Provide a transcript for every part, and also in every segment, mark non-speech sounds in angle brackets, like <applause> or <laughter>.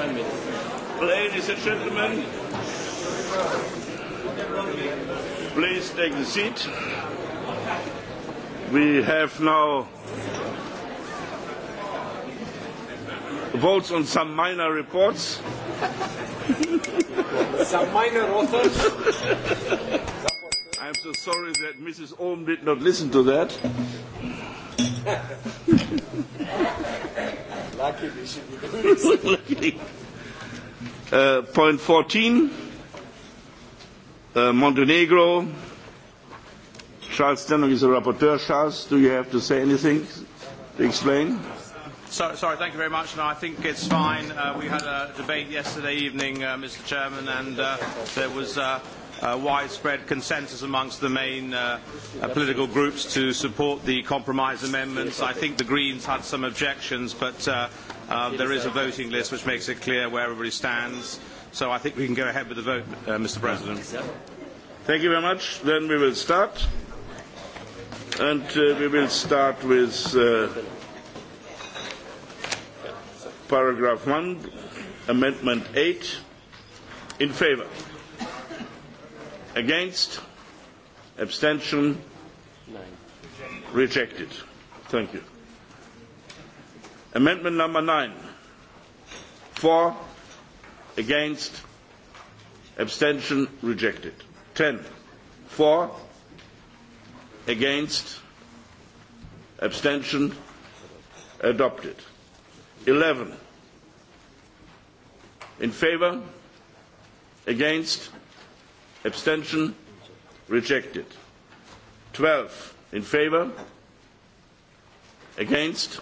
Prime Minister. Ladies and gentlemen, please take a seat. We have now votes on some minor reports. <laughs> some minor authors. I'm so sorry that Mrs. Ohm did not listen to that. <laughs> Uh, point 14, uh, Montenegro. Charles Dennock is a rapporteur. Charles, do you have to say anything to explain? So, sorry, thank you very much. No, I think it's fine. Uh, we had a debate yesterday evening, uh, Mr. Chairman, and uh, there was uh, uh, widespread consensus amongst the main uh, uh, political groups to support the compromise amendments. I think the Greens had some objections, but uh, uh, there is a voting list which makes it clear where everybody stands. So I think we can go ahead with the vote, uh, Mr. President. Thank you very much. Then we will start. And uh, we will start with uh, paragraph 1, amendment 8, in favor. Against? Abstention? Rejected. Thank you. Amendment number nine. For? Against? Abstention? Rejected. Ten. For? Against? Abstention? Adopted. Eleven. In favor? Against? abstention rejected 12 in favor against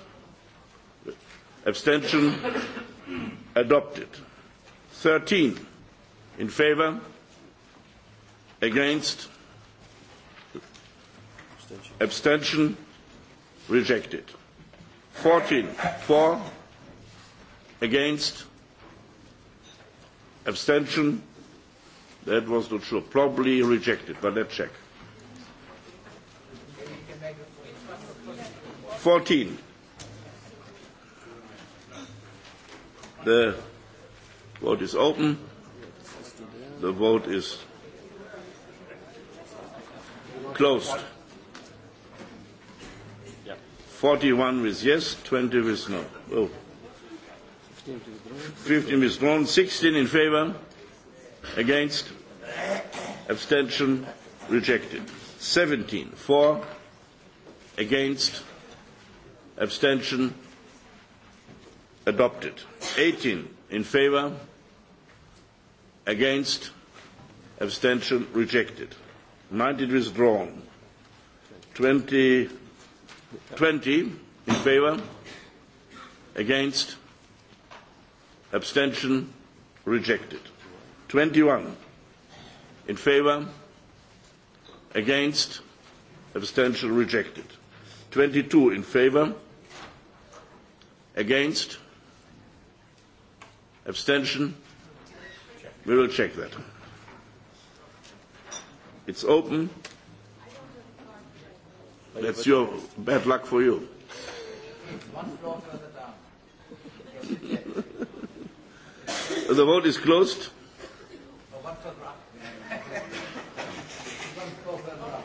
abstention adopted 13 in favor against abstention rejected 14 for against abstention rejected That was not sure. Probably rejected, but let's check. 14. The vote is open. The vote is closed. 41 with yes, 20 with no. Oh. 15 withdrawn, 16 in favor. Against? Abstention? Rejected. 17. For? Against? Abstention? Adopted. 18. In favor? Against? Abstention? Rejected. 19 withdrawn. 20, 20 in favor? Against? Abstention? Rejected. 21 in favor against abstention rejected 22 in favor against abstention we will check that it's open that's your bad luck for you <laughs> the vote is closed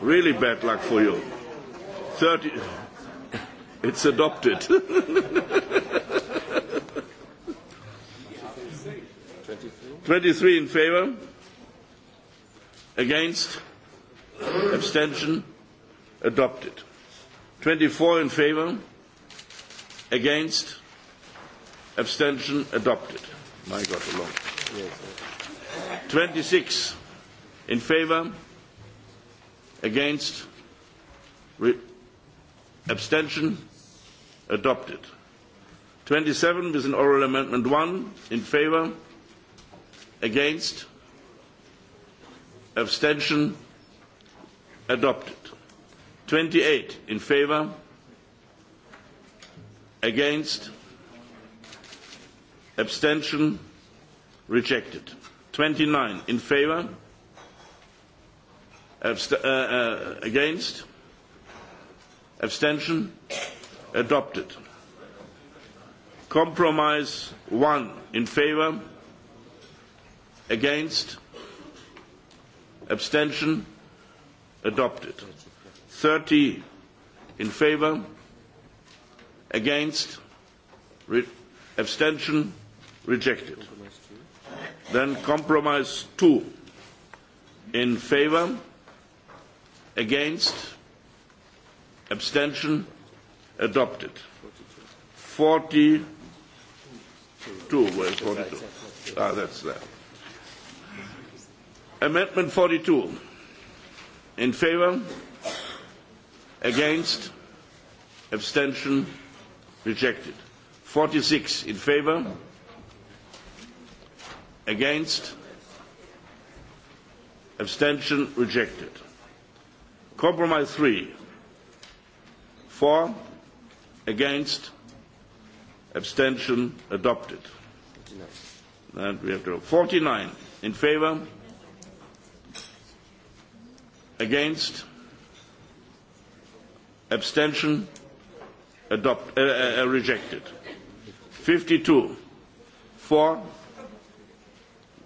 Really bad luck for you. 30. It's adopted. 23 in favor. Against. Abstention. Adopted. 24 in favor. Against. Abstention. Adopted. My God, alone. Twenty 26 in favor Against? Re abstention? Adopted. 27 with an oral amendment 1. In favor? Against? Abstention? Adopted. 28 in favor? Against? Abstention? Rejected. 29 in favor? Abst uh, uh, against? Abstention? Adopted. Compromise 1 in favor? Against? Abstention? Adopted. 30 in favor? Against? Re abstention? Rejected. Then compromise 2 in favor? Against? Abstention? Adopted. 42. Where 42? Ah, that's that Amendment 42. In favor? Against? Abstention? Rejected. 46 in favor? Against? Abstention? Rejected. Compromise three, For, against, abstention adopted. 49. And we have to 49 in favor, against, abstention adopt, uh, uh, uh rejected. 52 for,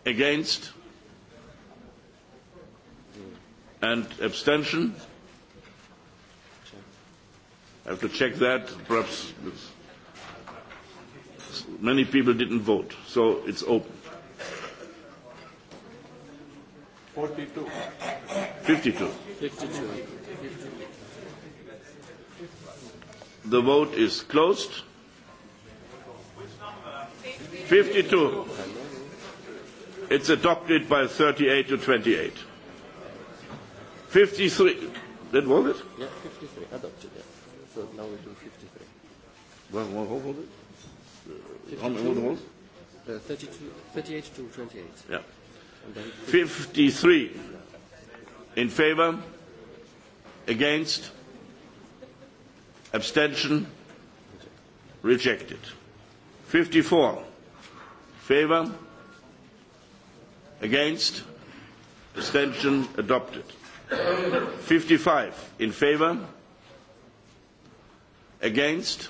against, and abstention have to check that. Perhaps many people didn't vote, so it's open. 42. 52. 52. The vote is closed. 52. It's adopted by 38 to 28. 53. That was it? Yeah, 53. Adopted, yeah so now we do 53. Well, what was it? Uh, how many was 38 uh, to 28. Yeah. 53 in favor, against, abstention, rejected. 54 favor, against, abstention adopted. 55 in favor, Against?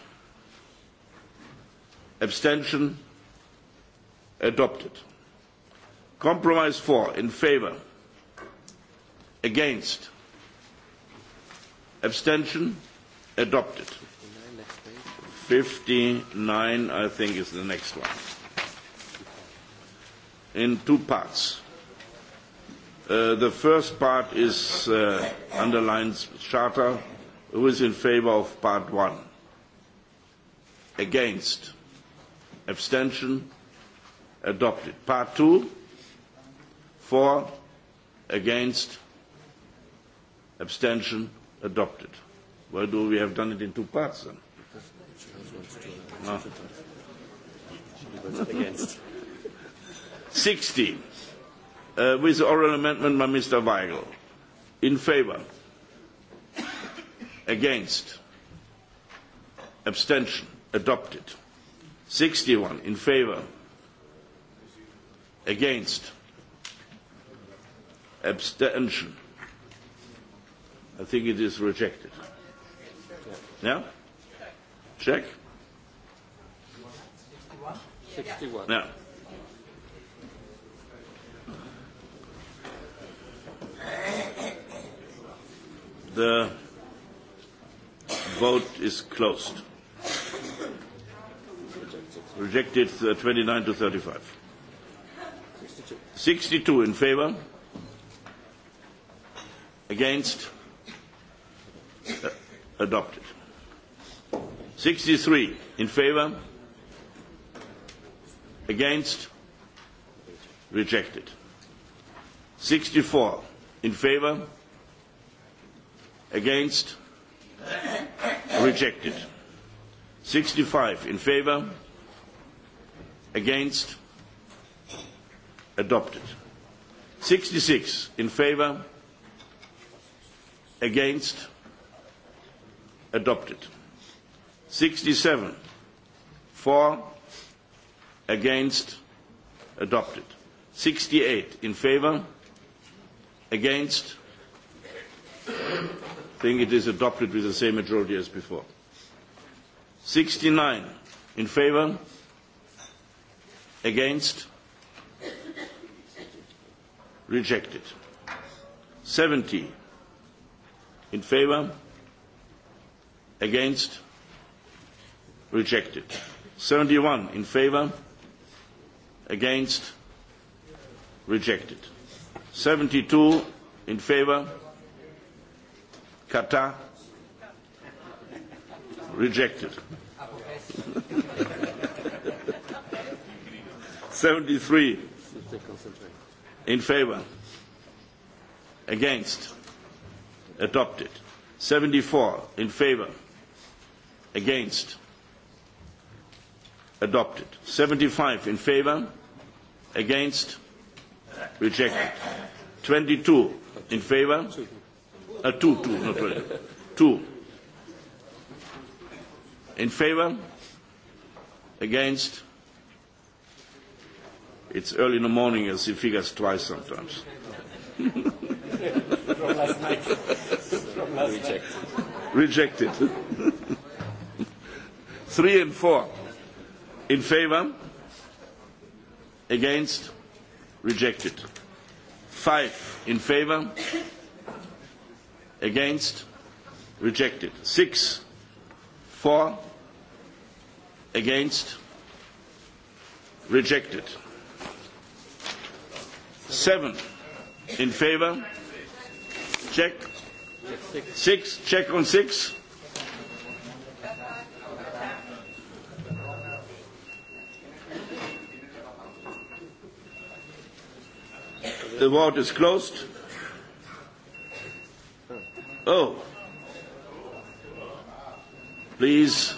Abstention? Adopted. Compromise for? in favor? Against? Abstention? Adopted. 59, I think, is the next one. In two parts. Uh, the first part is uh, underlines charter Who is in favor of part one? Against? Abstention? Adopted. Part two? For? Against? Abstention? Adopted. Why do we have done it in two parts then? No. Ah. Against. Sixteen. Uh, with oral amendment by Mr. Weigel. In favor? Against. Abstention. Adopted. 61 in favor. Against. Abstention. I think it is rejected. Yeah? Check? 61. Yeah. The vote is closed. Rejected uh, 29 to 35. 62 in favor. Against. Uh, adopted. 63 in favor. Against. Rejected. 64 in favor. Against Rejected. 65 in favor. Against. Adopted. 66 in favor. Against. Adopted. 67 for. Against. Adopted. 68 in favor. Against think it is adopted with the same majority as before. 69 in favor, against, rejected. 70 in favor, against, rejected. 71 in favor, against, rejected. 72 in favor, kata Rejected. 73 in favor against adopted 74 in favor against adopted 75 in favor against rejected 22 in favor Uh, two, two, not really. Two. In favor? Against? It's early in the morning you'll see figures twice sometimes. From last night. Rejected. Rejected. Three and four. In favor? Against? Rejected. Five in favor? against rejected six for against rejected seven in favor check six check on six the vote is closed Oh. Please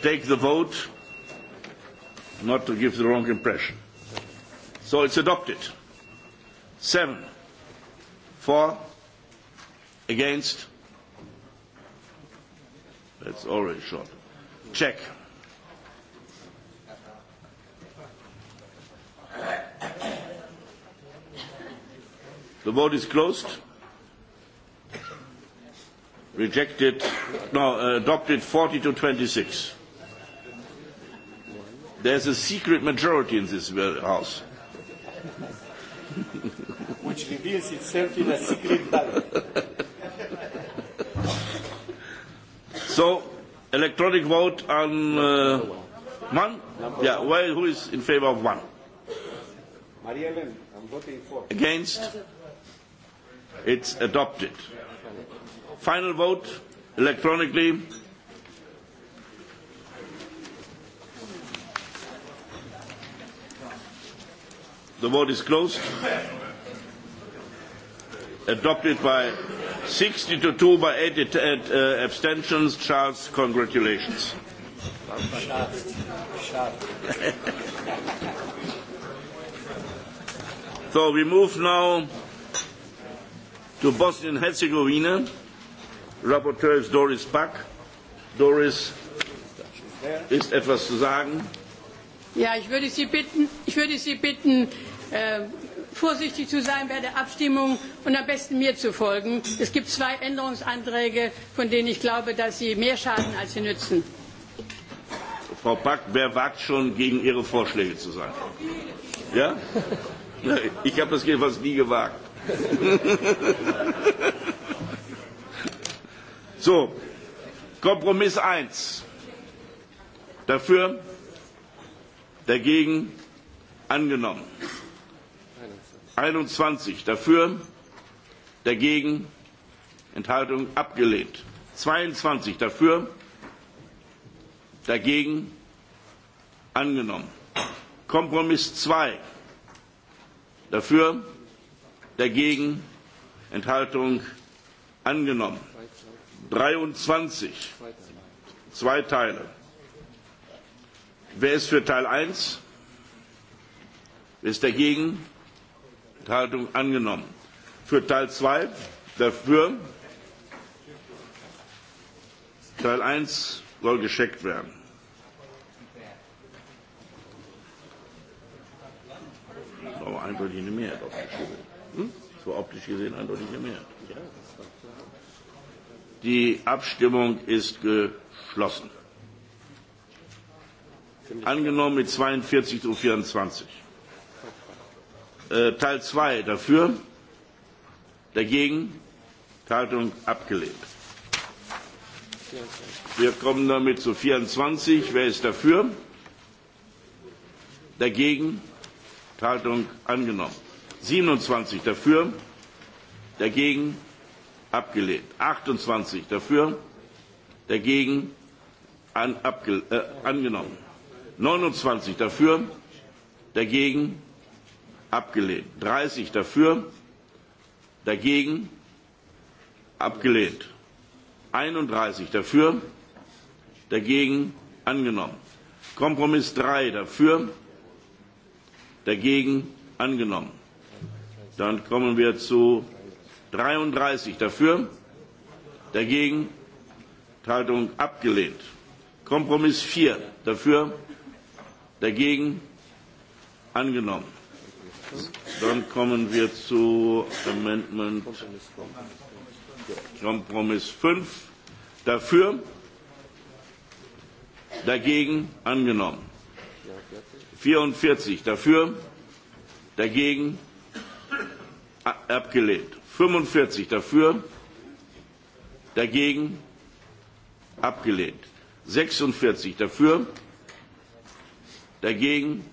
take the vote, not to give the wrong impression. So it's adopted. Seven. For. Against. That's already short. Check. The vote is closed rejected, no, uh adopted 40 to 26. There's a secret majority in this uh, house. Which reveals itself in a secret ballot. so, electronic vote on uh, one? Yeah, well, who is in favor of one? Maria Len, I'm voting for. Against? It's adopted. Final vote electronically. The vote is closed. Adopted by 60 to 2 by 8 uh, uh, abstentions. Charles, congratulations. <laughs> so we move now to Bosnia and Herzegovina. Rapporteur ist Doris Back. Doris, ist etwas zu sagen? Ja, ich würde Sie bitten, ich würde Sie bitten äh, vorsichtig zu sein bei der Abstimmung und am besten mir zu folgen. Es gibt zwei Änderungsanträge, von denen ich glaube, dass sie mehr schaden als sie nützen. Frau Pack, wer wagt schon, gegen Ihre Vorschläge zu sein? Ja? <laughs> Ich habe das jedenfalls nie gewagt. <laughs> So, Kompromiss 1. Dafür, dagegen, angenommen. 21. Dafür, dagegen, Enthaltung abgelehnt. 22. Dafür, dagegen, angenommen. Kompromiss 2. Dafür, dagegen, Enthaltung angenommen. 23. Zwei Teile. Wer ist für Teil 1? Wer ist dagegen? Enthaltung angenommen. Für Teil 2? Dafür? Teil 1 soll gescheckt werden. aber eindeutig eine Mehrheit optisch gesehen. Hm? Das war optisch gesehen eindeutig eine Mehrheit. Ja. Die Abstimmung ist geschlossen. Angenommen mit 42 zu 24. Äh, Teil 2 dafür, dagegen, Haltung abgelehnt. Wir kommen damit zu 24. Wer ist dafür? Dagegen, Haltung angenommen. 27 dafür, dagegen, abgelehnt. 28 dafür, dagegen an, abge, äh, angenommen. 29 dafür, dagegen abgelehnt. 30 dafür, dagegen abgelehnt. 31 dafür, dagegen angenommen. Kompromiss 3 dafür, dagegen angenommen. Dann kommen wir zu dreiunddreißig dafür, dagegen Enthaltung abgelehnt. Kompromiss vier dafür, dagegen angenommen. Dann kommen wir zu Amendment Kompromiss fünf dafür, dagegen angenommen. 44 dafür, dagegen abgelehnt. 45 dafür, dagegen abgelehnt. 46 dafür, dagegen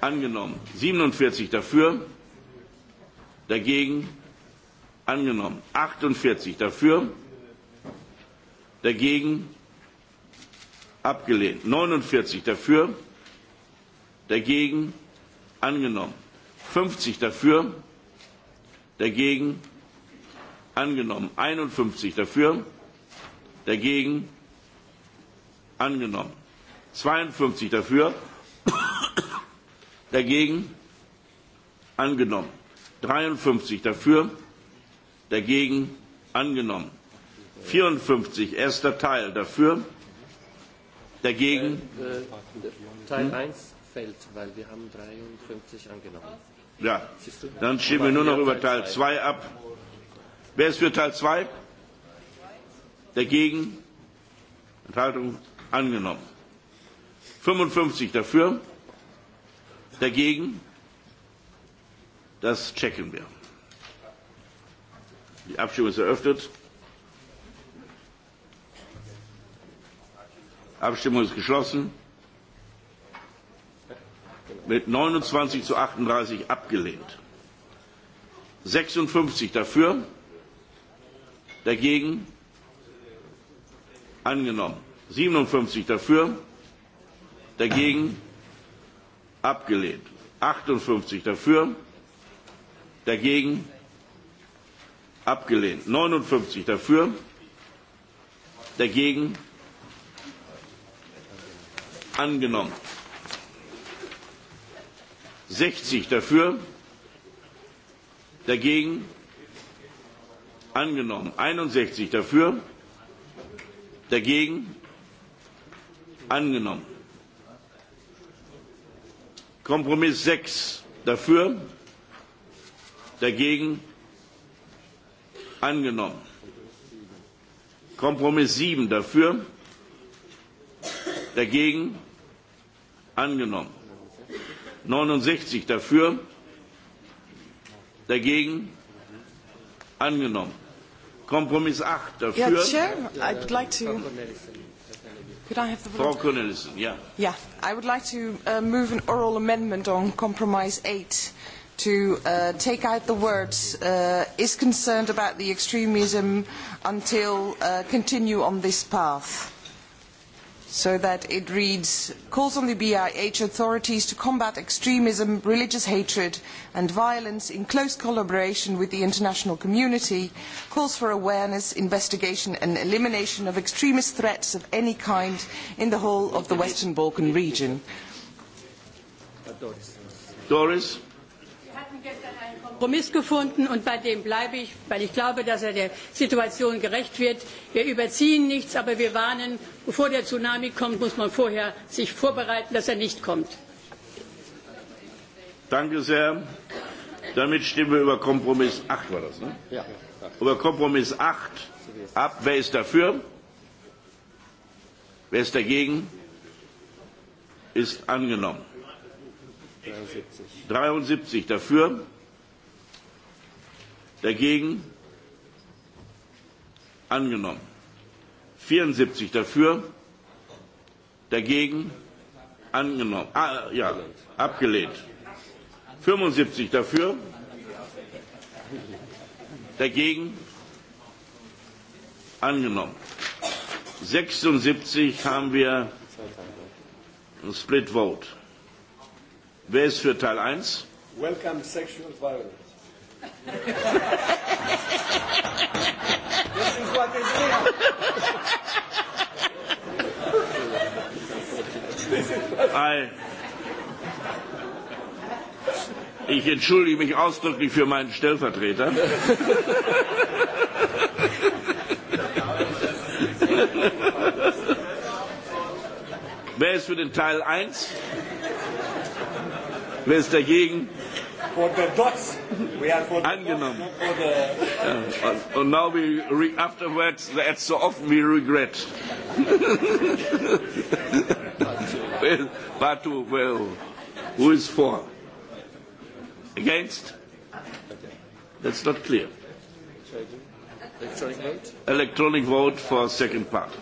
angenommen. 47 dafür, dagegen angenommen. 48 dafür, dagegen abgelehnt. 49 dafür, dagegen angenommen. 50 dafür, dagegen angenommen. 51 dafür, dagegen angenommen. 52 <coughs> dafür, dagegen angenommen. 53 dafür, dagegen angenommen. 54 erster Teil dafür, dagegen. Äh, äh, Teil 1 fällt, weil wir haben 53 angenommen. Ja, dann stimmen wir nur noch über Teil 2 ab. Wer ist für Teil 2? Dagegen? Enthaltung angenommen. 55 dafür? Dagegen? Das checken wir. Die Abstimmung ist eröffnet. Abstimmung ist geschlossen mit 29 zu 38 abgelehnt. 56 dafür, dagegen angenommen. 57 dafür, dagegen abgelehnt. 58 dafür, dagegen abgelehnt. 59 dafür, dagegen angenommen. 60 dafür, dagegen angenommen. 61 dafür, dagegen angenommen. Kompromiss 6 dafür, dagegen angenommen. Kompromiss 7 dafür, dagegen angenommen. 69 dafür, dagegen angenommen. Kompromiss 8 dafür. Yeah, Chair, I would like to. Could I have the Frau Cornelissen, yeah. Yeah, I would like to uh, move an oral amendment on Compromise 8 to uh, take out the words uh, is concerned about the extremism until uh, continue on this path so that it reads calls on the BIH authorities to combat extremism, religious hatred and violence in close collaboration with the international community, calls for awareness, investigation and elimination of extremist threats of any kind in the whole of the Western Balkan region. Doris? Kompromiss gefunden und bei dem bleibe ich, weil ich glaube, dass er der Situation gerecht wird. Wir überziehen nichts, aber wir warnen, bevor der Tsunami kommt, muss man vorher sich vorbereiten, dass er nicht kommt. Danke sehr. Damit stimmen wir über Kompromiss 8 war das, ne? Ja. Über Kompromiss 8 ab. Wer ist dafür? Wer ist dagegen? Ist angenommen. 73 dafür Dagegen? Angenommen. 74 dafür? Dagegen? Angenommen. Ah, ja, abgelehnt. 75 dafür? Dagegen? Angenommen. 76 haben wir ein Split Vote. Wer ist für Teil 1? Welcome sexual violence ich entschuldige mich ausdrücklich für meinen Stellvertreter. Wer ist für den Teil 1? Wer ist dagegen? for the dots. We are for the Dots, for the... uh, uh, now we re afterwards that's so often we regret. <laughs> well, Batu, well, who is for? Against? That's not clear. Electronic vote? Electronic vote for second part.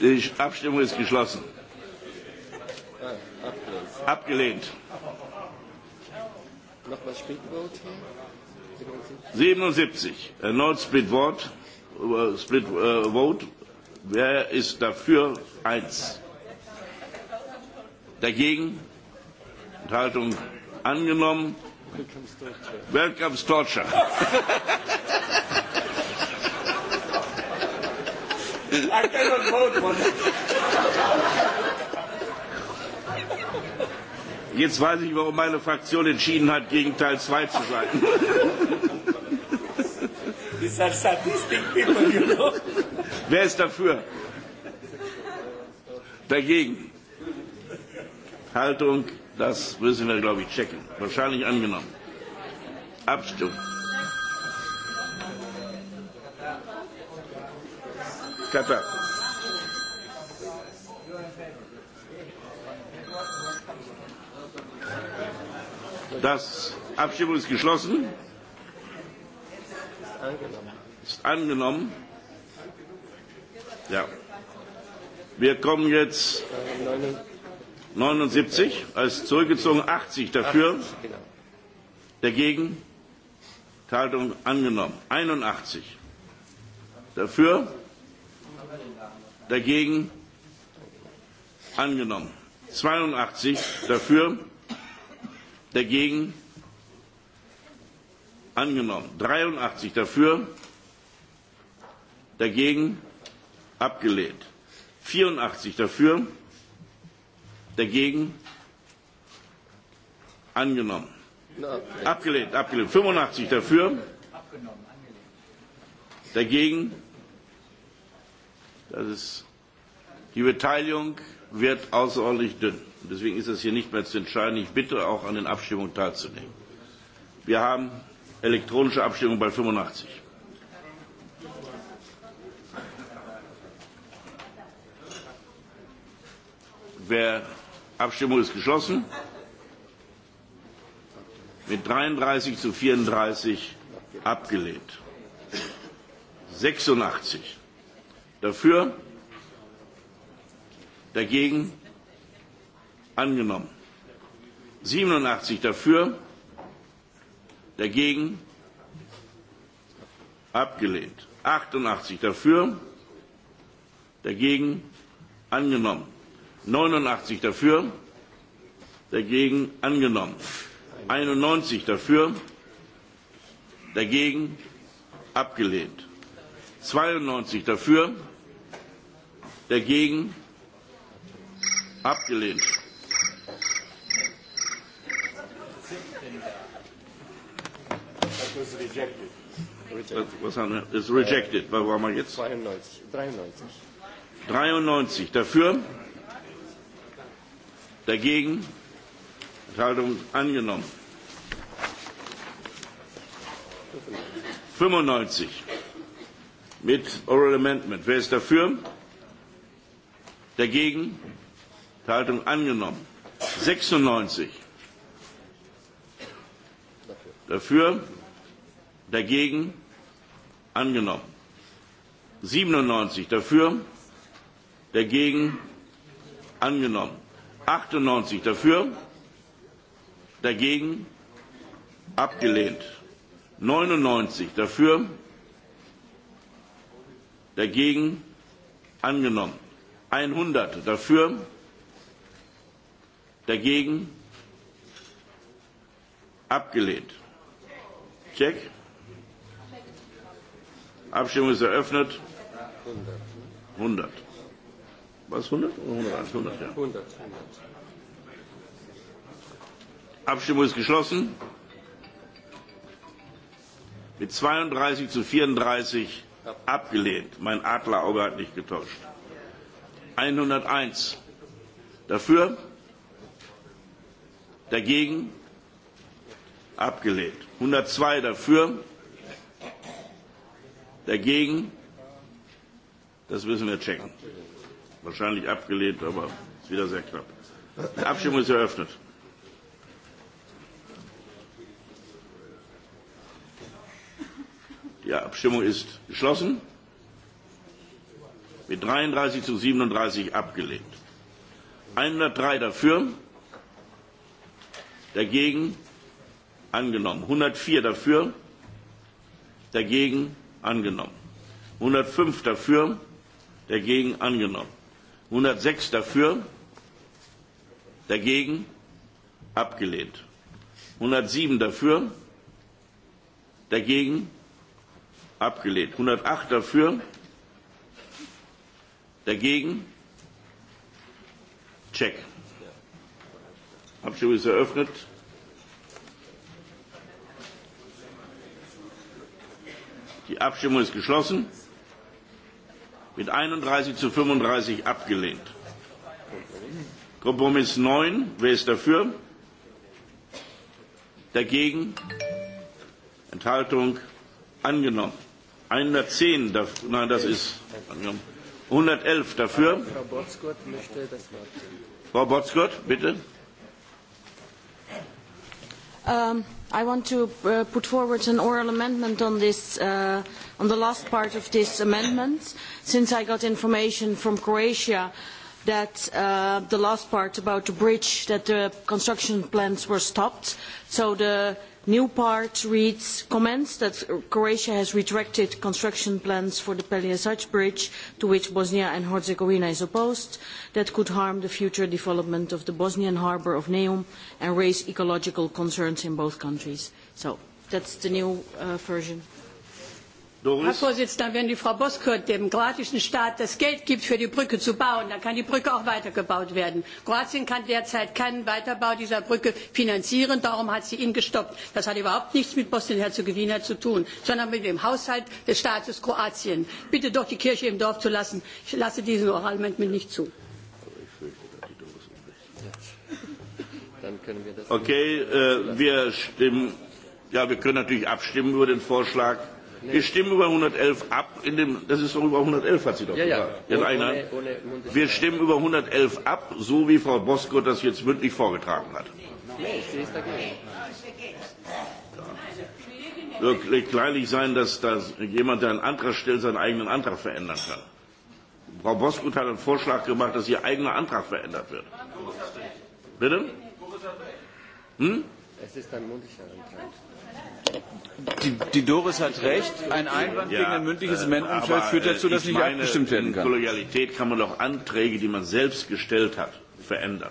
Die Abstimmung ist geschlossen. Abgelehnt. 77. Erneut Split Vote. Äh, Split äh, Vote. Wer ist dafür? Eins. Dagegen? Enthaltung angenommen. Welcomes Torture. Welcomes Torture. <laughs> I cannot vote for Jetzt weiß ich, warum meine Fraktion entschieden hat, gegen Teil 2 zu sein. These are sadistic people, you know. Wer ist dafür? Dagegen? Haltung, das müssen wir, glaube ich, checken. Wahrscheinlich angenommen. Abstimmung. Kata. Das Abstimmung ist geschlossen. Ist angenommen. Ja. Wir kommen jetzt 79 als zurückgezogen, 80 dafür, dagegen, Enthaltung angenommen, 81 dafür, dagegen angenommen. 82 dafür, dagegen angenommen. 83 dafür, dagegen abgelehnt. 84 dafür, dagegen angenommen. Abgelehnt, abgelehnt. 85 dafür, dagegen abgelehnt Das ist, die Beteiligung wird außerordentlich dünn. Deswegen ist das hier nicht mehr zu entscheiden. Ich bitte auch an den Abstimmungen teilzunehmen. Wir haben elektronische Abstimmung bei 85. Wer Abstimmung ist geschlossen. Mit 33 zu 34 abgelehnt. 86. Dafür? Dagegen? Angenommen. 87 dafür? Dagegen? Abgelehnt. 88 dafür? Dagegen? Angenommen. 89 dafür? Dagegen? Angenommen. 91 dafür? Dagegen? Abgelehnt. 92 dafür, dagegen abgelehnt. Was haben wir? Ist rejected. Was haben wir jetzt? 93. 93 dafür, dagegen Enthaltung angenommen. 95 mit Oral Amendment. Wer ist dafür? Dagegen? Enthaltung angenommen. 96. Dafür? Dagegen? Angenommen. 97. Dafür? Dagegen? Angenommen. 98. Dafür? Dagegen? Abgelehnt. 99. Dafür? Dagegen? dagegen angenommen. 100 dafür, dagegen abgelehnt. Check. Abstimmung ist eröffnet. 100. Was 100 oder 100, ja. 100. Abstimmung ist geschlossen. Mit 32 zu 34 Abgelehnt. Mein Adlerauge hat nicht getäuscht. 101. Dafür? Dagegen? Abgelehnt. 102 dafür? Dagegen? Das müssen wir checken. Wahrscheinlich abgelehnt, aber ist wieder sehr knapp. Die Abstimmung ist eröffnet. Die Abstimmung ist geschlossen. Mit 33 zu 37 abgelehnt. 103 dafür, dagegen angenommen. 104 dafür, dagegen angenommen. 105 dafür, dagegen angenommen. 106 dafür, dagegen abgelehnt. 107 dafür, dagegen abgelehnt. 108 dafür, dagegen, check. Abstimmung ist eröffnet. Die Abstimmung ist geschlossen. Mit 31 zu 35 abgelehnt. Kompromiss 9. Wer ist dafür? Dagegen? Enthaltung? Angenommen. 110 dafür, nein, das ist 111 dafür. Frau Botzgott möchte das Wort. Frau Botzgott, bitte. Um, I want to uh, put forward an oral amendment on this, uh, on the last part of this amendment, since I got information from Croatia that uh, the last part about the bridge, that the construction plans were stopped. So the new part reads, comments that Croatia has retracted construction plans for the Pelješac Bridge, to which Bosnia and Herzegovina is opposed, that could harm the future development of the Bosnian harbour of Neum and raise ecological concerns in both countries. So, that's the new uh, version. Herr Vorsitzender, wenn die Frau Boskurt dem kroatischen Staat das Geld gibt, für die Brücke zu bauen, dann kann die Brücke auch weitergebaut werden. Kroatien kann derzeit keinen Weiterbau dieser Brücke finanzieren, darum hat sie ihn gestoppt. Das hat überhaupt nichts mit Bosnien-Herzegowina zu tun, sondern mit dem Haushalt des Staates Kroatien. Bitte doch die Kirche im Dorf zu lassen. Ich lasse diesen mir nicht zu. Okay, äh, wir stimmen, ja, wir können natürlich abstimmen über den Vorschlag. Wir stimmen über 111 ab, in dem, das ist doch über 111 hat sie doch ja, gesagt. Ja. Ohne, Einer, wir stimmen über 111 ab, so wie Frau Bosco das jetzt mündlich vorgetragen hat. Ja. Wirklich kleinlich sein, dass, dass jemand, der einen Antrag stellt, seinen eigenen Antrag verändern kann. Frau Bosco hat einen Vorschlag gemacht, dass ihr eigener Antrag verändert wird. Bitte? Hm? Es ist ein mündlicher Antrag. Die, die Doris hat recht. Ein Einwand ja, gegen ein mündliches äh, Amendment führt dazu, äh, dass nicht meine, abgestimmt werden kann. In kann man doch Anträge, die man selbst gestellt hat, verändern.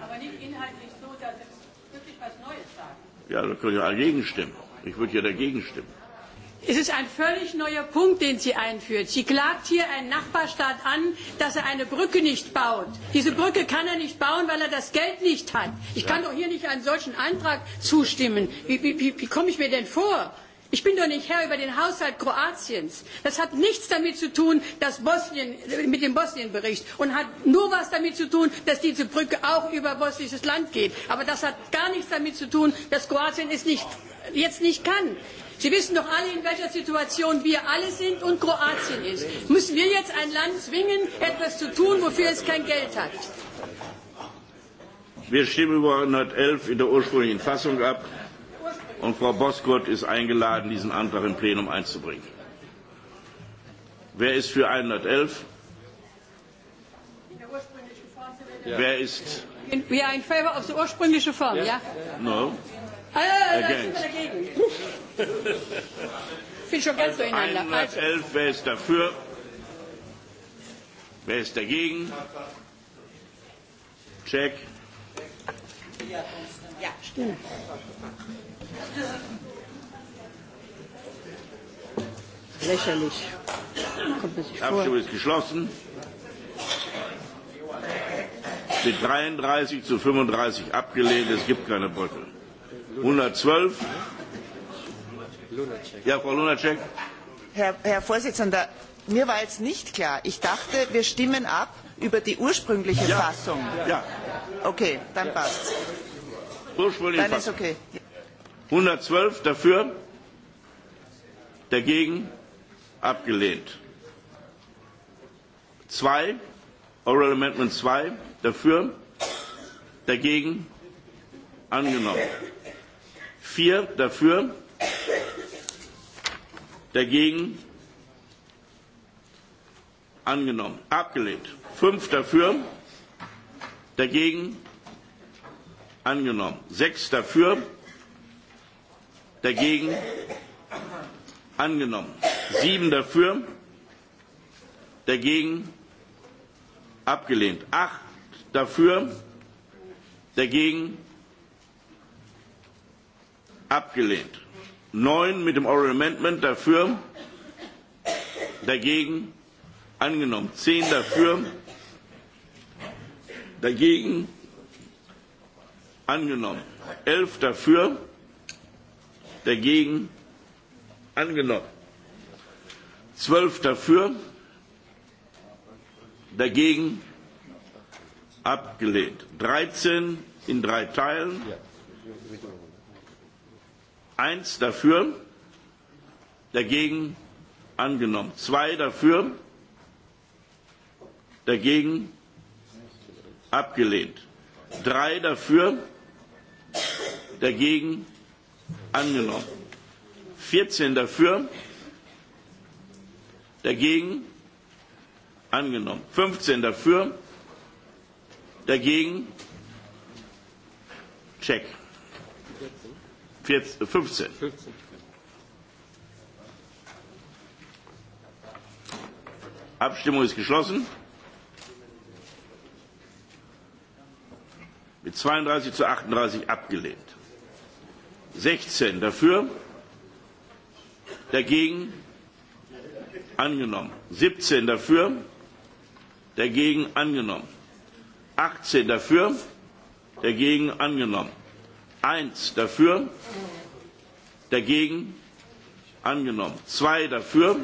Aber nicht inhaltlich so, dass es wirklich was Neues sagt. Ja, da können wir dagegen stimmen. Ich würde ja dagegen stimmen. Es ist ein völlig neuer Punkt, den sie einführt. Sie klagt hier einen Nachbarstaat an, dass er eine Brücke nicht baut. Diese Brücke kann er nicht bauen, weil er das Geld nicht hat. Ich kann doch hier nicht einem solchen Antrag zustimmen. Wie, wie, wie, wie komme ich mir denn vor? Ich bin doch nicht Herr über den Haushalt Kroatiens. Das hat nichts damit zu tun, dass Bosnien, mit dem Bosnienbericht und hat nur was damit zu tun, dass diese Brücke auch über bosnisches Land geht. Aber das hat gar nichts damit zu tun, dass Kroatien es nicht, jetzt nicht kann. Sie wissen doch alle, in welcher Situation wir alle sind und Kroatien ist. Müssen wir jetzt ein Land zwingen, etwas zu tun, wofür es kein Geld hat? Wir stimmen über 111 in der ursprünglichen Fassung ab und Frau Boskurt ist eingeladen, diesen Antrag im Plenum einzubringen. Wer ist für 111? Wer ist? We are in favor of the ursprüngliche Form, ja? Yeah? No. Ah, ah, ah, schon also wer ist dafür? Wer ist dagegen? Check. Ja, stimmt. Lächerlich. Abstimmung ist geschlossen. Mit 33 zu 35 abgelehnt. Es gibt keine Brücke. Luna 112. Ja, Frau Lunacek. Herr, Herr Vorsitzender, mir war jetzt nicht klar. Ich dachte, wir stimmen ab über die ursprüngliche ja. Fassung. Ja. Okay, dann ja. passt. Ursprüngliche dann Fassung. ist okay. 112 dafür, dagegen abgelehnt. 2, Oral Amendment 2, dafür, dagegen angenommen. Vier dafür, dagegen angenommen, abgelehnt. Fünf dafür, dagegen angenommen. Sechs dafür, dagegen angenommen. Sieben dafür, dagegen abgelehnt. Acht dafür, dagegen angenommen abgelehnt. Neun mit dem Oral Amendment dafür, dagegen angenommen. Zehn dafür, dagegen angenommen. Elf dafür, dagegen angenommen. Zwölf dafür, dagegen abgelehnt. Dreizehn in drei Teilen. Eins dafür, dagegen angenommen. Zwei dafür, dagegen abgelehnt. Drei dafür, dagegen angenommen. 14 dafür, dagegen angenommen. 15 dafür, dagegen check. 15. Abstimmung ist geschlossen. Mit 32 zu 38 abgelehnt. 16 dafür, dagegen angenommen. 17 dafür, dagegen angenommen. 18 dafür, dagegen angenommen. Eins dafür, dagegen angenommen. Zwei dafür,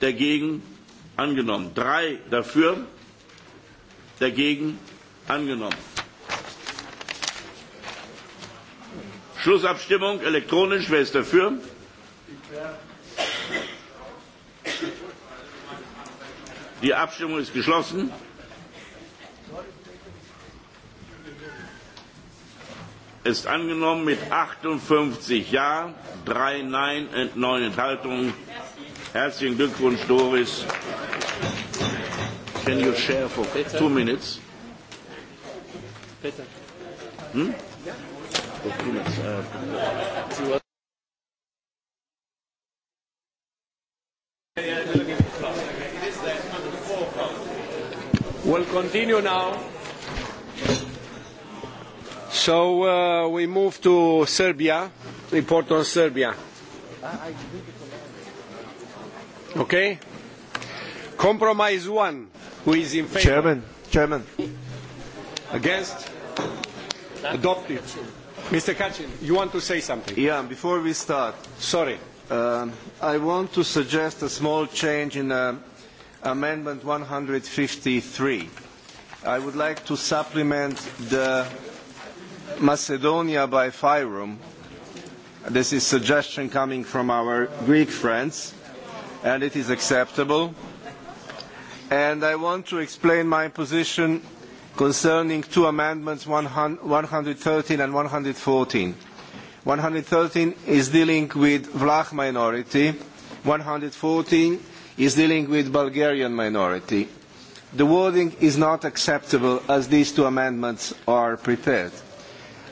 dagegen angenommen. Drei dafür, dagegen angenommen. Schlussabstimmung elektronisch. Wer ist dafür? Die Abstimmung ist geschlossen. ist angenommen mit 58 Ja, 3 Nein und 9 Enthaltungen. Herzlichen Glückwunsch, Doris. Can you share for Peter? two minutes? Peter. Hm? For two minutes. Uh, We'll continue now. So uh, we move to Serbia, report on Serbia. Okay? Compromise one, who is in favor? Chairman, Chairman. Against? Adopted. Mr. Kachin, you want to say something? Yeah, before we start. Sorry. Uh, I want to suggest a small change in uh, Amendment 153. I would like to supplement the Macedonia by Fyrum. This is a suggestion coming from our Greek friends, and it is acceptable. And I want to explain my position concerning two amendments, 113 and 114. 113 is dealing with Vlach minority, 114 is dealing with Bulgarian minority. The wording is not acceptable as these two amendments are prepared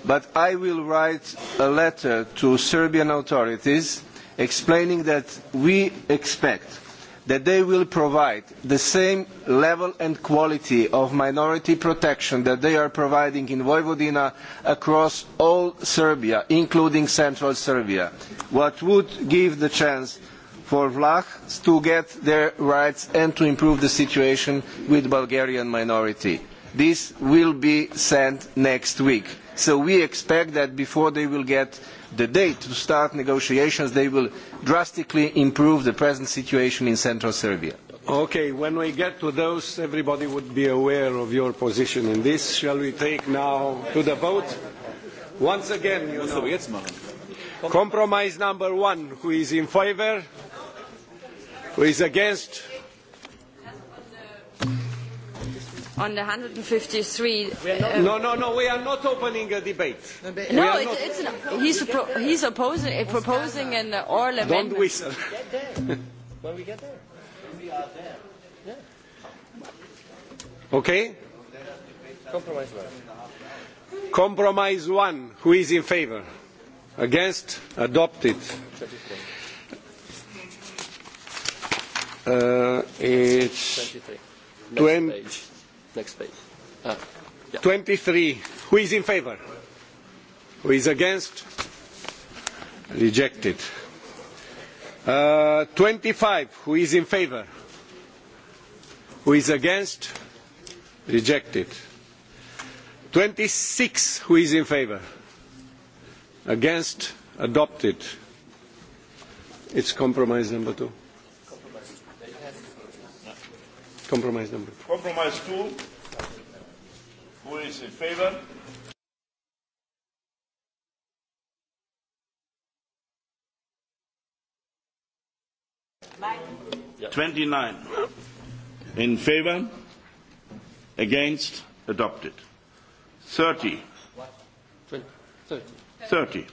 but I will write a letter to Serbian authorities explaining that we expect that they will provide the same level and quality of minority protection that they are providing in Vojvodina across all Serbia, including central Serbia, what would give the chance for Vlach to get their rights and to improve the situation with Bulgarian minority. This will be sent next week. So we expect that before they will get the date to start negotiations, they will drastically improve the present situation in central Serbia. Okay, when we get to those, everybody would be aware of your position in this. Shall we take now to the vote? Once again, you know. Compromise number one, who is in favor? Who is against? on the 153. No, uh, no, no, we are not opening a debate. No, it, not... it's not. He's, pro he's opposing, uh, proposing an oral amendment. Don't whistle. Get there. When we get there. When we are there. Yeah. Okay? Compromise one. Compromise one. Who is in favor? Against? Adopted. Uh, it's 23 next page. Uh, yeah. 23. Who is in favor? Who is against? Rejected. Uh, 25. Who is in favor? Who is against? Rejected. 26. Who is in favor? Against? Adopted. It's compromise number two. Compromise number two. Compromise two Who is in favor? Yeah. 29 in favor against adopted 30 30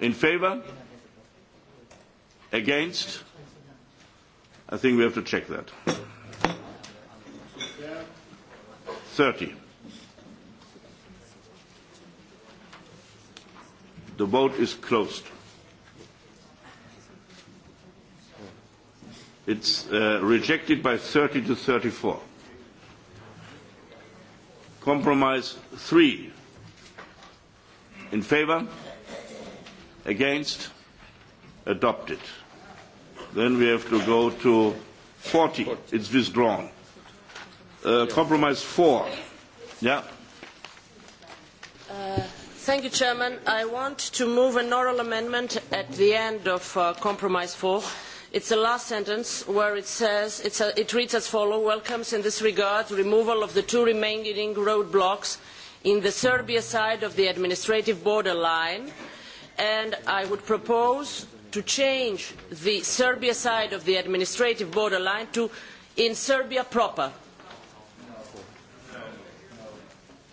in favor against I think we have to check that 30 The vote is closed. It's uh, rejected by 30 to 34. Compromise 3. In favor? Against? Adopted. Then we have to go to 40. It's withdrawn. Uh, compromise 4. Yeah. Thank you, Chairman. I want to move an oral amendment at the end of uh, Compromise It It's the last sentence where it says, it's a, it reads as follows, welcomes in this regard removal of the two remaining roadblocks in the Serbia side of the administrative border line. And I would propose to change the Serbia side of the administrative border line to in Serbia proper.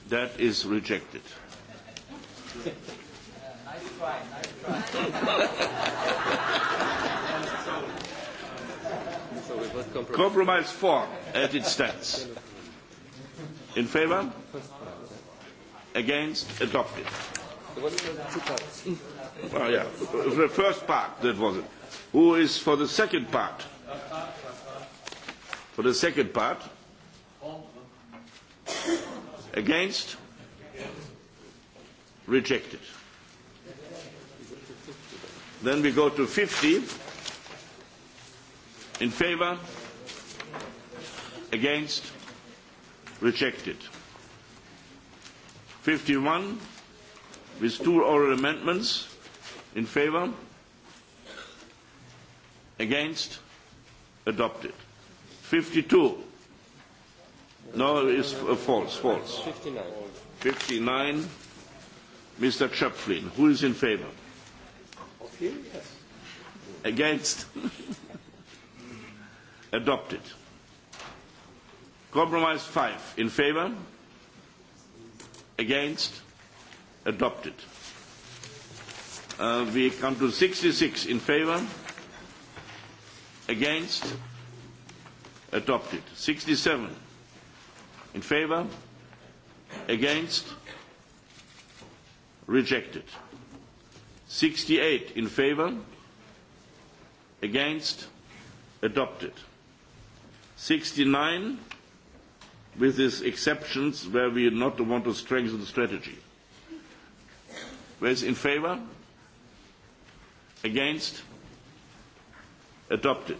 That is rejected compromise. four as it stands. In favor? Against? Adopted. Oh, yeah. The first part, that was it. Who is for the second part? For the second part? Against? rejected. Then we go to 50. In favor? Against? Rejected. 51 with two oral amendments. In favor? Against? Adopted. 52. No, it's uh, false, false. 59. 59 Mr. Chaplin, who is in favor? Of him, yes. Against? <laughs> Adopted. Compromise 5, in favor? Against? Adopted. Uh, we come to 66 in favor, against, adopted. 67 in favor, against, adopted rejected. 68 in favor, against, adopted. 69 with these exceptions where we not want to strengthen the strategy. Where is in favor, against, adopted.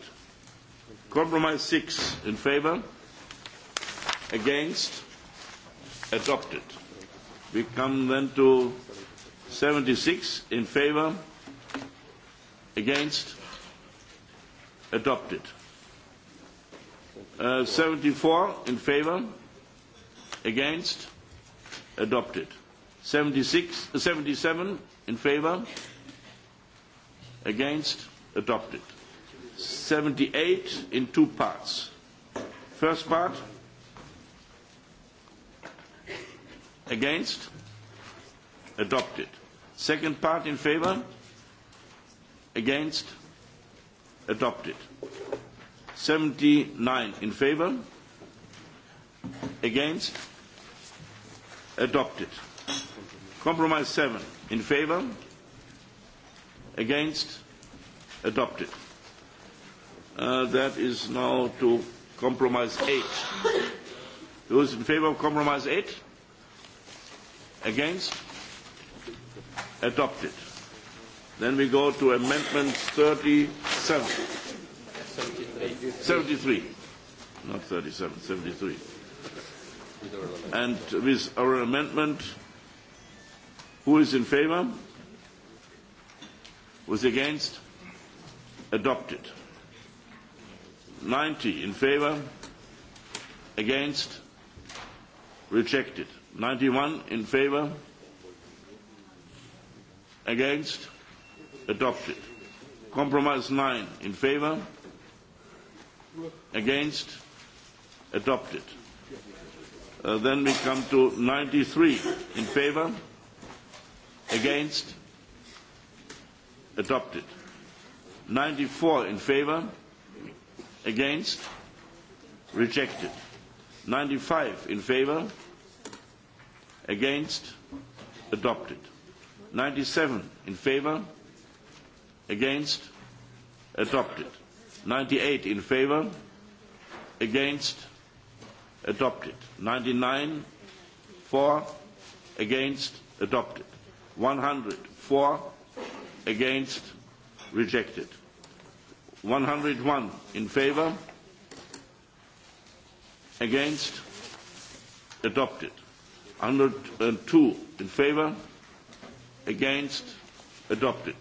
Compromise 6 in favor, against, adopted. We come then to 76 in favor, against, adopted. Uh, 74 in favor, against, adopted. 76, uh, 77 in favor, against, adopted. 78 in two parts. First part, against, adopted. Second part in favor? Against? Adopted. 79 in favor? Against? Adopted. Compromise 7 in favor? Against? Adopted. Uh, that is now to compromise 8. Those in favor of compromise 8? Against? adopted. Then we go to amendment 37. 73. 73. Not 37, 73. And with our amendment, who is in favor? Who is against? Adopted. 90 in favor, against, rejected. 91 in favor, Against? Adopted. Compromise 9 in favor? Against? Adopted. Uh, then we come to 93 in favor? Against? Adopted. 94 in favor? Against? Rejected. 95 in favor? Against? Adopted. 97 in favor, against, adopted. 98 in favor, against, adopted. 99 for, against, adopted. 100 for, against, rejected. 101 in favor, against, adopted. 102 in favor, against adopted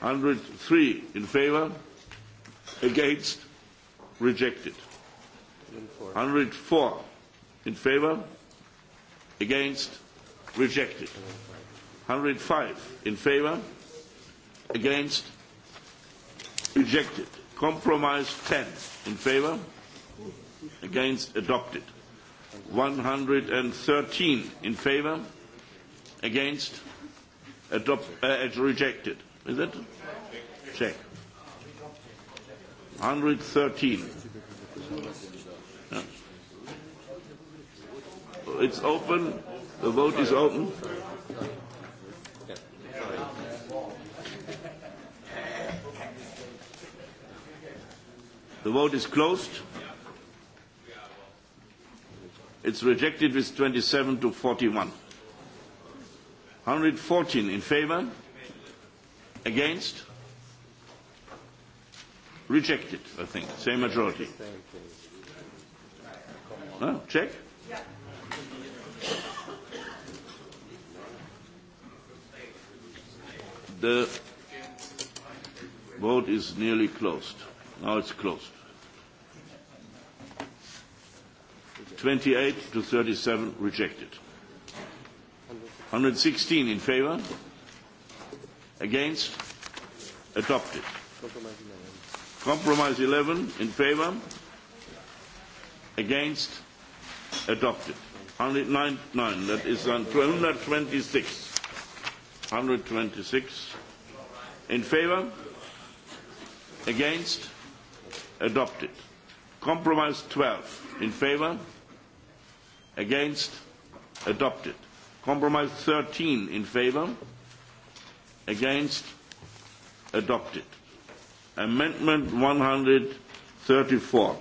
103 in favor against rejected 104 in favor against rejected 105 in favor against rejected compromise 10 in favor against adopted 113 in favor against rejected. Adopt, uh, it's rejected. Is it? Check. 113. Yeah. It's open. The vote is open. The vote is closed. It's rejected with 27 to 41. 114 in favor, against, rejected, I think, same majority. No, check. The vote is nearly closed. Now it's closed. 28 to 37 rejected. 116 in favor. Against? Adopted. Compromise 11 in favor. Against? Adopted. 199, that is 226. 126 in favor. Against? Adopted. Compromise 12 in favor. Against? Adopted. Compromise 13 in favor, against, adopted. Amendment 134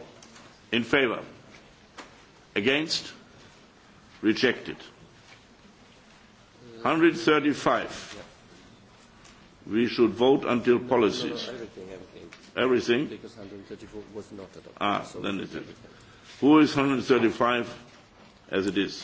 in favor, against, rejected. 135. We should vote until policies. No, no, everything, everything. Everything? Because 134 was not adopted. Ah, so then it is. Who is 135 as it is?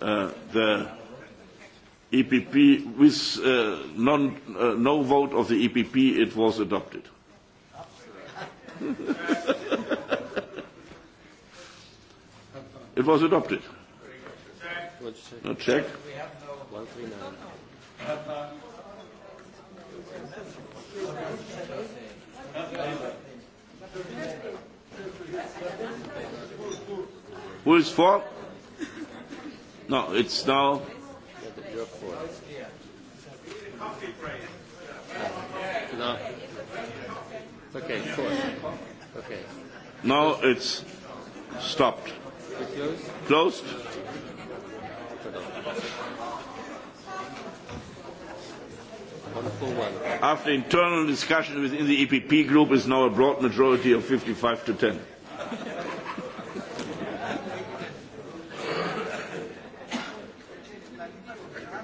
Uh, the EPP, with uh, non, uh, no vote of the EPP, it was adopted. <laughs> it was adopted. No check. Thank you. Who is for? No, it's now. No. Okay, four. Okay. Now it's stopped. Closed? After internal discussion within the EPP group is now a broad majority of 55 to 10.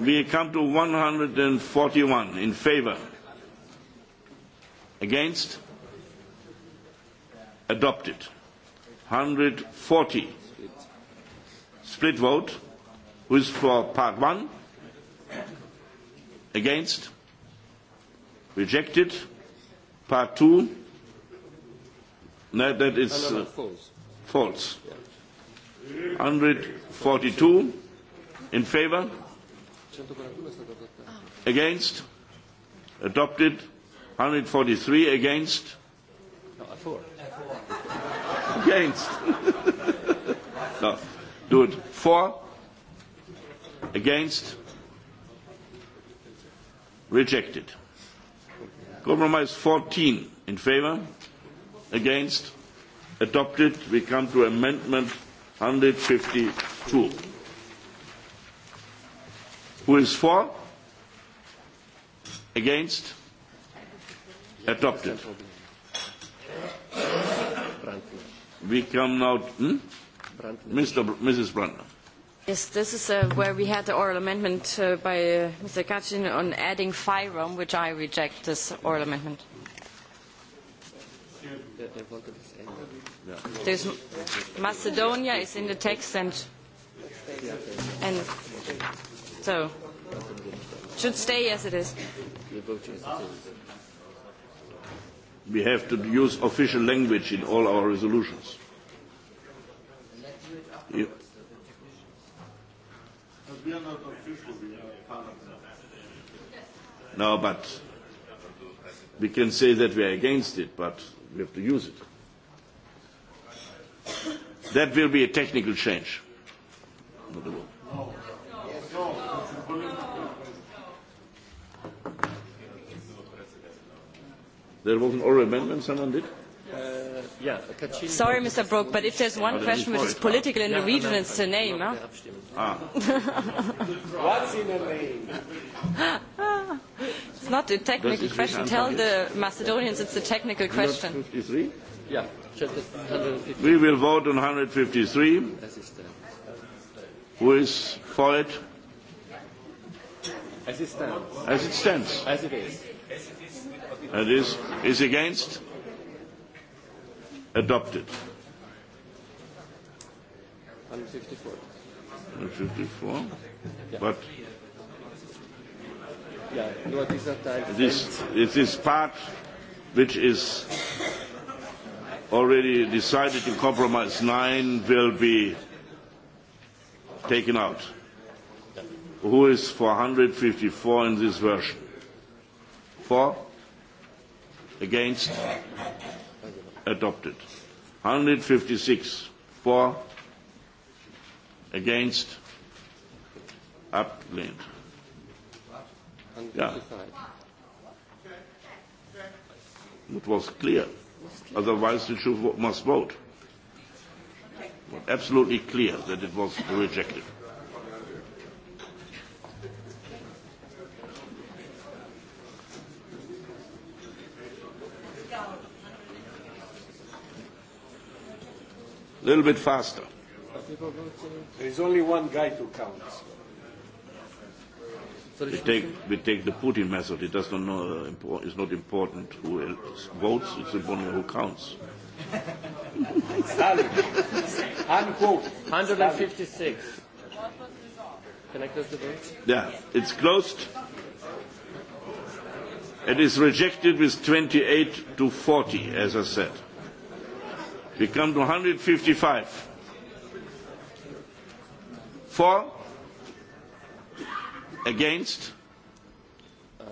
We come to 141 in favor. Against? Adopted. 140. Split vote. Who is for part one? Against? Rejected. Part two? No, that is uh, false. 142 in favor? Against? Adopted. 143 against? No, four. against? no. Do it. Four? Against? Rejected. Compromise 14 in favor? Against? Adopted. We come to amendment 152. Who is for? Against? Adopted. We come now, hmm? Mr. Br Mrs. Brandner. Yes, this is uh, where we had the oral amendment uh, by uh, Mr. Kachin on adding FIROM, which I reject this oral amendment. There's Macedonia is in the text and, and So, should stay as it is. We have to use official language in all our resolutions. Yeah. No, but we can say that we are against it, but we have to use it. That will be a technical change. Not a There was an oral amendment someone did? Uh, yeah, Sorry, Mr. Brook, but if there's one question which is political in the region, it's the name. Huh? Ah. <laughs> What's in the name? it's not a technical question. Tell the Macedonians it's a technical question. Yeah. We will vote on 153. Who is for it? As it stands. As it stands. As it is. And is, is against? Adopted. 154. 154. Yeah. But yeah, no, these this, it is part which is already decided to compromise 9 will be taken out. Who is 454 in this version? For? Against? Adopted. 156 for? Against? Abgelehnt. Yeah. It was clear. Otherwise, the should must vote. Absolutely clear that it was rejected. A little bit faster. There is only one guy to count. We take, we take the Putin method. It does not know, uh, it's not important who else votes, it's important who counts. Stalin. 156. Can I close the vote? Yeah, it's closed. It is rejected with 28 to 40, as I said. We come to 155. For? Against?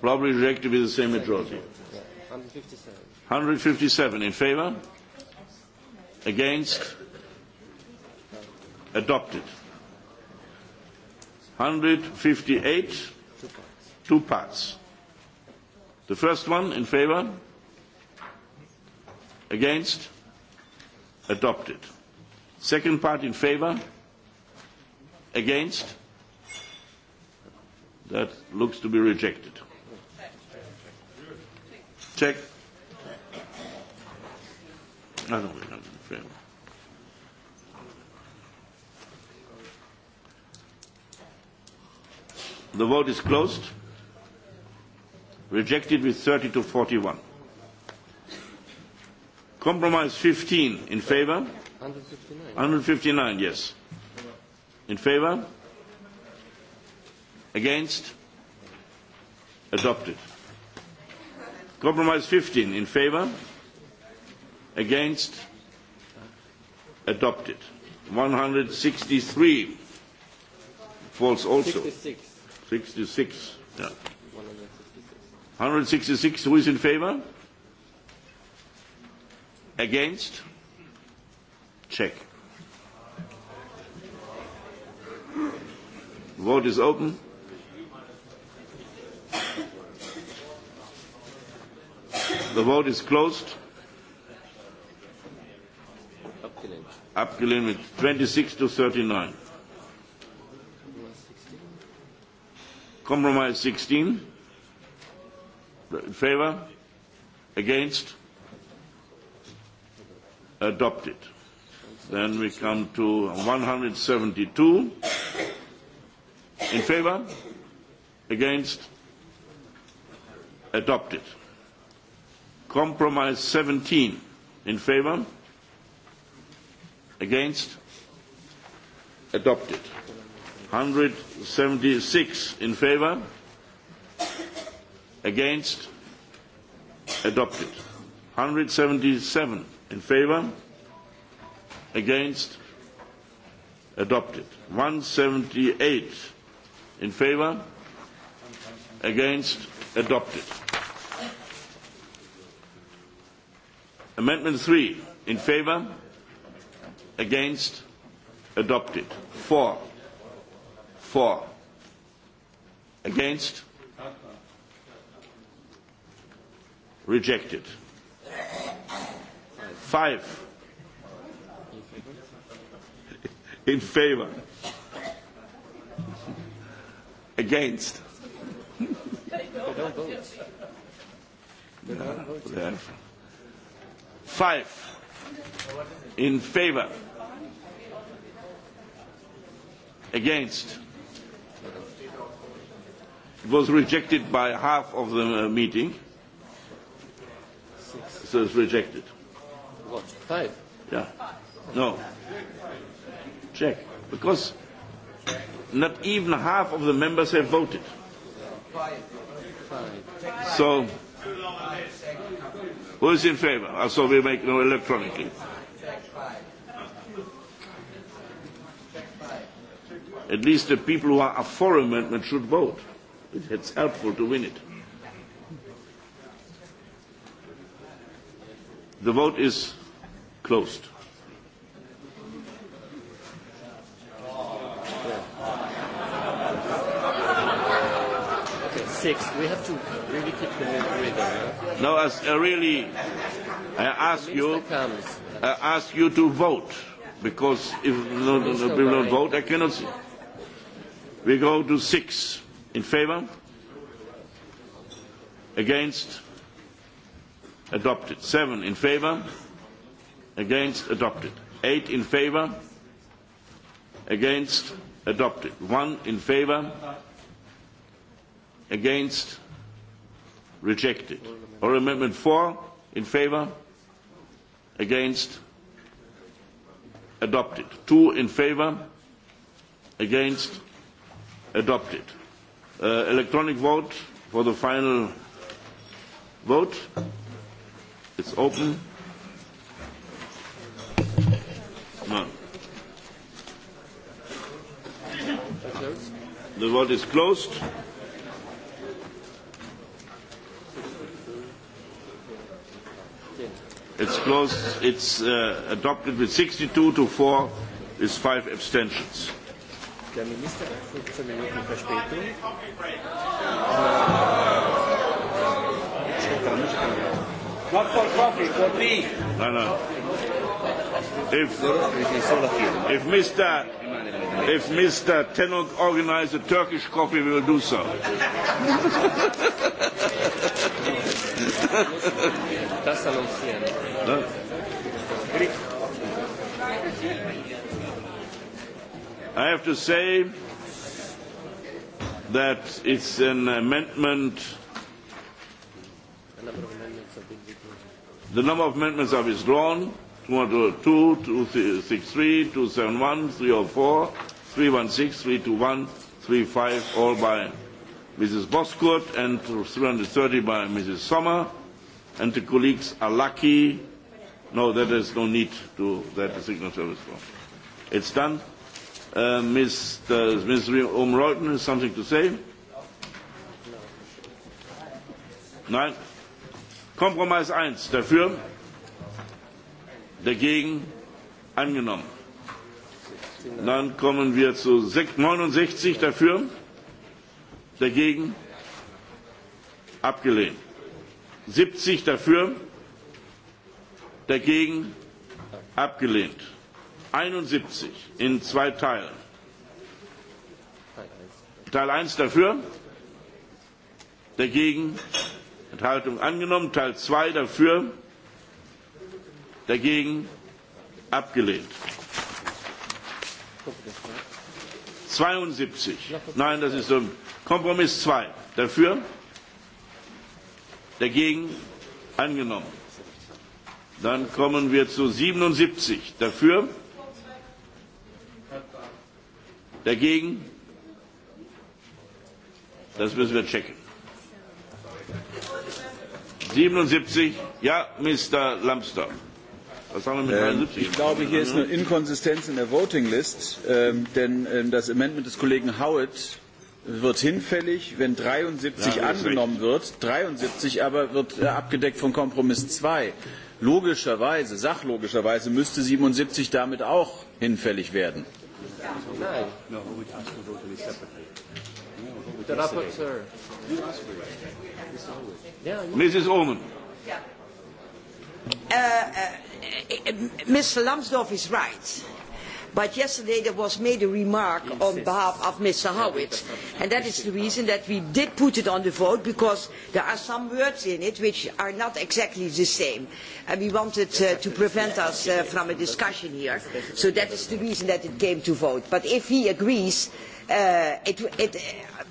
Probably rejected with the same majority. 157. 157 in favor? Against? Adopted. 158, two parts. The first one in favor? Against? adopted. Second part in favor? Against? That looks to be rejected. Check. No, ah, no, we're not in favor. The vote is closed. Rejected with 30 to 41. Compromise 15 in favor? 159. 159, yes. In favor? Against? Adopted. Compromise 15 in favor? Against? Adopted. 163 false also. 66. 66, yeah. 166, who is in favor? Against? Check. Vote is open. The vote is closed. Abgelehnt mit 26 to 39. Compromise 16. In favor? Against? adopted. Then we come to 172. In favor? Against? Adopted. Compromise 17. In favor? Against? Adopted. 176 in favor? Against? Adopted. 177 in favor against adopted 178 in favor against adopted amendment 3 in favor against adopted 4 4 against rejected Five. In favor. Against. Five. In favor. Against. It was rejected by half of the meeting. So it's rejected. What? Five? Yeah. No. Check. Because not even half of the members have voted. Five. So, who is in favor? Ah, so we make no electronically. At least the people who are for amendment should vote. It's helpful to win it. The vote is Closed. Okay, six. We have to really keep the rhythm. No, as I uh, really, I ask you, I ask you to vote because if no, no, no, people don't vote, I cannot see. We go to six in favor, against, adopted. Seven in favor against adopted eight in favor against adopted one in favor against rejected or amendment four in favor against adopted two in favor against adopted uh, electronic vote for the final vote it's open No. The vote is closed. It's closed. It's uh, adopted with 62 to 4 with 5 abstentions. Der Minister hat 15 Minuten Verspätung. Not for coffee, for tea. No, no. If, if Mr. If Mr. Tenok organized a Turkish coffee, we will do so. I have to say that it's an amendment. The number of amendments are withdrawn. 202, 263, 271, 304, 316, 321, 35, all by Mrs. Boscourt and 330 by Mrs. Sommer. And the colleagues are lucky. No, there is no need to that the signal service form. It's done. Uh, Mr. Ms. Umreuten has something to say? Nein. Kompromise 1 dafür Dagegen angenommen. Dann kommen wir zu 69 dafür. Dagegen abgelehnt. 70 dafür. Dagegen abgelehnt. 71 in zwei Teilen. Teil 1 dafür. Dagegen Enthaltung angenommen. Teil 2 dafür Dagegen abgelehnt. 72. Nein, das ist so. Kompromiss 2. Dafür? Dagegen? Angenommen. Dann kommen wir zu 77. Dafür? Dagegen? Das müssen wir checken. 77. Ja, Mr. Lambsdorff. Ähm, ich glaube, hier ist eine Inkonsistenz in der Voting List, ähm, denn ähm, das Amendment des Kollegen Howitt wird hinfällig, wenn 73 ja, angenommen wird. 73 aber wird äh, abgedeckt von Kompromiss 2. Logischerweise, sachlogischerweise müsste 77 damit auch hinfällig werden. Mrs. Oman. Yeah. Uh, uh, Mr. Lambsdorff is right. But yesterday there was made a remark on behalf of Mr. Howitt. And that is the reason that we did put it on the vote, because there are some words in it which are not exactly the same. And we wanted uh, to prevent us uh, from a discussion here. So that is the reason that it came to vote. But if he agrees, uh, it, it,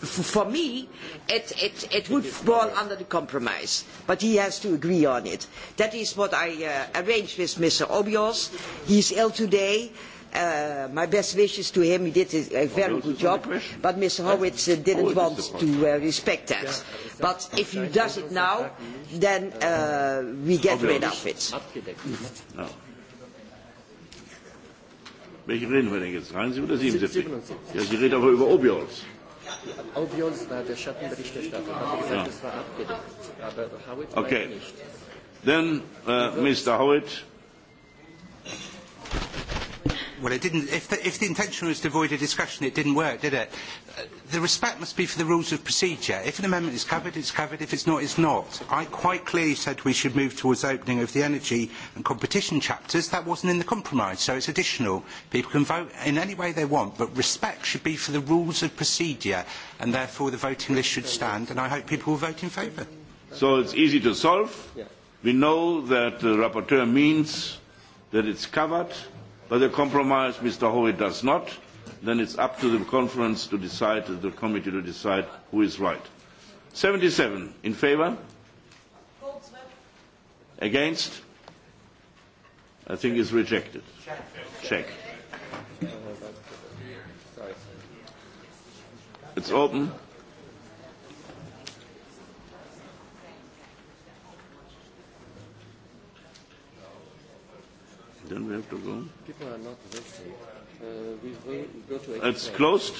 for me, it, it, it would fall under the compromise, but he has to agree on it. That is what I uh, arranged with Mr. Obios. He is ill today. Uh, my best wishes to him. He did a, a very good job, but Mr. Howitz uh, didn't want to uh, respect that. But if he does it now, then uh, we get rid of it. Welche reden wir denn jetzt? 73 oder 77? Ja, Sie aber über okay. Then, uh, Mr. Howitt well, it didn't, if, the, if the intention was to avoid a discussion, it didn't work, did it? Uh, the respect must be for the rules of procedure. If an amendment is covered, it's covered. If it's not, it's not. I quite clearly said we should move towards opening of the energy and competition chapters. That wasn't in the compromise, so it's additional. People can vote in any way they want, but respect should be for the rules of procedure, and therefore the voting list should stand, and I hope people will vote in favour. So it's easy to solve. We know that the rapporteur means that it's covered But the compromise, Mr. Howitt does not. Then it's up to the conference to decide, to the committee to decide who is right. 77 in favor? Against? I think it's rejected. Check. It's open. Then we have to go. People are not listening. Uh, we will go to a It's closed.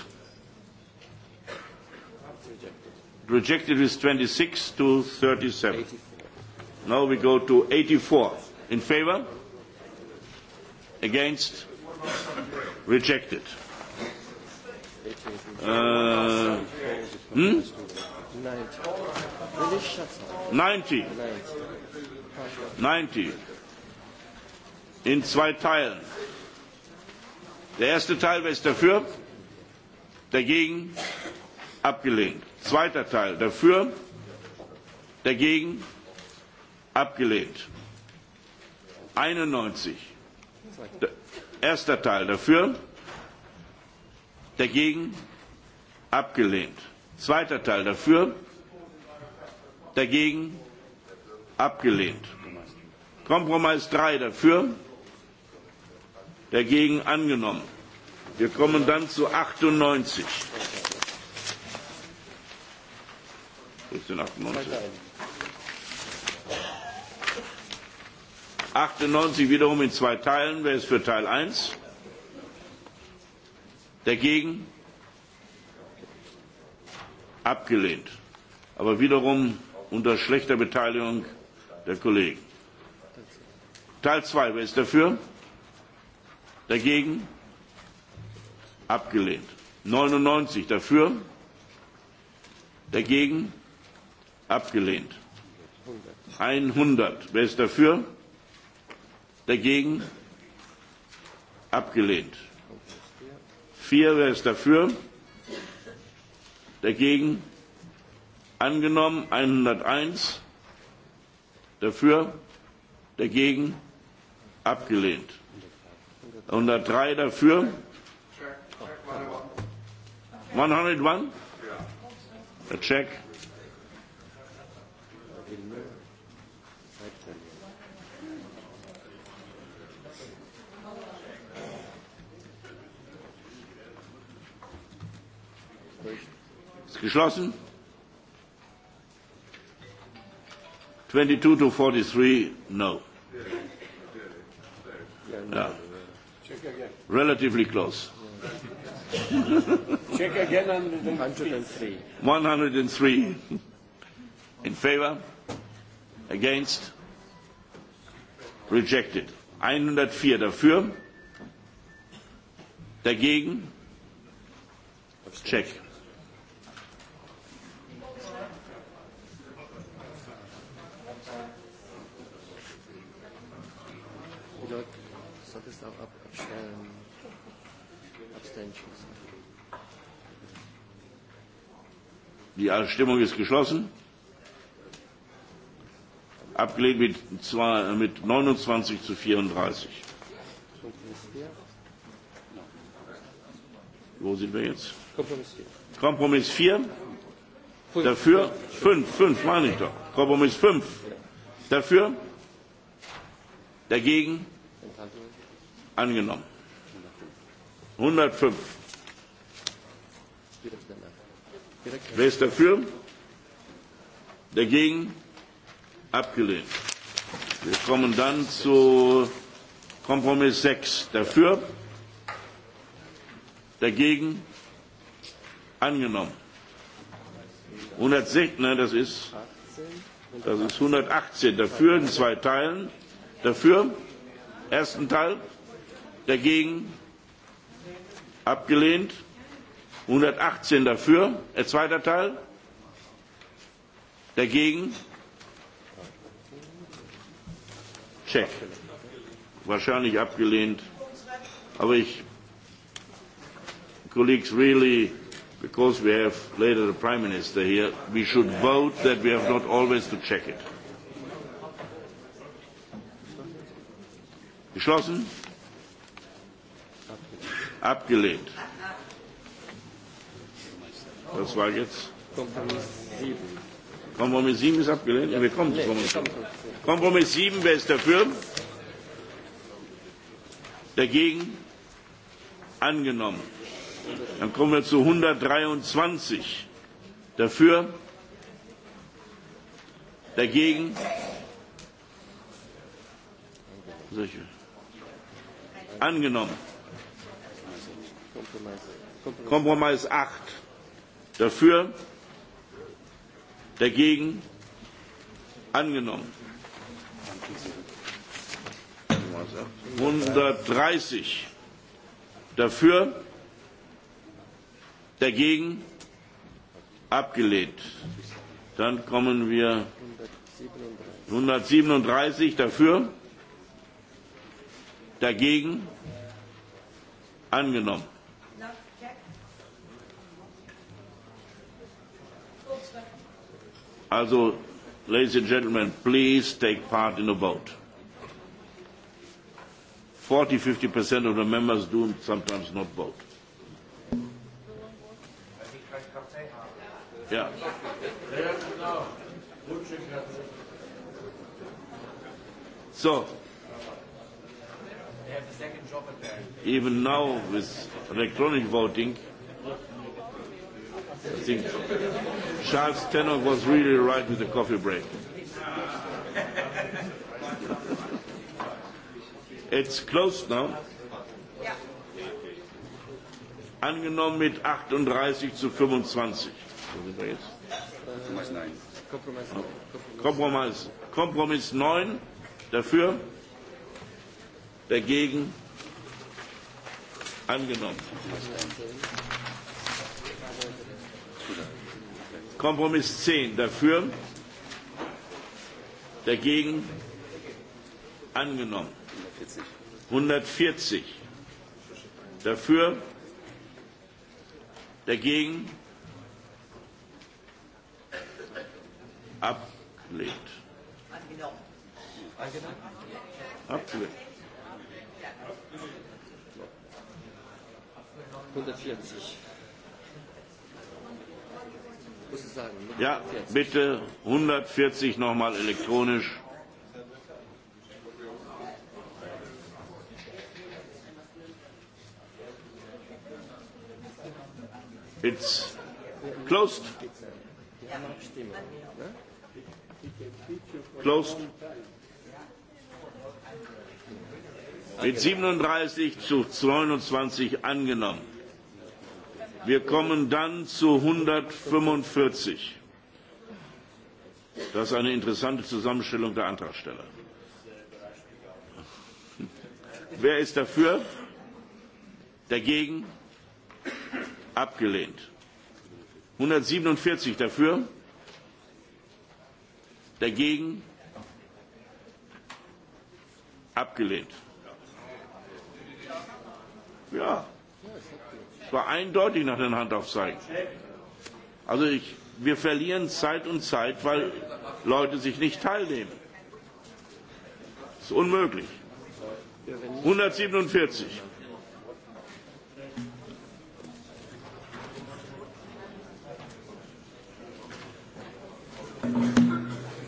Rejected. Rejected is 26 to 37. 84. Now we go to 84. In favor? Against? Rejected. Uh, hmm? 90. 90. 90 in zwei Teilen. Der erste Teil, wer ist dafür? Dagegen? Abgelehnt. Zweiter Teil, dafür? Dagegen? Abgelehnt. 91. erster Teil, dafür? Dagegen? Abgelehnt. Zweiter Teil, dafür? Dagegen? Abgelehnt. Kompromiss 3 dafür, dagegen angenommen. Wir kommen dann zu 98. Wo 98? 98 wiederum in zwei Teilen. Wer ist für Teil 1? Dagegen? Abgelehnt. Aber wiederum unter schlechter Beteiligung der Kollegen. Teil 2, wer ist dafür? Dagegen? Abgelehnt. 99 dafür? Dagegen? Abgelehnt. 100. Wer ist dafür? Dagegen? Abgelehnt. 4. Wer ist dafür? Dagegen? Angenommen. 101. Dafür? Dagegen? Abgelehnt. 103 dafür. 101? A check. Ist geschlossen. 22 to 43, no. Ja. Relatively close. <laughs> Check again on 103. 103. In favor? Against? Rejected. 104 dafür. Dagegen? Check. Um, abstentions. Die Abstimmung ist geschlossen. Abgelehnt mit, zwei, mit 29 zu 34. Wo sind wir jetzt? Kompromiss 4. Kompromiss 4. Dafür? 5, 5 meine ich doch. Kompromiss 5. Dafür? Dagegen? Enthaltungen angenommen. 105. Wer ist dafür? Dagegen? Abgelehnt. Wir kommen dann zu Kompromiss 6. Dafür? Dagegen? Angenommen. 106, nein, das ist, das ist 118. Dafür in zwei Teilen. Dafür? Ersten Teil? dagegen abgelehnt, 118 dafür, der äh, zweite Teil dagegen, check, wahrscheinlich abgelehnt, aber ich, colleagues, really, because we have later the Prime Minister here, we should vote that we have not always to check it. Geschlossen? Abgelehnt. Das war jetzt? Kompromiss 7. ist abgelehnt? Ja, wir kommen zu Kompromiss 7. Kompromiss 7, wer ist dafür? Dagegen? Angenommen. Dann kommen wir zu 123. Dafür? Dagegen? Sicher. Angenommen. Kompromiss. 8 dafür, dagegen angenommen. 130 dafür, dagegen abgelehnt. Dann kommen wir 137 dafür, dagegen angenommen. Also, ladies and gentlemen, please take part in the vote. 40, 50 percent of the members do sometimes not vote. Yeah. So, even now with electronic voting, Charles Tenor was really right with the coffee break. It's closed now. Angenommen mit 38 zu 25. Kompromiss 9. Kompromiss 9 dafür, dagegen angenommen. Kompromiss 10 dafür, dagegen angenommen. 140 dafür, dagegen abgelehnt. Abgelehnt. 140. Ja, bitte 140 nochmal elektronisch. It's closed. Closed. Mit 37 zu 22 angenommen. Wir kommen dann zu 145. Das ist eine interessante Zusammenstellung der Antragsteller. <laughs> Wer ist dafür? Dagegen? Abgelehnt. 147 dafür? Dagegen? Abgelehnt. Ja war eindeutig nach den Handaufzeigen. Also ich, wir verlieren Zeit und Zeit, weil Leute sich nicht teilnehmen. Das ist unmöglich. 147.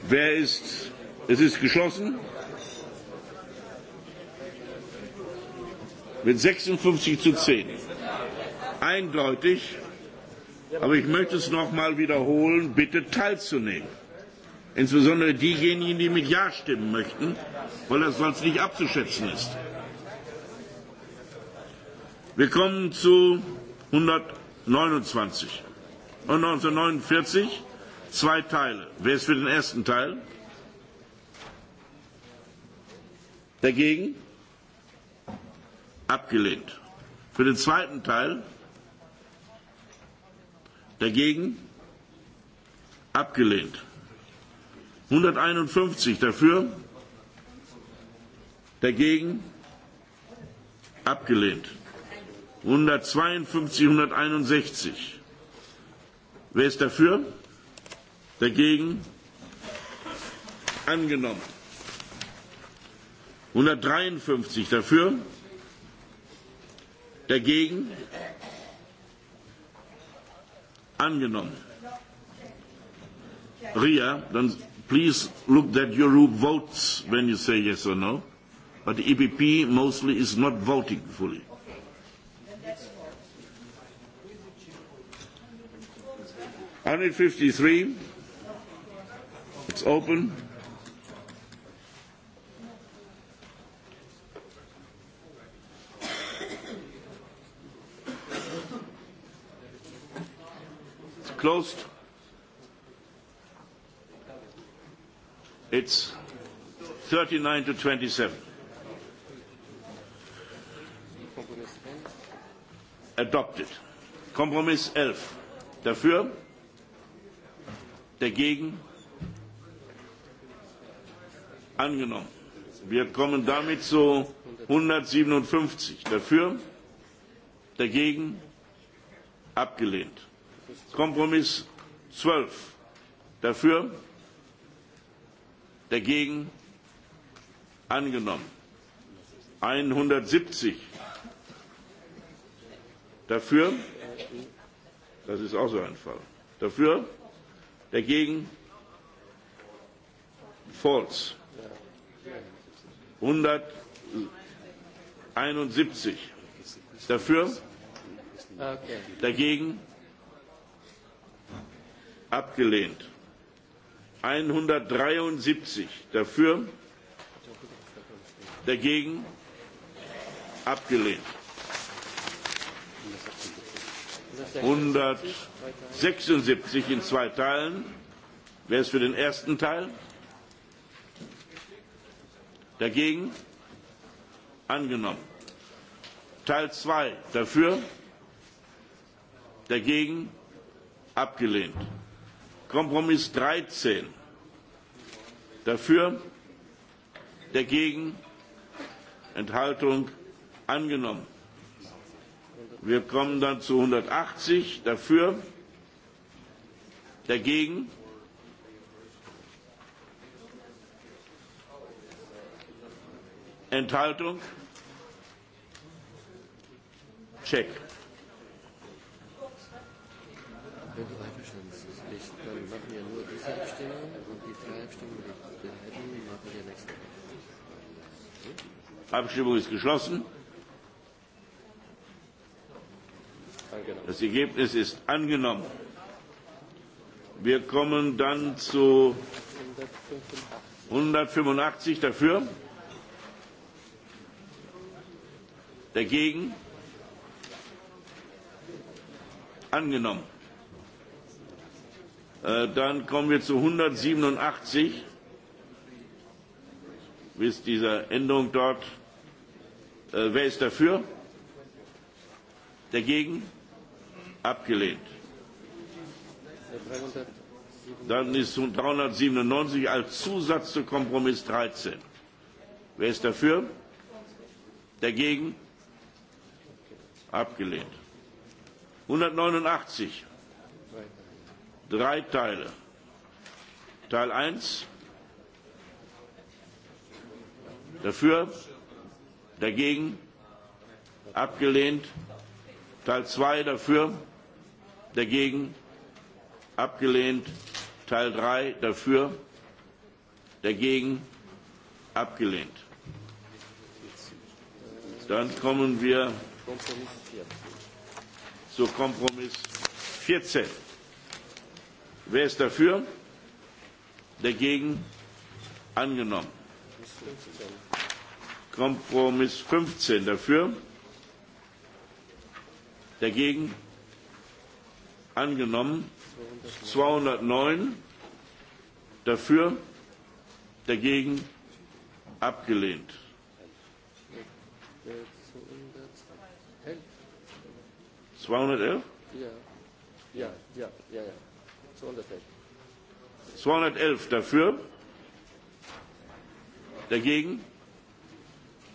Wer ist? Es ist geschlossen. Mit 56 zu 10 eindeutig, aber ich möchte es noch mal wiederholen, bitte teilzunehmen. Insbesondere diejenigen, die mit Ja stimmen möchten, weil das sonst nicht abzuschätzen ist. Wir kommen zu 129 und 1949, zwei Teile. Wer ist für den ersten Teil? Dagegen? Abgelehnt. Für den zweiten Teil? Dagegen? Abgelehnt. 151 dafür? Dagegen? Abgelehnt. 152, 161. Wer ist dafür? Dagegen? Angenommen. 153 dafür? Dagegen? Angenommen. Ria, then please look that your group votes when you say yes or no. But the EPP mostly is not voting fully. Okay. 153. It's open. closed. It's 39 to 27. Adopted. Kompromiss 11. Dafür? Dagegen? Angenommen. Wir kommen damit zu 157. Dafür? Dagegen? Abgelehnt. Kompromiss 12 dafür, dagegen angenommen. 170 dafür, das ist auch so ein Fall, dafür, dagegen false. 171 dafür, Okay. dagegen abgelehnt. 173 dafür, dagegen abgelehnt. 176 in zwei Teilen. Wer ist für den ersten Teil? Dagegen? Angenommen. Teil 2 dafür? Dagegen? Abgelehnt. Kompromiss 13. Dafür, dagegen, Enthaltung angenommen. Wir kommen dann zu 180. Dafür, dagegen, Enthaltung, Check. Abstimmung ist geschlossen. Das Ergebnis ist angenommen. Wir kommen dann zu 185 dafür. Dagegen? Angenommen. Äh, dann kommen wir zu 187. Bis dieser Änderung dort Äh, wer ist dafür? Dagegen? Abgelehnt. Dann ist 397 als Zusatz zu Kompromiss 13. Wer ist dafür? Dagegen? Abgelehnt. 189. Drei Teile. Teil 1. Dafür? dagegen, abgelehnt. Teil 2 dafür, dagegen, abgelehnt. Teil 3 dafür, dagegen, abgelehnt. Dann kommen wir zu Kompromiss 14. Wer ist dafür? Dagegen? Angenommen. Kompromiss 15 dafür. Dagegen angenommen. 209 dafür. Dagegen abgelehnt. Zweihundertelf? Ja, ja, ja, ja, ja. Zweihundertelf. Zweihundertelf dafür. Dagegen?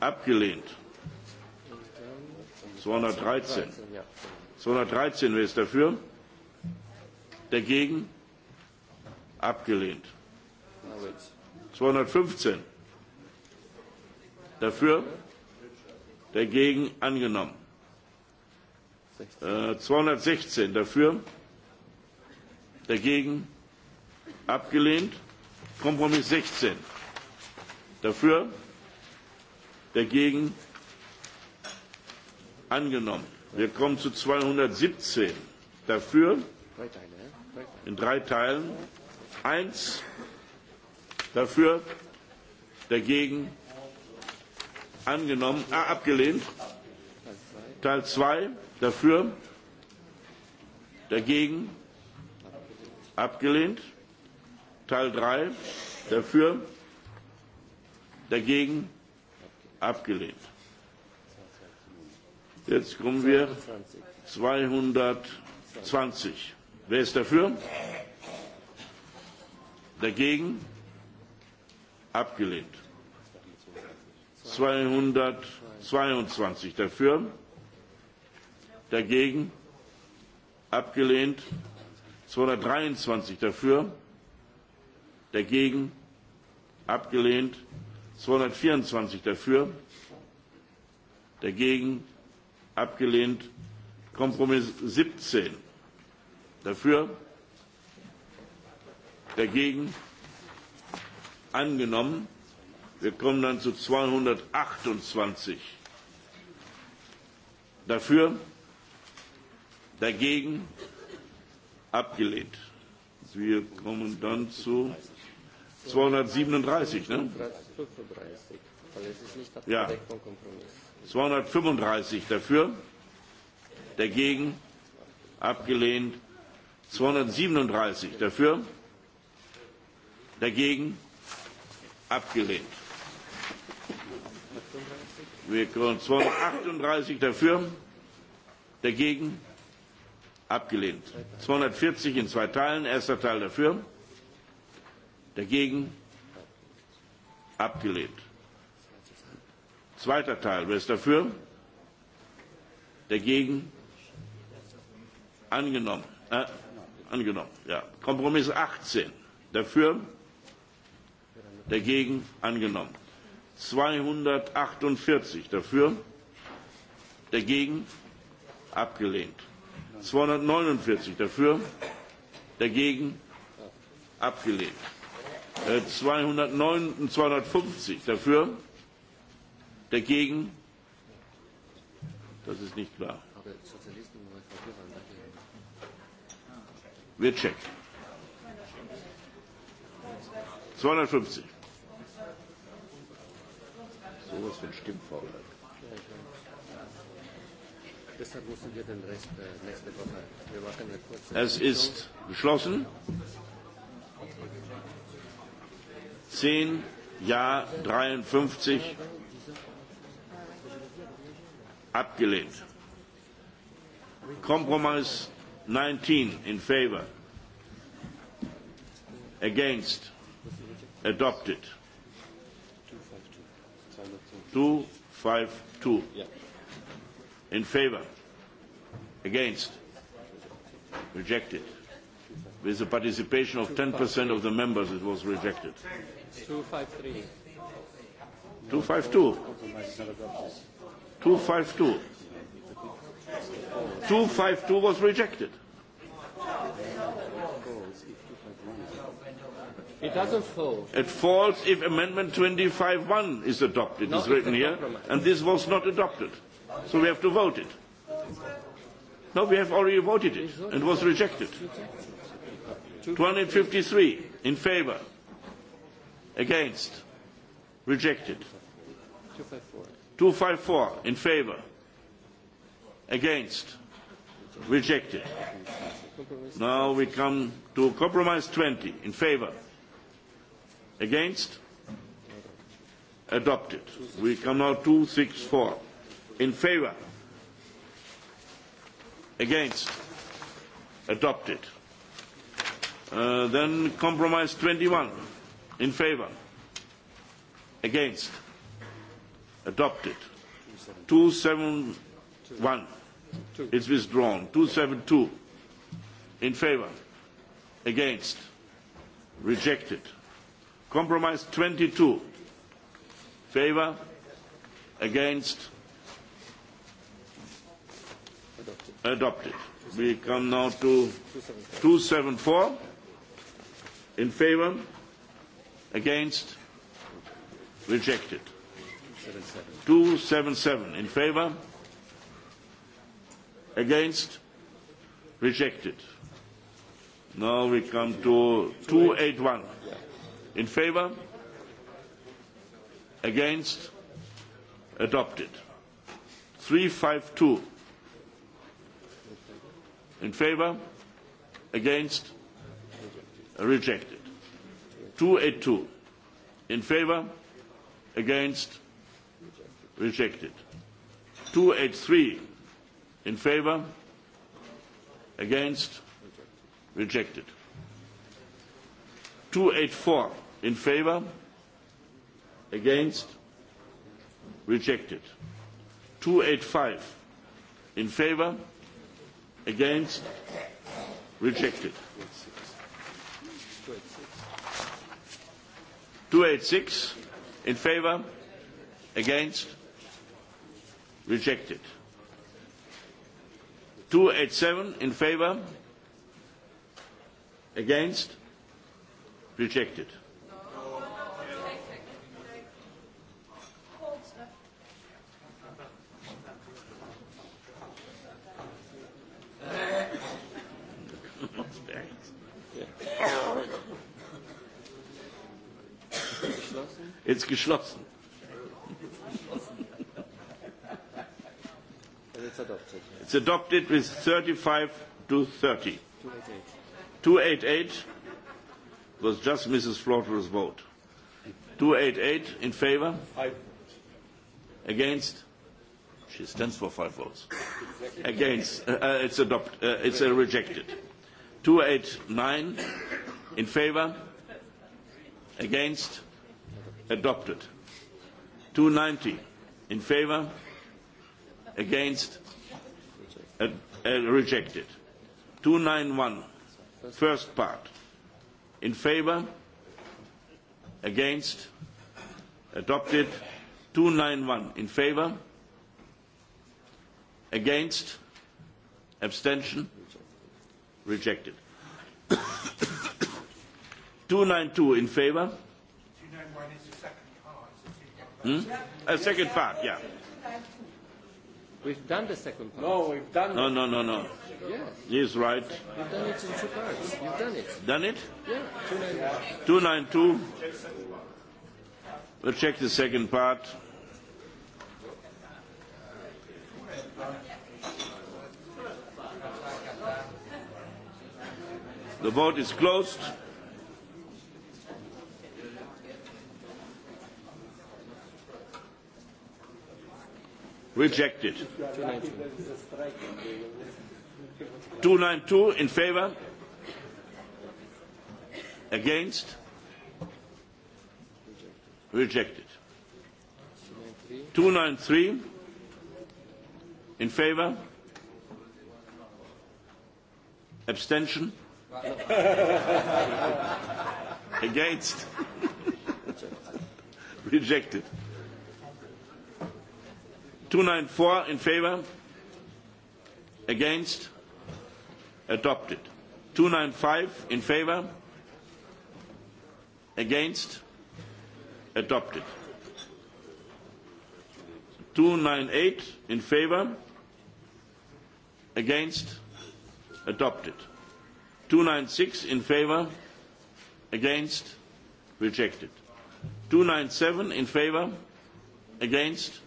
Abgelehnt. 213. 213, wer ist dafür? Dagegen? Abgelehnt. 215. Dafür? Dagegen? Angenommen. Äh, 216. Dafür? Dagegen? Abgelehnt. Kompromiss 16. Dafür? dagegen angenommen. Wir kommen zu 217 dafür in drei Teilen. Eins dafür, dagegen angenommen, ah, abgelehnt. Teil 2 dafür, dagegen abgelehnt. Teil 3 dafür, dagegen abgelehnt abgelehnt. Jetzt kommen wir 220. Wer ist dafür? Dagegen? Abgelehnt. 222 dafür. Dagegen? Abgelehnt. 223 dafür. Dagegen? Abgelehnt. 224 dafür, dagegen abgelehnt. Kompromiss 17 dafür, dagegen angenommen. Wir kommen dann zu 228 dafür, dagegen abgelehnt. Wir kommen dann zu 237, ne? 35. weil es ist nicht abgedeckt ja. vom Kompromiss. 235 dafür, dagegen, abgelehnt. 237 dafür, dagegen, abgelehnt. Wir können 238 dafür, dagegen, abgelehnt. 240 in zwei Teilen, erster Teil dafür, dagegen, abgelehnt. Abgelehnt. Zweiter Teil. Wer ist dafür? Dagegen? Angenommen. Äh, angenommen. Ja. Kompromiss 18. Dafür? Dagegen? Angenommen. 248. Dafür? Dagegen? Abgelehnt. 249. Dafür? Dagegen? Abgelehnt. 209 äh, und 250 dafür, dagegen. Das ist nicht klar. Wir checken. 250. So was für ein mussten äh, Es ist beschlossen. 10, Jahr 53, abgelehnt. Kompromiss 19 in favor, against, adopted. 252 in favor, against, rejected. With the participation of 10% of the members, it was rejected. 252. was rejected. It doesn't fall. It falls if Amendment 25.1 is adopted, no, is written here, and this was not adopted. So we have to vote it. No, we have already voted it and was rejected. 253 in favor against rejected 254 in favor against rejected now we come to compromise 20 in favor against adopted we come now 264 in favor against adopted uh, then compromise 21 in favour against adopted 271 It's withdrawn 272 in favour against rejected compromise 22 favour against adopted we come now to 274 in favour Against? Rejected. 277 in favor? Against? Rejected. Now we come to 281. In favor? Against? Adopted. 352. In favor? Against? Rejected. 282 in favor against rejected 283 in favor against rejected 284 in favor against rejected 285 in favor against rejected 286 in favor, against, rejected. 287 in favor, against, rejected. ist geschlossen. It's adopted. It's adopted with 35 to 30. 288. was just Mrs. Slaughter's vote. 288 in favor? Five. Against? She stands for five votes. Against? Uh, uh, it's adopt, uh, it's uh, rejected. 289 in favor? Against? adopted. 290 in favor, against, uh, uh, rejected. 291, first part, in favor, against, adopted. 291 in favor, against, abstention, rejected. 292 <coughs> in favor, Hmm? A second part, yeah. We've done the second part. No, we've done No, no, no, no. Yes. He's right. We've done it in two parts. You've done it. Done it? Yeah, 292. 292. We'll check the second part. The vote is closed. Rejected. 292 in favor? Against? Rejected. 293 in favor? Abstention? <laughs> Against? <laughs> Rejected. 294 in favor? Against? Adopted. 295 in favor? Against? Adopted. 298 in favor? Against? Adopted. 296 in favor? Against? Rejected. 297 in favor? Against?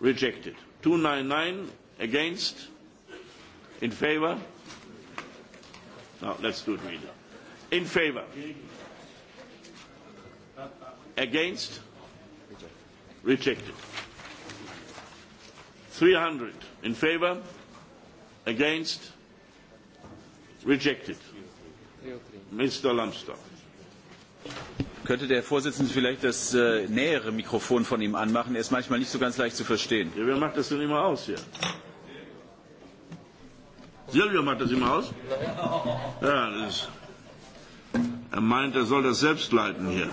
rejected. 299 against, in favor. No, let's do it really. In favor. Against, rejected. 300 in favor, against, rejected. Mr. Lambsdorff. Könnte der Vorsitzende vielleicht das äh, nähere Mikrofon von ihm anmachen? Er ist manchmal nicht so ganz leicht zu verstehen. Ja, wer macht das denn immer aus hier? Silvio macht das immer aus? Ja, das ist, er meint, er soll das selbst leiten hier.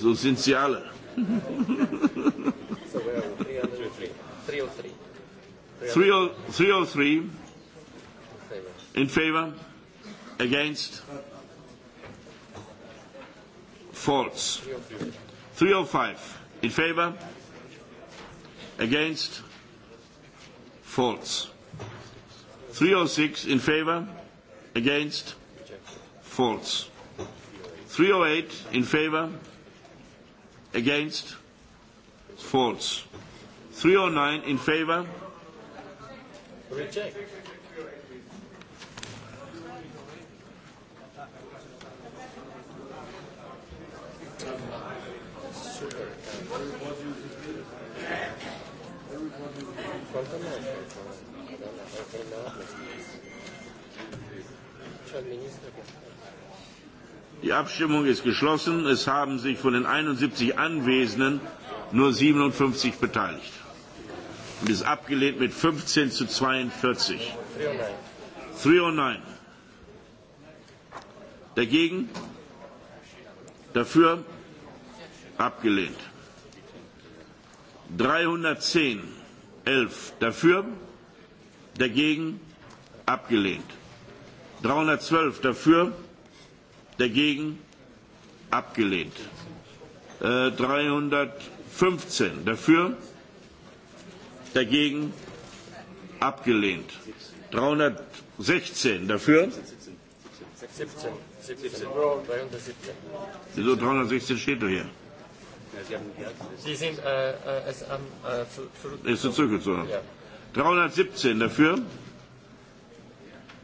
So sind sie alle. so, 303. 303. 303. In favor? Against? False. 305 in favor, against, false. 306 in favor, against, false. 308 in favor, against, false. 309 in favor, reject. Die Abstimmung ist geschlossen. Es haben sich von den 71 Anwesenden nur 57 beteiligt und ist abgelehnt mit 15 zu 42. 309. Dagegen? Dafür? Abgelehnt. 310. 11. Dafür? dagegen abgelehnt. 312 dafür, dagegen abgelehnt. Äh, 315 dafür, dagegen abgelehnt. 316 dafür. 317. Wieso 316 steht doch hier? Sie sind äh, äh, es äh, für, für, Ist zurückgezogen. Ja. 317 dafür,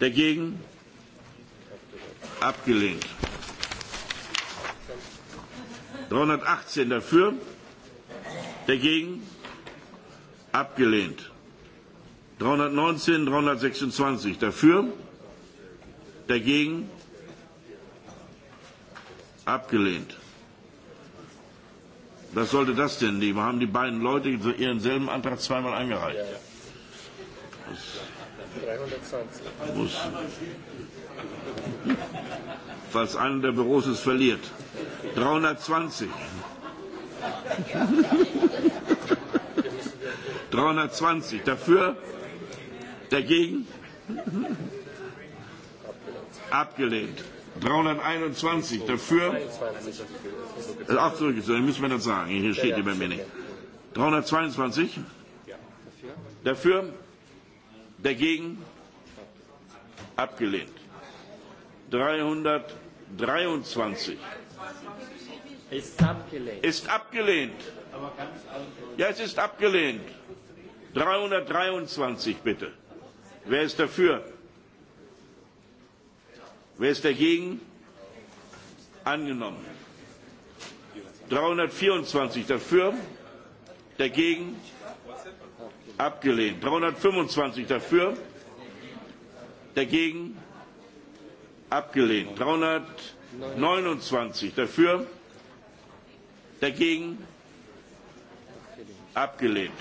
dagegen abgelehnt. 318 dafür, dagegen abgelehnt. 319, 326 dafür, dagegen abgelehnt. Was sollte das denn? Die haben die beiden Leute ihren selben Antrag zweimal eingereicht. Ja, ja. Muss, falls einer der Büros es verliert. 320. 320. Dafür? Dagegen? Abgelehnt. 321 dafür. Das äh, Abzug dann müssen wir das sagen. Hier steht ja, ja, über mir nicht. 322 dafür. Dagegen abgelehnt. 323 ist abgelehnt. Ist abgelehnt. Ja, es ist abgelehnt. 323 bitte. Wer ist dafür? Wer ist dagegen? Angenommen. 324 dafür, dagegen abgelehnt. 325 dafür, dagegen abgelehnt. 329 dafür, dagegen abgelehnt.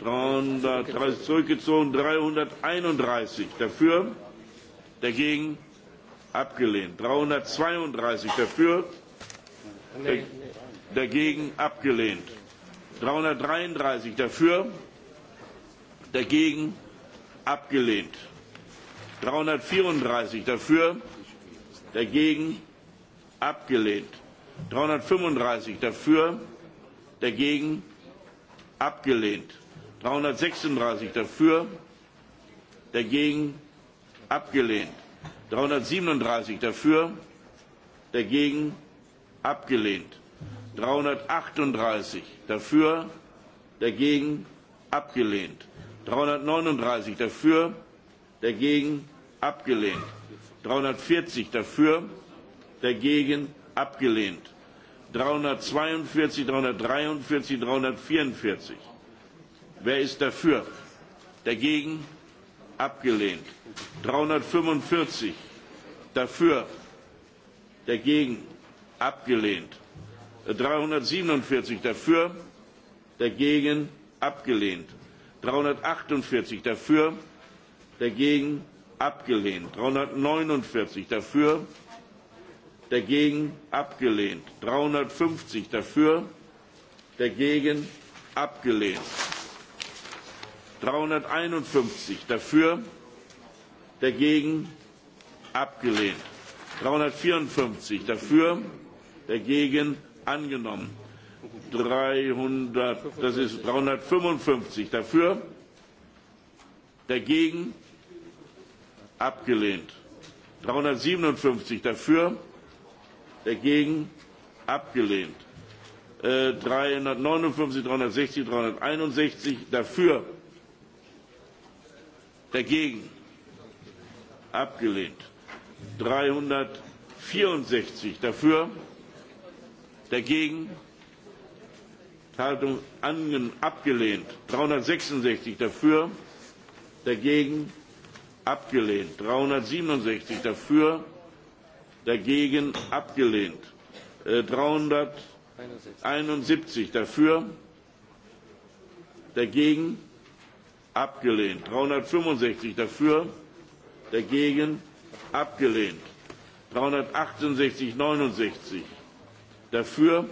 330 zurückgezogen, 331 dafür, dagegen abgelehnt. 332 dafür, dagegen abgelehnt. 333 dafür, dagegen abgelehnt. 334 dafür, dagegen abgelehnt. 335 dafür, dagegen abgelehnt. 336 dafür, dagegen abgelehnt. 337 dafür, dagegen abgelehnt. 338 dafür, dagegen abgelehnt. 339 dafür, dagegen abgelehnt. 340 dafür, dagegen abgelehnt. 342, 343, 344. Wer ist dafür? Dagegen abgelehnt. 345 dafür, dagegen abgelehnt. 347 dafür, dagegen abgelehnt. 348 dafür, dagegen abgelehnt. 349 dafür, dagegen abgelehnt. 350 dafür, dagegen abgelehnt. 351 dafür, dagegen abgelehnt. 354 dafür, dagegen angenommen. 300, das ist 355 dafür, dagegen abgelehnt. 357 dafür, dagegen abgelehnt. 359, 360, 361 dafür, dagegen abgelehnt. 364 dafür, dagegen abgelehnt Enthaltung abgelehnt. 366 dafür, dagegen abgelehnt. 367 dafür, dagegen abgelehnt. 371 äh, dafür, dagegen abgelehnt. 365 dafür, dagegen abgelehnt. 368, 69 dafür,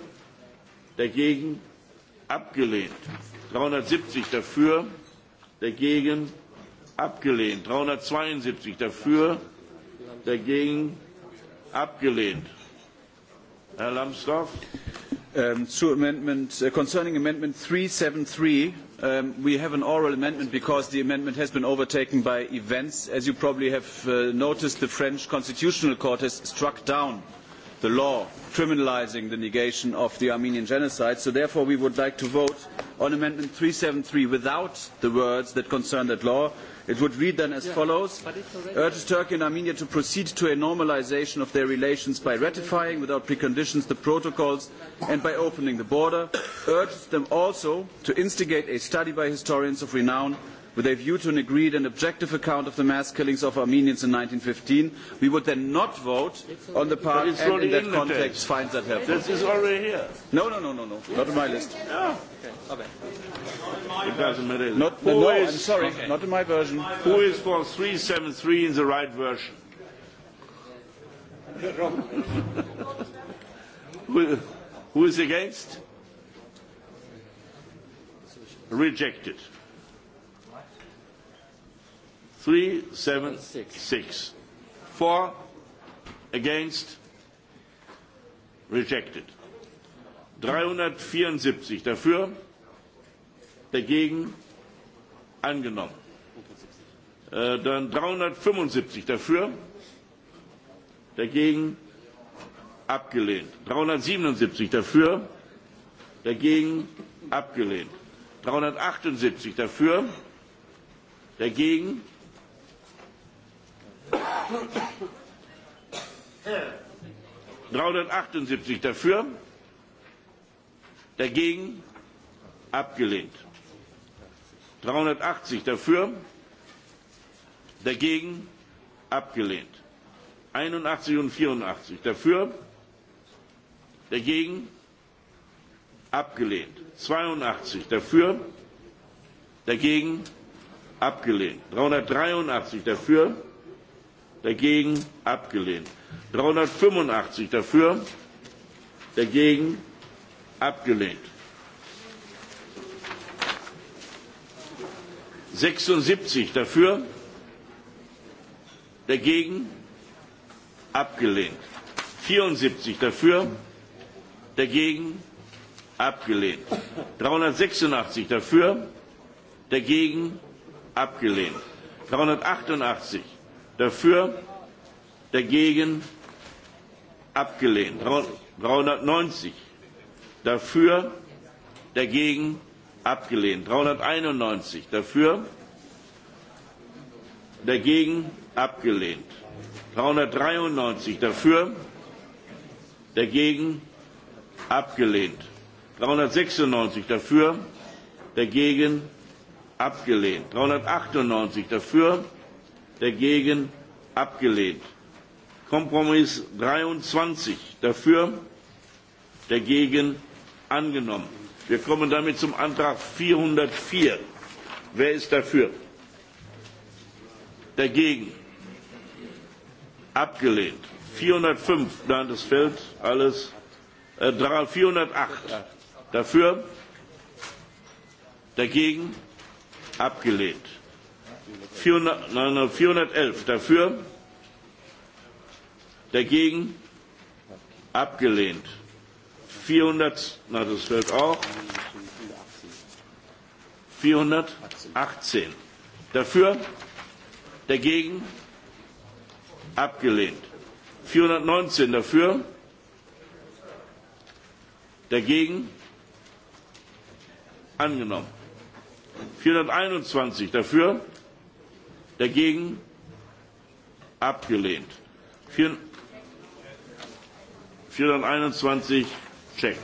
dagegen abgelehnt abgelehnt. 370 dafür, dagegen abgelehnt. 372 dafür, dagegen abgelehnt. Herr Lambsdorff. Um, to amendment, uh, concerning amendment 373, um, we have an oral amendment because the amendment has been overtaken by events. As you probably have uh, noticed, the French Constitutional Court has struck down the law criminalising the negation of the Armenian genocide. So therefore we would like to vote on Amendment three hundred and seventy three without the words that concern that law. It would read then as yeah, follows. Urges Turkey and Armenia to proceed to a normalisation of their relations by ratifying without preconditions the protocols and by opening the border. Urges them also to instigate a study by historians of renown with a view to an agreed and objective account of the mass killings of Armenians in fifteen, we would then not vote on the part and in that context finds that helpful. This is already here. No, no, no, no, no. Not on my list. Okay. It doesn't matter. Not, Who no, is, I'm sorry. Okay. Not in my version. Who is for 373 in the right version? <laughs> who, who is against? Rejected. Three, seven, six. six. Four, against, rejected. 374 dafür, dagegen, angenommen. Äh, dann 375 dafür, dagegen, abgelehnt. 377 dafür, dagegen, abgelehnt. 378 dafür, dagegen, abgelehnt. 378 dafür, dagegen abgelehnt. 380 dafür, dagegen abgelehnt. 81 und 84 dafür, dagegen abgelehnt. 82 dafür, dagegen abgelehnt. 383 dafür, dagegen abgelehnt. 385 dafür, dagegen abgelehnt. 76 dafür, dagegen abgelehnt. 74 dafür, dagegen abgelehnt. 386 dafür, dagegen abgelehnt. 388 Dafür, dagegen, abgelehnt. 390 dafür, dagegen, abgelehnt. 391 dafür, dagegen, abgelehnt. 393 dafür, dagegen, abgelehnt. 396 dafür, dagegen, abgelehnt. 398 dafür, dagegen abgelehnt. Kompromiss 23 dafür, dagegen angenommen. Wir kommen damit zum Antrag 404. Wer ist dafür? Dagegen. Abgelehnt. 405, nein, das fällt alles. Äh, 408. Dafür? Dagegen? Abgelehnt. 411 dafür, dagegen abgelehnt. 400, na das wird auch. 418 dafür, dagegen abgelehnt. 419 dafür, dagegen angenommen. 421 dafür, Dagegen abgelehnt. 421 check.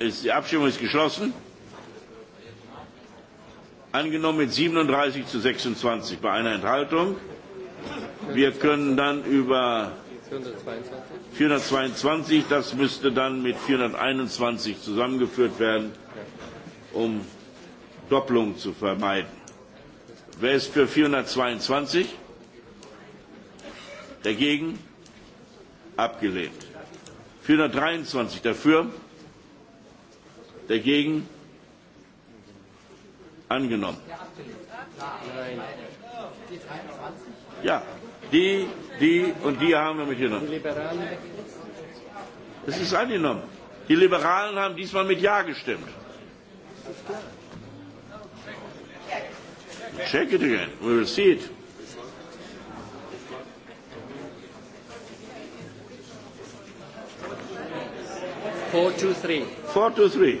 Ist, die Abstimmung ist geschlossen. Angenommen mit 37 zu 26 bei einer Enthaltung. Wir können dann über 422, das müsste dann mit 421 zusammengeführt werden, um Doppelung zu vermeiden. Wer ist für 422? Dagegen? Abgelehnt. 423 dafür? Dagegen? Angenommen. Nein. Ja, die, die und die haben wir mitgenommen. Die Liberalen. Das ist angenommen. Die Liberalen haben diesmal mit Ja gestimmt. Check it again. We will see it. Four, to three. Four, to three.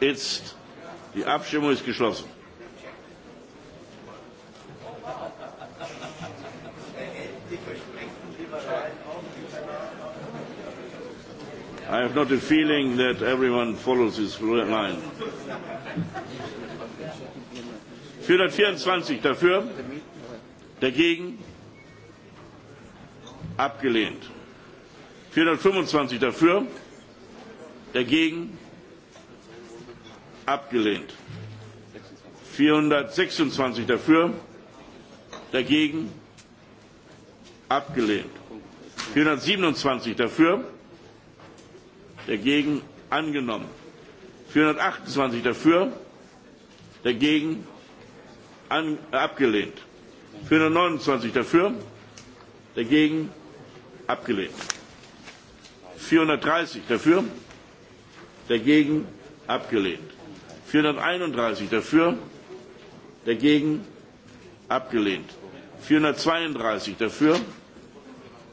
Jetzt, die Abstimmung ist geschlossen. I have not a feeling that everyone follows this line. 424 dafür, dagegen, abgelehnt. 425 dafür, dagegen, abgelehnt. 426 dafür, dagegen, abgelehnt. 427 dafür, dagegen, abgelehnt dagegen angenommen. 428 dafür, dagegen an, abgelehnt. 429 dafür, dagegen abgelehnt. 430 dafür, dagegen abgelehnt. 431 dafür, dagegen abgelehnt. 432 dafür,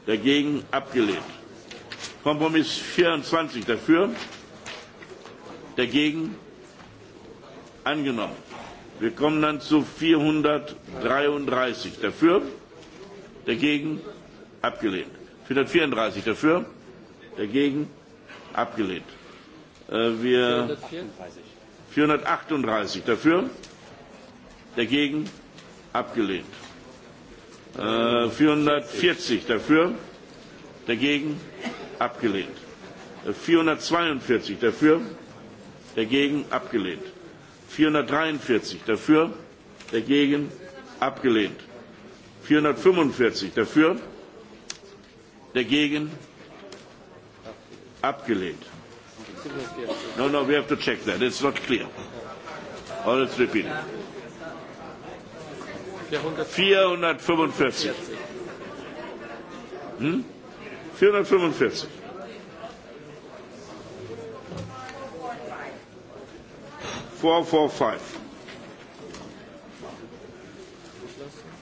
dagegen abgelehnt. Kompromiss 24 dafür, dagegen angenommen. Wir kommen dann zu 433 dafür, dagegen abgelehnt. 434 dafür, dagegen abgelehnt. Äh, wir 438 dafür, dagegen abgelehnt. 440 äh, dafür, dagegen abgelehnt abgelehnt. 442 äh, dafür, dagegen abgelehnt. 443 dafür, dagegen abgelehnt. 445 dafür, dagegen abgelehnt. No, no, we have to check that. It's not clear. Or oh, let's repeat it. 445. Hm? 445.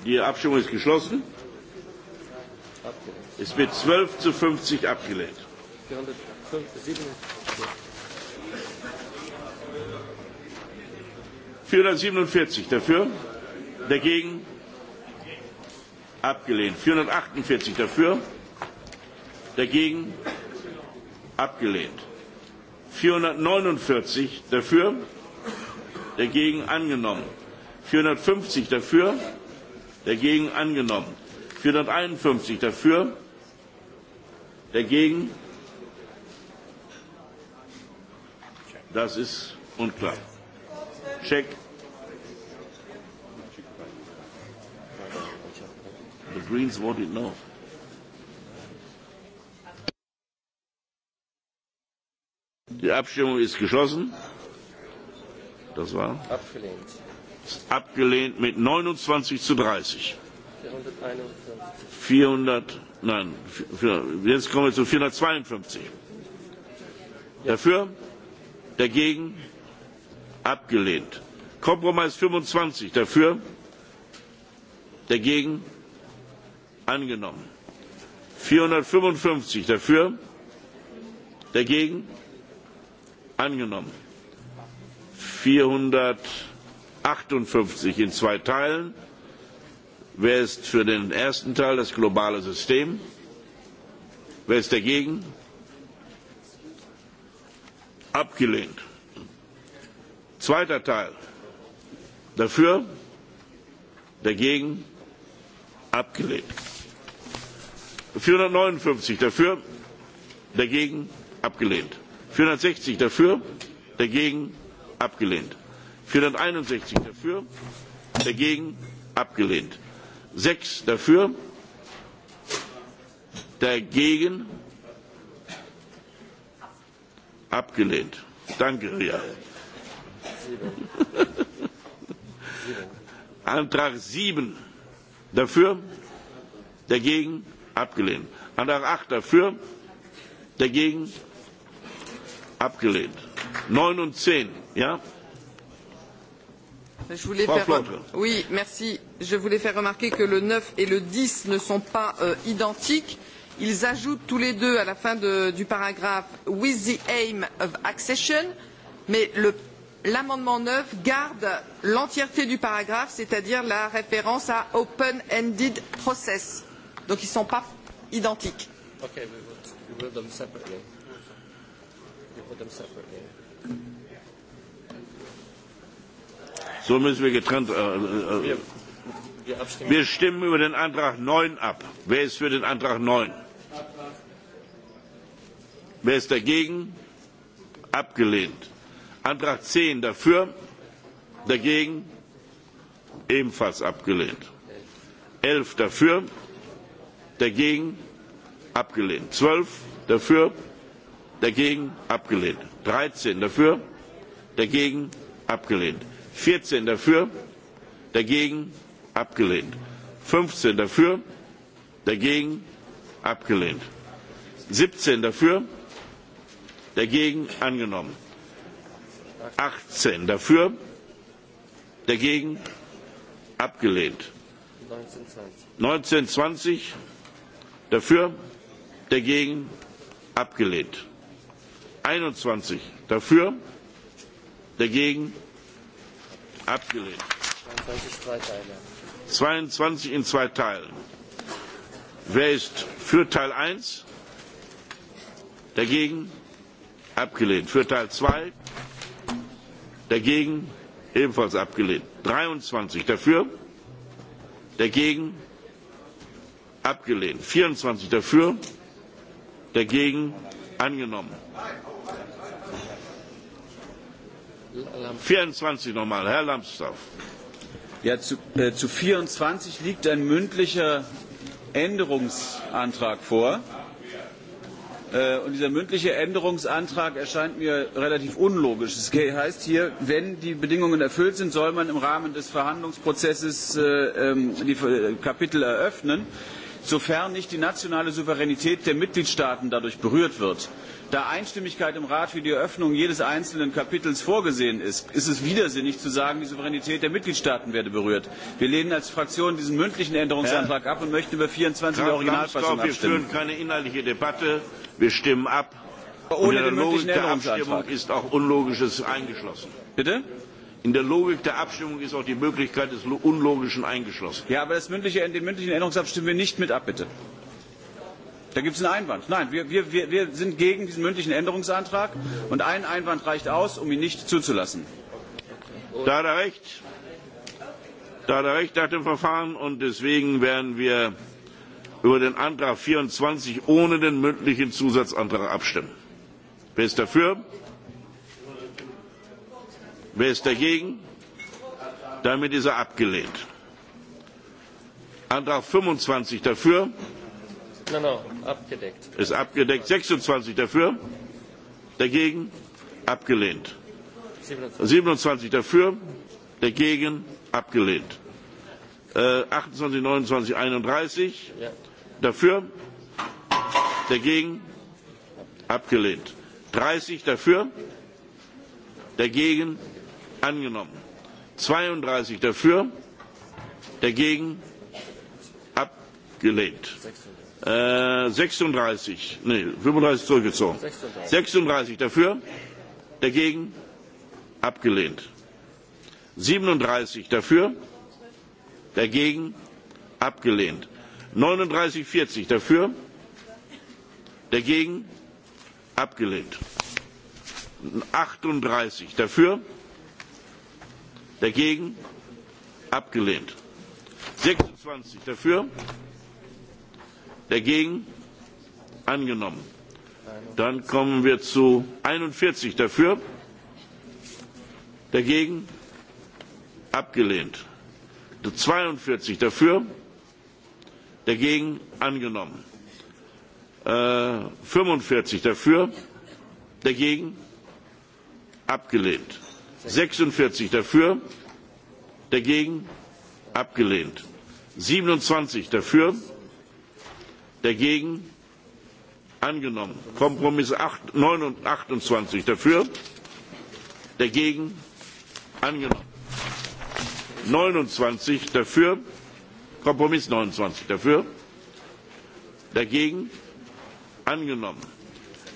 Die Abstimmung ist geschlossen. Es wird 12 zu 50 abgelehnt. 447 dafür, dagegen abgelehnt. 448 dafür dagegen abgelehnt. 449 dafür, dagegen angenommen. 450 dafür, dagegen angenommen. 451 dafür, dagegen. Das ist unklar. Check. The Greens voted no. Die Abstimmung ist geschlossen. Das war? Abgelehnt. abgelehnt mit 29 zu 30. 400, nein, jetzt kommen wir zu 452. Ja. Dafür? Dagegen? Abgelehnt. Kompromiss 25. Dafür? Dagegen? Angenommen. 455. Dafür? Dagegen? angenommen angenommen. 458 in zwei Teilen. Wer ist für den ersten Teil, das globale System? Wer ist dagegen? Abgelehnt. Zweiter Teil. Dafür? Dagegen? Abgelehnt. 459 dafür? Dagegen? Abgelehnt. 460 dafür, dagegen abgelehnt. 461 dafür, dagegen abgelehnt. 6 dafür, dagegen abgelehnt. Danke, Ria. <laughs> Antrag 7 dafür, dagegen abgelehnt. Antrag 8 dafür, dagegen abgelehnt. Abgelehnt. 9 und 10, ja? Je voulais, faire... oui, merci. Je voulais faire remarquer que le 9 et le 10 ne sont pas euh, identiques. Ils ajoutent tous les deux à la fin de, du paragraphe with the aim of accession, mais l'amendement 9 garde l'entièreté du paragraphe, c'est-à-dire la référence à open-ended process. Donc ils ne sont pas identiques. Okay, we will, we will can put them separately. So müssen wir getrennt. Äh, äh, wir, äh, wir, wir stimmen über den Antrag 9 ab. Wer ist für den Antrag 9? Wer ist dagegen? Abgelehnt. Antrag 10 dafür? Dagegen? Ebenfalls abgelehnt. 11 dafür? Dagegen? Abgelehnt. 12 dafür? dagegen abgelehnt. 13 dafür, dagegen abgelehnt. 14 dafür, dagegen abgelehnt. 15 dafür, dagegen abgelehnt. 17 dafür, dagegen angenommen. 18 dafür, dagegen abgelehnt. 19, 20 dafür, dagegen abgelehnt einundzwanzig dafür, dagegen abgelehnt. 22 in zwei Teilen. Wer ist für Teil 1? Dagegen? Abgelehnt. Für Teil 2? Dagegen? Ebenfalls abgelehnt. 23 dafür? Dagegen? Abgelehnt. 24 dafür? Dagegen? Angenommen. 24 nochmal, Herr Lambsdorff. Ja, zu, äh, zu 24 liegt ein mündlicher Änderungsantrag vor. Äh, und dieser mündliche Änderungsantrag erscheint mir relativ unlogisch. Es das heißt hier, wenn die Bedingungen erfüllt sind, soll man im Rahmen des Verhandlungsprozesses äh, ähm, die äh, Kapitel eröffnen, sofern nicht die nationale Souveränität der Mitgliedstaaten dadurch berührt wird da Einstimmigkeit im Rat für die Eröffnung jedes einzelnen Kapitels vorgesehen ist, ist es widersinnig zu sagen, die Souveränität der Mitgliedstaaten werde berührt. Wir lehnen als Fraktion diesen mündlichen Änderungsantrag Herr ab und möchten über 24 Graf Originalfassung Langsdorf, abstimmen. Wir führen keine inhaltliche Debatte. Wir stimmen ab. Ohne in der den Logik der Abstimmung ist auch Unlogisches eingeschlossen. Bitte? In der Logik der Abstimmung ist auch die Möglichkeit des Unlogischen eingeschlossen. Ja, aber das mündliche, den mündlichen Änderungsabstimmen wir nicht mit ab, bitte. Da gibt es einen Einwand. Nein, wir, wir, wir sind gegen diesen mündlichen Änderungsantrag und ein Einwand reicht aus, um ihn nicht zuzulassen. Da hat er recht. Da hat er recht nach dem Verfahren und deswegen werden wir über den Antrag 24 ohne den mündlichen Zusatzantrag abstimmen. Wer ist dafür? Wer ist dagegen? Damit ist er abgelehnt. Antrag 25 dafür. No, no, abgedeckt. Ist abgedeckt. 26 dafür, dagegen, abgelehnt. 27 dafür, dagegen, abgelehnt. Äh, 28, 29, 31 ja. dafür, dagegen, abgelehnt. 30 dafür, dagegen, angenommen. 32 dafür, dagegen, abgelehnt. 36. Äh, 36, nee, 35 zurückgezogen. 36. 36 dafür, dagegen, abgelehnt. 37 dafür, dagegen, abgelehnt. 39, 40 dafür, dagegen, abgelehnt. 38 dafür, dagegen, abgelehnt. 26 dafür, dagegen, Dagegen? Angenommen. Dann kommen wir zu 41 dafür. Dagegen? Abgelehnt. 42 dafür. Dagegen? Angenommen. Äh, 45 dafür. Dagegen? Abgelehnt. 46 dafür. Dagegen? Abgelehnt. 27 dafür dagegen angenommen. Kompromiss 8, 28 dafür, dagegen angenommen. 29 dafür, Kompromiss 29 dafür, dagegen angenommen.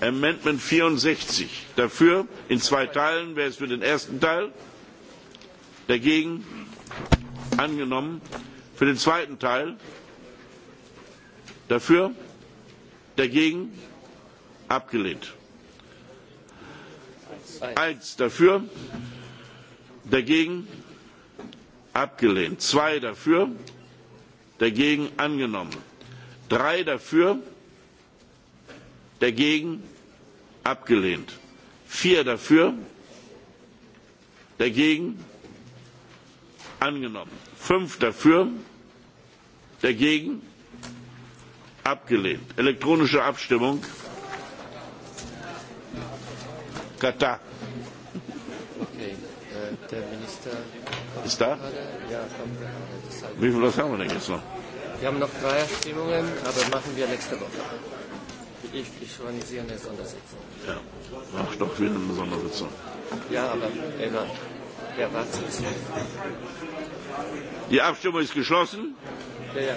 Amendment 64 dafür in zwei Teilen. Wer ist für den ersten Teil? Dagegen angenommen. Für den zweiten Teil Dafür? Dagegen? Abgelehnt. Eins dafür? Dagegen? Abgelehnt. Zwei dafür? Dagegen? Angenommen. Drei dafür? Dagegen? Abgelehnt. Vier dafür? Dagegen? Angenommen. Fünf dafür? Dagegen? Abgelehnt. Elektronische Abstimmung. Katar. Okay. Äh, der Minister ist da? Äh, Wie viel haben wir denn jetzt noch? Wir haben noch drei Abstimmungen, aber machen wir nächste Woche. Ich, ich organisiere eine Sondersitzung. Ja, mach doch wieder eine Sondersitzung. Ja, aber immer. Ja, warte. Die Abstimmung ist geschlossen. Ja, ja.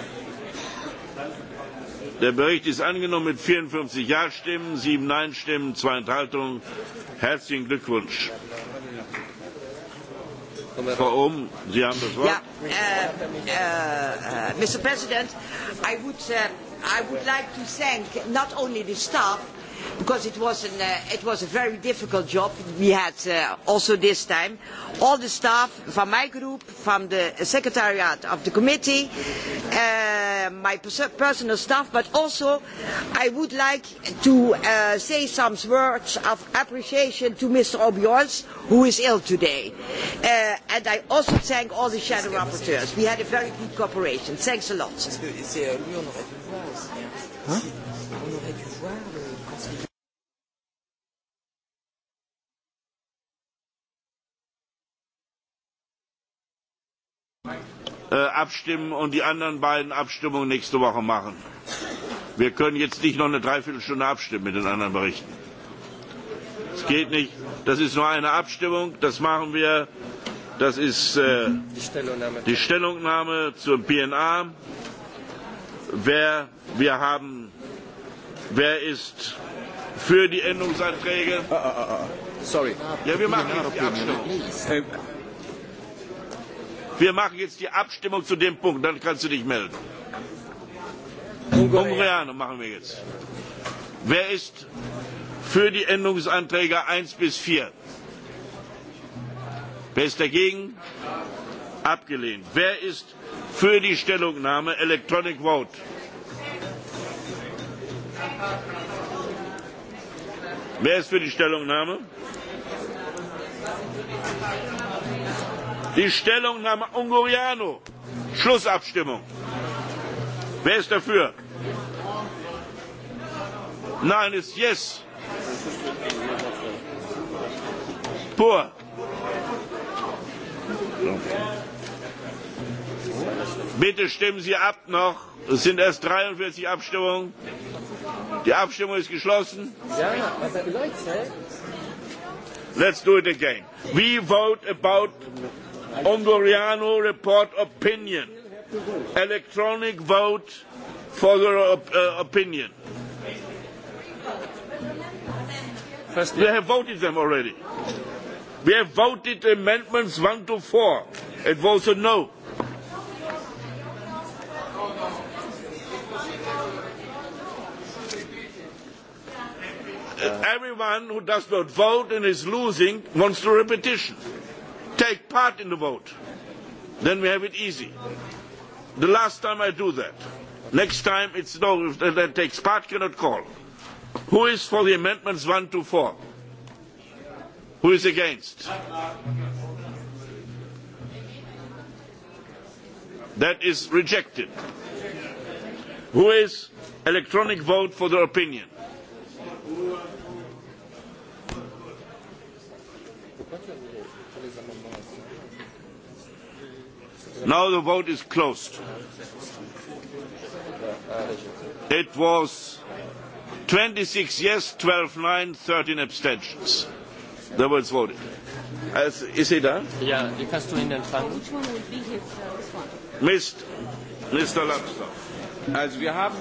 Der Bericht ist angenommen mit 54 Ja-Stimmen, 7 Nein-Stimmen, 2 Enthaltungen. Herzlichen Glückwunsch. Frau Ohm, Sie haben das Wort. Ja, uh, uh, Mr. President, I would, uh, I would like to thank not only the staff, because it was, an, uh, it was a very difficult job we had uh, also this time. All the staff from my group, from the secretariat of the committee, uh, my pers personal staff, but also I would like to uh, say some words of appreciation to Mr. Obiols, who is ill today. Uh, and I also thank all the shadow rapporteurs. We had a very good cooperation. Thanks a lot. Huh? Äh, abstimmen und die anderen beiden Abstimmungen nächste Woche machen. Wir können jetzt nicht noch eine Dreiviertelstunde abstimmen mit den anderen Berichten. Es geht nicht. Das ist nur eine Abstimmung. Das machen wir. Das ist äh, die, Stellungnahme. die Stellungnahme zum PNA. Wer, wir haben, wer ist für die Änderungsanträge? Uh, uh, uh, sorry. Ja, wir machen jetzt die Abstimmung. Wir machen jetzt die Abstimmung zu dem Punkt, dann kannst du dich melden. Ungarn machen wir jetzt. Wer ist für die Änderungsanträge 1 bis 4? Wer ist dagegen? Abgelehnt. Wer ist für die Stellungnahme Electronic Vote? Wer ist für die Stellungnahme? Die Stellungnahme Ungoriano. Schlussabstimmung. Wer ist dafür? Nein, ist yes. Pur. Bitte stimmen Sie ab noch. Es sind erst 43 Abstimmungen. Die Abstimmung ist geschlossen. Let's do it again. We vote about Ungoriano report opinion. Electronic vote for the op uh, opinion. First, we have voted them already. We have voted amendments 1 to 4. It was a no. Uh, Everyone who does not vote and is losing wants to repetition take part in the vote. Then we have it easy. The last time I do that. Next time it's no if that takes part cannot call. Who is for the amendments one to four? Who is against? That is rejected. Who is electronic vote for the opinion? Now the vote is closed. It was 26 yes, 12 nine, 13 abstentions. The votes voted. As, is he done? Yeah, you kannst du ihn empfangen. Which one would be his, uh, one? Mr. Lapstock. as we have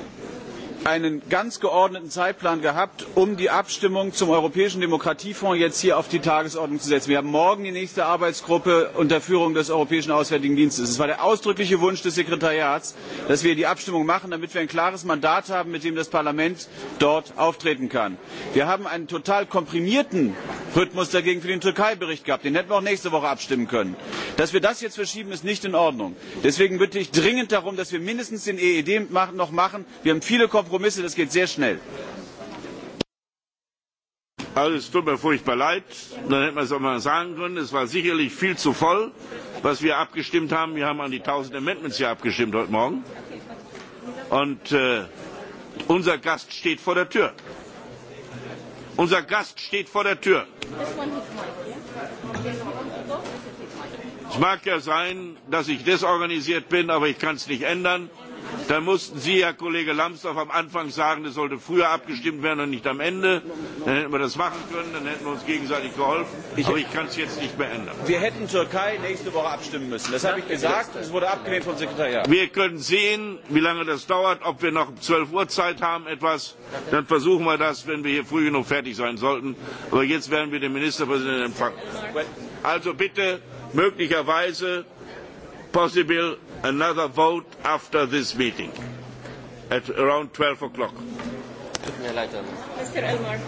einen ganz geordneten Zeitplan gehabt, um die Abstimmung zum Europäischen Demokratiefonds jetzt hier auf die Tagesordnung zu setzen. Wir haben morgen die nächste Arbeitsgruppe unter Führung des Europäischen Auswärtigen Dienstes. Es war der ausdrückliche Wunsch des Sekretariats, dass wir die Abstimmung machen, damit wir ein klares Mandat haben, mit dem das Parlament dort auftreten kann. Wir haben einen total komprimierten Rhythmus dagegen für den Türkei-Bericht gehabt. Den hätten wir auch nächste Woche abstimmen können. Dass wir das jetzt verschieben, ist nicht in Ordnung. Deswegen bitte ich dringend darum, dass wir mindestens den EED noch machen. Wir haben viele Kompromisse Kompromisse, das geht sehr schnell. Also es tut mir furchtbar leid, dann hätte man es auch mal sagen können, es war sicherlich viel zu voll, was wir abgestimmt haben. Wir haben an die 1000 Amendments hier abgestimmt heute Morgen. Und äh, unser Gast steht vor der Tür. Unser Gast steht vor der Tür. Es mag ja sein, dass ich desorganisiert bin, aber ich kann es nicht ändern. Dann mussten Sie, Herr Kollege Lambsdorff, am Anfang sagen, es sollte früher abgestimmt werden und nicht am Ende. Dann hätten wir das machen können, dann hätten wir uns gegenseitig geholfen. aber ich kann es jetzt nicht mehr ändern. Wir hätten Türkei nächste Woche abstimmen müssen. Das habe ich gesagt. Es wurde abgelehnt vom Sekretariat. Wir können sehen, wie lange das dauert. Ob wir noch zwölf 12 Uhr Zeit haben, etwas, dann versuchen wir das, wenn wir hier früh genug fertig sein sollten. Aber jetzt werden wir den Ministerpräsidenten empfangen. Also bitte, möglicherweise, possible another vote after this meeting at around 12 o'clock. Mr. Elmar.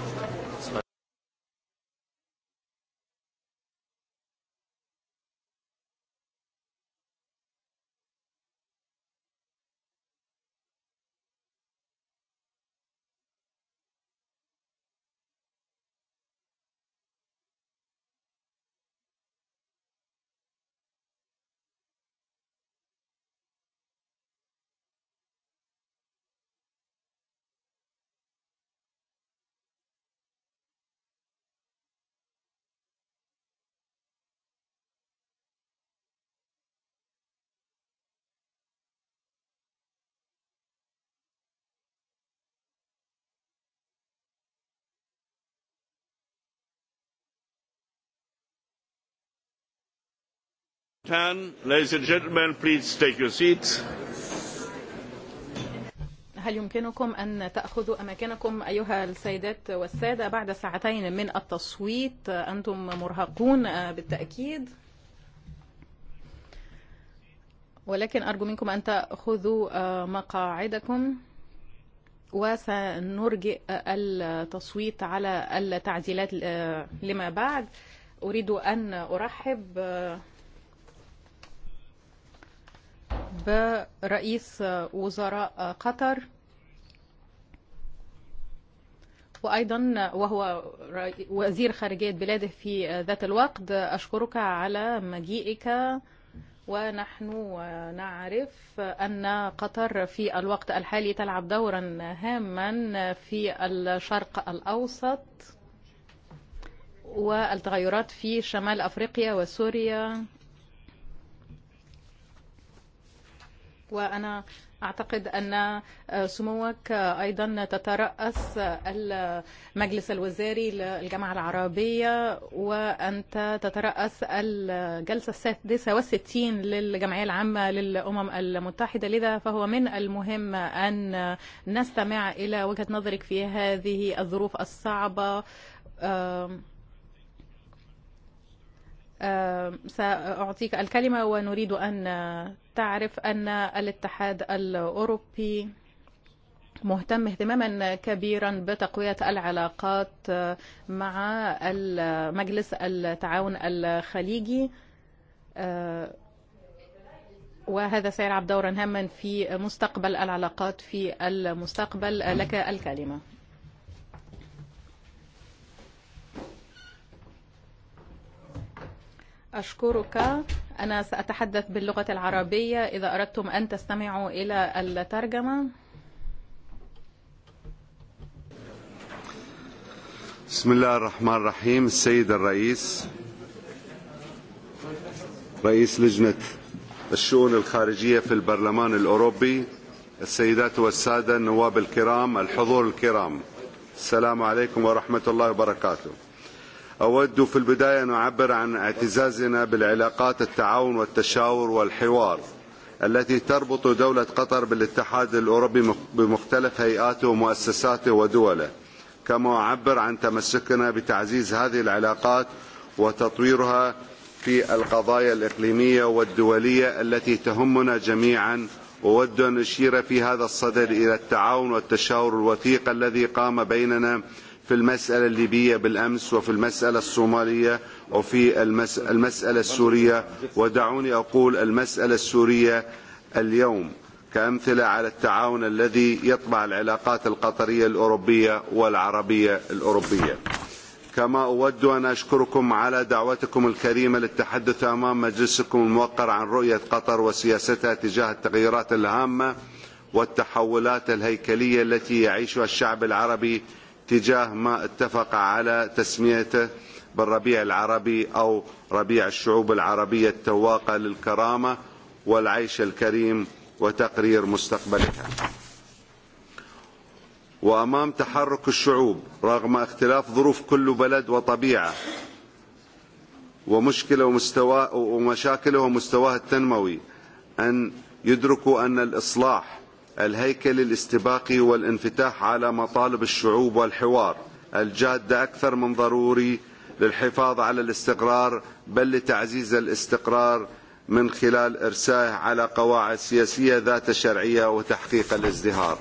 10, ladies and gentlemen, please take your seats. هل يمكنكم أن تأخذوا أماكنكم أيها السيدات والسادة بعد ساعتين من التصويت أنتم مرهقون بالتأكيد ولكن أرجو منكم أن تأخذوا مقاعدكم وسنرجئ التصويت على التعديلات لما بعد أريد أن أرحب ورئيس وزراء قطر وأيضا وهو وزير خارجية بلاده في ذات الوقت أشكرك على مجيئك ونحن نعرف أن قطر في الوقت الحالي تلعب دورا هاما في الشرق الأوسط والتغيرات في شمال أفريقيا وسوريا وأنا أعتقد أن سموك أيضا تترأس المجلس الوزاري للجامعة العربية وأنت تترأس الجلسة السادسة والستين للجمعية العامة للأمم المتحدة لذا فهو من المهم أن نستمع إلى وجهة نظرك في هذه الظروف الصعبة سأعطيك الكلمة ونريد أن تعرف أن الاتحاد الأوروبي مهتم اهتماما كبيرا بتقوية العلاقات مع مجلس التعاون الخليجي وهذا سيلعب دورا هاما في مستقبل العلاقات في المستقبل لك الكلمة أشكرك أنا سأتحدث باللغة العربية إذا أردتم أن تستمعوا إلى الترجمة بسم الله الرحمن الرحيم السيد الرئيس رئيس لجنة الشؤون الخارجية في البرلمان الأوروبي السيدات والسادة النواب الكرام الحضور الكرام السلام عليكم ورحمة الله وبركاته أود في البداية أن أعبر عن اعتزازنا بالعلاقات التعاون والتشاور والحوار التي تربط دولة قطر بالاتحاد الأوروبي بمختلف هيئاته ومؤسساته ودوله كما أعبر عن تمسكنا بتعزيز هذه العلاقات وتطويرها في القضايا الإقليمية والدولية التي تهمنا جميعا وود أن أشير في هذا الصدد إلى التعاون والتشاور الوثيق الذي قام بيننا في المسألة الليبية بالأمس وفي المسألة الصومالية وفي المسألة السورية ودعوني أقول المسألة السورية اليوم كأمثلة على التعاون الذي يطبع العلاقات القطرية الأوروبية والعربية الأوروبية كما أود أن أشكركم على دعوتكم الكريمة للتحدث أمام مجلسكم الموقر عن رؤية قطر وسياستها تجاه التغييرات الهامة والتحولات الهيكلية التي يعيشها الشعب العربي تجاه ما اتفق على تسميته بالربيع العربي أو ربيع الشعوب العربية التواقة للكرامة والعيش الكريم وتقرير مستقبلها وأمام تحرك الشعوب رغم اختلاف ظروف كل بلد وطبيعة ومشكلة ومستوى ومشاكله ومستواه التنموي أن يدركوا أن الإصلاح الهيكل الاستباقي والانفتاح على مطالب الشعوب والحوار الجادة أكثر من ضروري للحفاظ على الاستقرار بل لتعزيز الاستقرار من خلال إرسائه على قواعد سياسية ذات شرعية وتحقيق الازدهار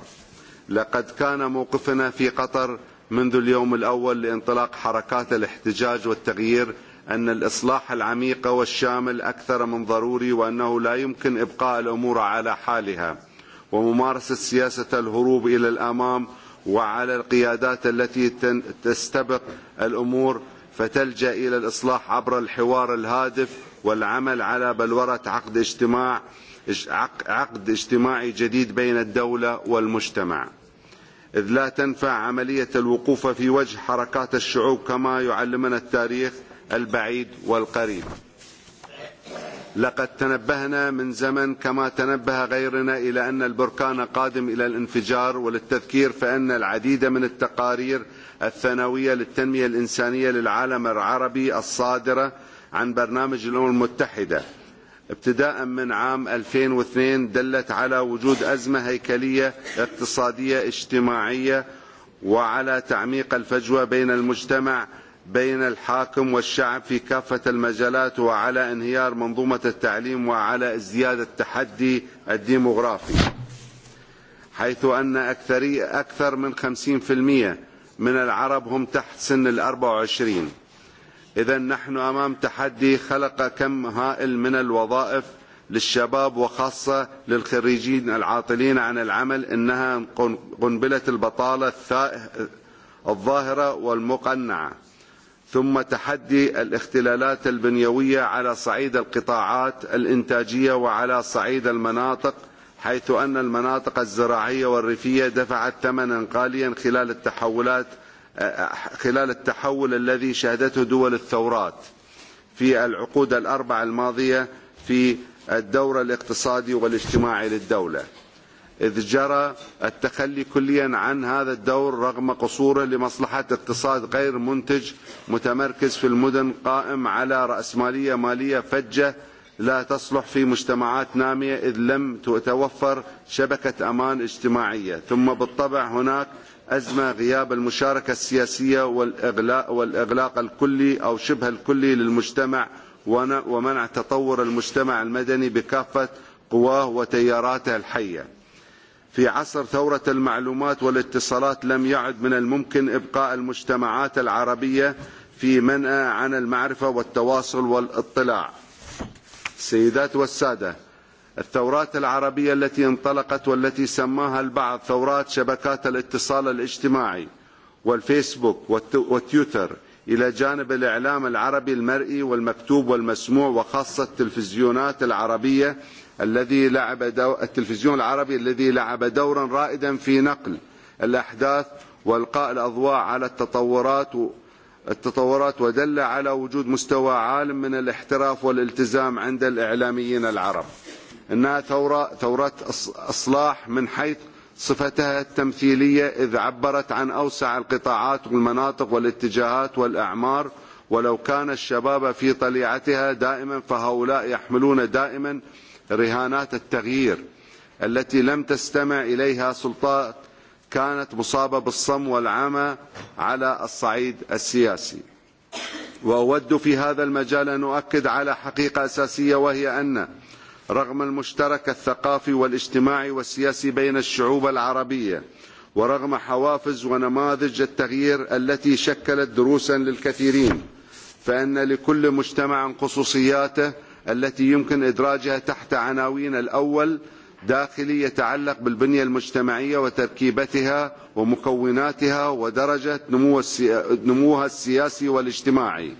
لقد كان موقفنا في قطر منذ اليوم الأول لانطلاق حركات الاحتجاج والتغيير أن الإصلاح العميق والشامل أكثر من ضروري وأنه لا يمكن إبقاء الأمور على حالها وممارسة سياسة الهروب إلى الأمام وعلى القيادات التي تستبق الأمور فتلجأ إلى الإصلاح عبر الحوار الهادف والعمل على بلورة عقد اجتماع عقد اجتماعي جديد بين الدولة والمجتمع إذ لا تنفع عملية الوقوف في وجه حركات الشعوب كما يعلمنا التاريخ البعيد والقريب لقد تنبهنا من زمن كما تنبه غيرنا إلى أن البركان قادم إلى الانفجار وللتذكير فإن العديد من التقارير الثانوية للتنمية الإنسانية للعالم العربي الصادرة عن برنامج الأمم المتحدة ابتداء من عام 2002 دلت على وجود أزمة هيكلية اقتصادية اجتماعية وعلى تعميق الفجوة بين المجتمع بين الحاكم والشعب في كافة المجالات وعلى انهيار منظومة التعليم وعلى ازدياد التحدي الديمغرافي حيث أن أكثر, أكثر من 50% من العرب هم تحت سن ال 24 إذا نحن أمام تحدي خلق كم هائل من الوظائف للشباب وخاصة للخريجين العاطلين عن العمل إنها قنبلة البطالة الظاهرة والمقنعة ثم تحدي الاختلالات البنيوية على صعيد القطاعات الإنتاجية وعلى صعيد المناطق حيث أن المناطق الزراعية والريفية دفعت ثمنا غاليا خلال التحولات خلال التحول الذي شهدته دول الثورات في العقود الأربع الماضية في الدور الاقتصادي والاجتماعي للدولة إذ جرى التخلي كليا عن هذا الدور رغم قصوره لمصلحة اقتصاد غير منتج متمركز في المدن قائم على رأسمالية مالية فجة لا تصلح في مجتمعات نامية إذ لم تتوفر شبكة أمان اجتماعية ثم بالطبع هناك أزمة غياب المشاركة السياسية والإغلاق, والإغلاق الكلي أو شبه الكلي للمجتمع ومنع تطور المجتمع المدني بكافة قواه وتياراته الحية في عصر ثورة المعلومات والاتصالات لم يعد من الممكن إبقاء المجتمعات العربية في منأى عن المعرفة والتواصل والاطلاع سيدات والسادة الثورات العربية التي انطلقت والتي سماها البعض ثورات شبكات الاتصال الاجتماعي والفيسبوك والتويتر إلى جانب الإعلام العربي المرئي والمكتوب والمسموع وخاصة التلفزيونات العربية الذي لعب دو... التلفزيون العربي الذي لعب دورا رائدا في نقل الأحداث والقاء الأضواء على التطورات التطورات ودل على وجود مستوى عالم من الاحتراف والالتزام عند الإعلاميين العرب إنها ثورة, ثورة إصلاح من حيث صفتها التمثيلية إذ عبرت عن أوسع القطاعات والمناطق والاتجاهات والأعمار ولو كان الشباب في طليعتها دائما فهؤلاء يحملون دائما رهانات التغيير التي لم تستمع إليها سلطات كانت مصابة بالصم والعمى على الصعيد السياسي وأود في هذا المجال أن أؤكد على حقيقة أساسية وهي أن رغم المشترك الثقافي والاجتماعي والسياسي بين الشعوب العربية ورغم حوافز ونماذج التغيير التي شكلت دروسا للكثيرين فأن لكل مجتمع خصوصياته التي يمكن إدراجها تحت عناوين الأول داخلي يتعلق بالبنية المجتمعية وتركيبتها ومكوناتها ودرجة نموها السياسي والاجتماعي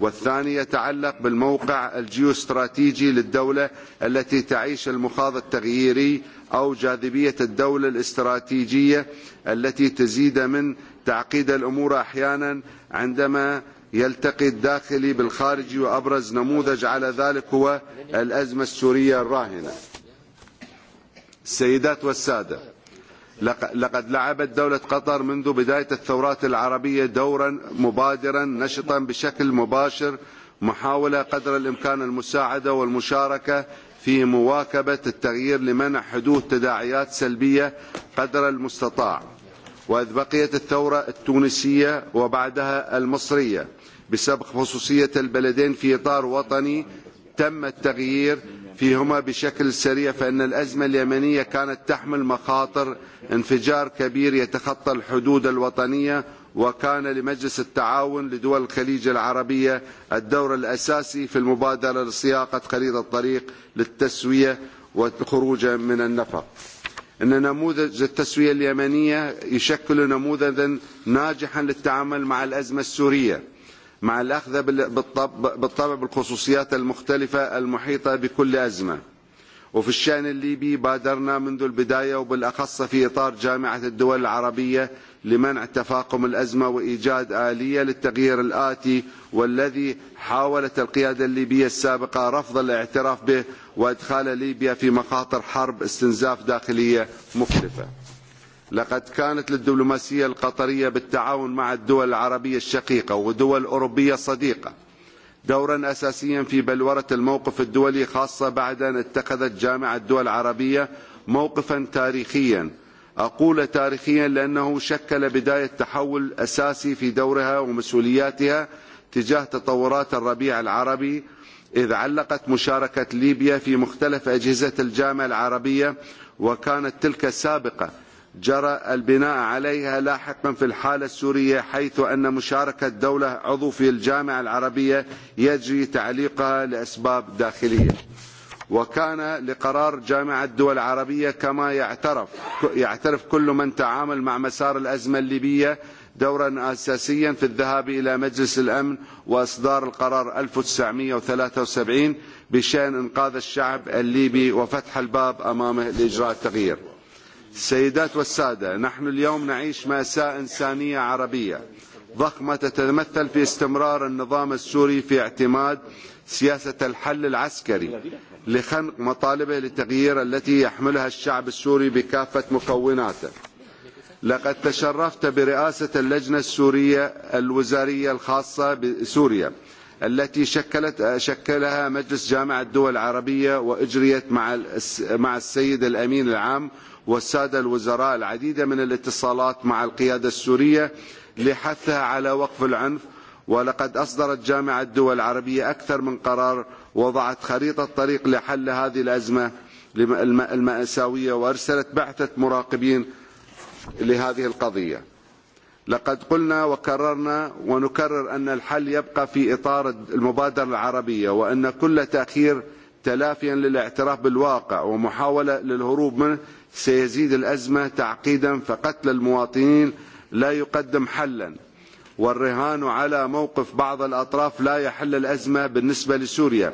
والثاني يتعلق بالموقع الجيوستراتيجي للدولة التي تعيش المخاض التغييري أو جاذبية الدولة الاستراتيجية التي تزيد من تعقيد الأمور أحيانا عندما يلتقي الداخلي بالخارجي وأبرز نموذج على ذلك هو الأزمة السورية الراهنة السيدات والسادة لقد لعبت دولة قطر منذ بداية الثورات العربية دورا مبادرا نشطا بشكل مباشر محاولة قدر الإمكان المساعدة والمشاركة في مواكبة التغيير لمنع حدوث تداعيات سلبية قدر المستطاع وإذ بقيت الثورة التونسية وبعدها المصرية بسبب خصوصية البلدين في إطار وطني تم التغيير فيهما بشكل سريع فإن الأزمة اليمنية كانت تحمل مخاطر انفجار كبير يتخطى الحدود الوطنية وكان لمجلس التعاون لدول الخليج العربية الدور الأساسي في المبادرة لصياغة خريطة الطريق للتسوية والخروج من النفق أن نموذج التسوية اليمنية يشكل نموذجا ناجحا للتعامل مع الأزمة السورية مع الأخذ بالطبع بالخصوصيات المختلفة المحيطة بكل أزمة وفي الشأن الليبي بادرنا منذ البداية وبالأخص في إطار جامعة الدول العربية لمنع تفاقم الأزمة وإيجاد آلية للتغيير الآتي والذي حاولت القيادة الليبية السابقة رفض الاعتراف به وإدخال ليبيا في مخاطر حرب استنزاف داخلية مختلفة لقد كانت للدبلوماسية القطرية بالتعاون مع الدول العربية الشقيقة ودول أوروبية صديقة دورا أساسيا في بلورة الموقف الدولي خاصة بعد أن اتخذت جامعة الدول العربية موقفا تاريخيا أقول تاريخيا لأنه شكل بداية تحول أساسي في دورها ومسؤولياتها تجاه تطورات الربيع العربي إذ علقت مشاركة ليبيا في مختلف أجهزة الجامعة العربية وكانت تلك السابقة جرى البناء عليها لاحقا في الحالة السورية حيث أن مشاركة دولة عضو في الجامعة العربية يجري تعليقها لأسباب داخلية وكان لقرار جامعة الدول العربية كما يعترف يعترف كل من تعامل مع مسار الأزمة الليبية دورا أساسيا في الذهاب إلى مجلس الأمن وإصدار القرار 1973 بشأن إنقاذ الشعب الليبي وفتح الباب أمامه لإجراء التغيير السيدات والسادة نحن اليوم نعيش مأساة إنسانية عربية ضخمة تتمثل في استمرار النظام السوري في اعتماد سياسة الحل العسكري لخنق مطالبه للتغيير التي يحملها الشعب السوري بكافة مكوناته لقد تشرفت برئاسة اللجنة السورية الوزارية الخاصة بسوريا التي شكلت شكلها مجلس جامعة الدول العربية وأجريت مع السيد الأمين العام والسادة الوزراء العديدة من الاتصالات مع القيادة السورية لحثها على وقف العنف ولقد أصدرت جامعة الدول العربية أكثر من قرار وضعت خريطة طريق لحل هذه الأزمة المأساوية وأرسلت بعثة مراقبين لهذه القضية لقد قلنا وكررنا ونكرر أن الحل يبقى في إطار المبادرة العربية وأن كل تأخير تلافيا للاعتراف بالواقع ومحاولة للهروب منه سيزيد الأزمة تعقيدا فقتل المواطنين لا يقدم حلا والرهان على موقف بعض الأطراف لا يحل الأزمة بالنسبة لسوريا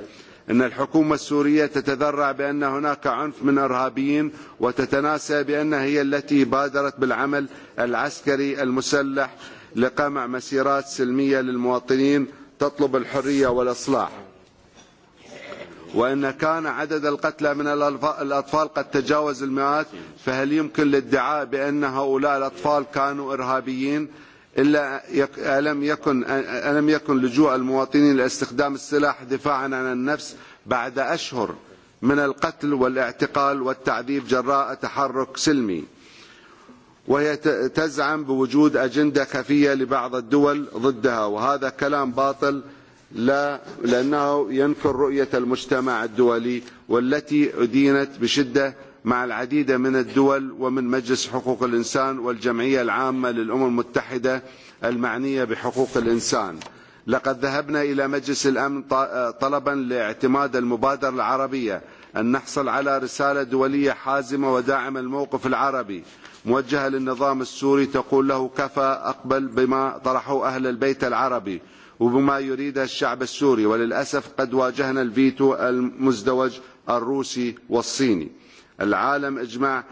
أن الحكومة السورية تتذرع بأن هناك عنف من أرهابيين وتتناسى بأن هي التي بادرت بالعمل العسكري المسلح لقمع مسيرات سلمية للمواطنين تطلب الحرية والإصلاح وإن كان عدد القتلى من الأطفال قد تجاوز المئات فهل يمكن الادعاء بأن هؤلاء الأطفال كانوا إرهابيين؟ إلا ألم يكن ألم يكن لجوء المواطنين لاستخدام السلاح دفاعا عن النفس بعد أشهر من القتل والاعتقال والتعذيب جراء تحرك سلمي وهي تزعم بوجود أجندة خفية لبعض الدول ضدها وهذا كلام باطل لا لأنه ينفر رؤية المجتمع الدولي والتي أدينت بشدة مع العديد من الدول ومن مجلس حقوق الإنسان والجمعية العامة للأمم المتحدة المعنية بحقوق الإنسان لقد ذهبنا إلى مجلس الأمن طلبا لاعتماد المبادرة العربية أن نحصل على رسالة دولية حازمة وداعمة الموقف العربي موجهة للنظام السوري تقول له كفى أقبل بما طرحه أهل البيت العربي وبما يريد الشعب السوري وللأسف قد واجهنا الفيتو المزدوج الروسي والصيني العالم اجمع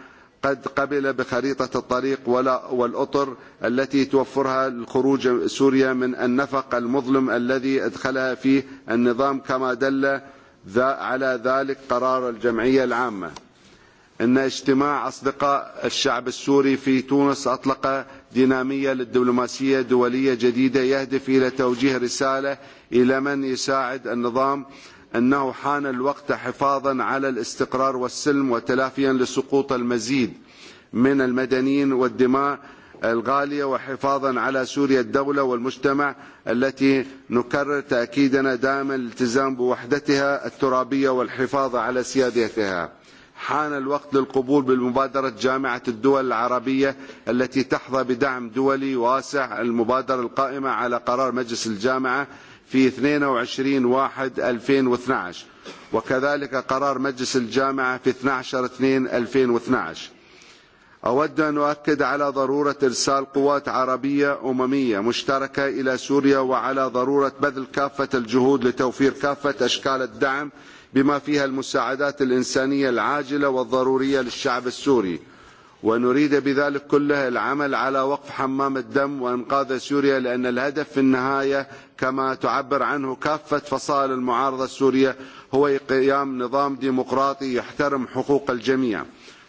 قد قبل بخريطة الطريق والأطر التي توفرها الخروج سوريا من النفق المظلم الذي أدخلها فيه النظام كما دل على ذلك قرار الجمعية العامة إن اجتماع أصدقاء الشعب السوري في تونس أطلق دينامية للدبلوماسية دولية جديدة يهدف إلى توجيه رسالة إلى من يساعد النظام أنه حان الوقت حفاظا على الاستقرار والسلم وتلافيا لسقوط المزيد من المدنيين والدماء الغالية وحفاظا على سوريا الدولة والمجتمع التي نكرر تأكيدنا دائما الالتزام بوحدتها الترابية والحفاظ على سيادتها حان الوقت للقبول بالمبادرة جامعة الدول العربية التي تحظى بدعم دولي واسع المبادرة القائمة على قرار مجلس الجامعة في 22 1 2012 وكذلك قرار مجلس الجامعة في 12 2 2012 أود أن أؤكد على ضرورة إرسال قوات عربية أممية مشتركة إلى سوريا وعلى ضرورة بذل كافة الجهود لتوفير كافة أشكال الدعم بما فيها المساعدات الإنسانية العاجلة والضرورية للشعب السوري ونريد بذلك كله العمل على وقف حمام الدم وانقاذ سوريا لأن الهدف في النهاية كما تعبر عنه كافة فصائل المعارضة السورية هو قيام نظام ديمقراطي يحترم حقوق الجميع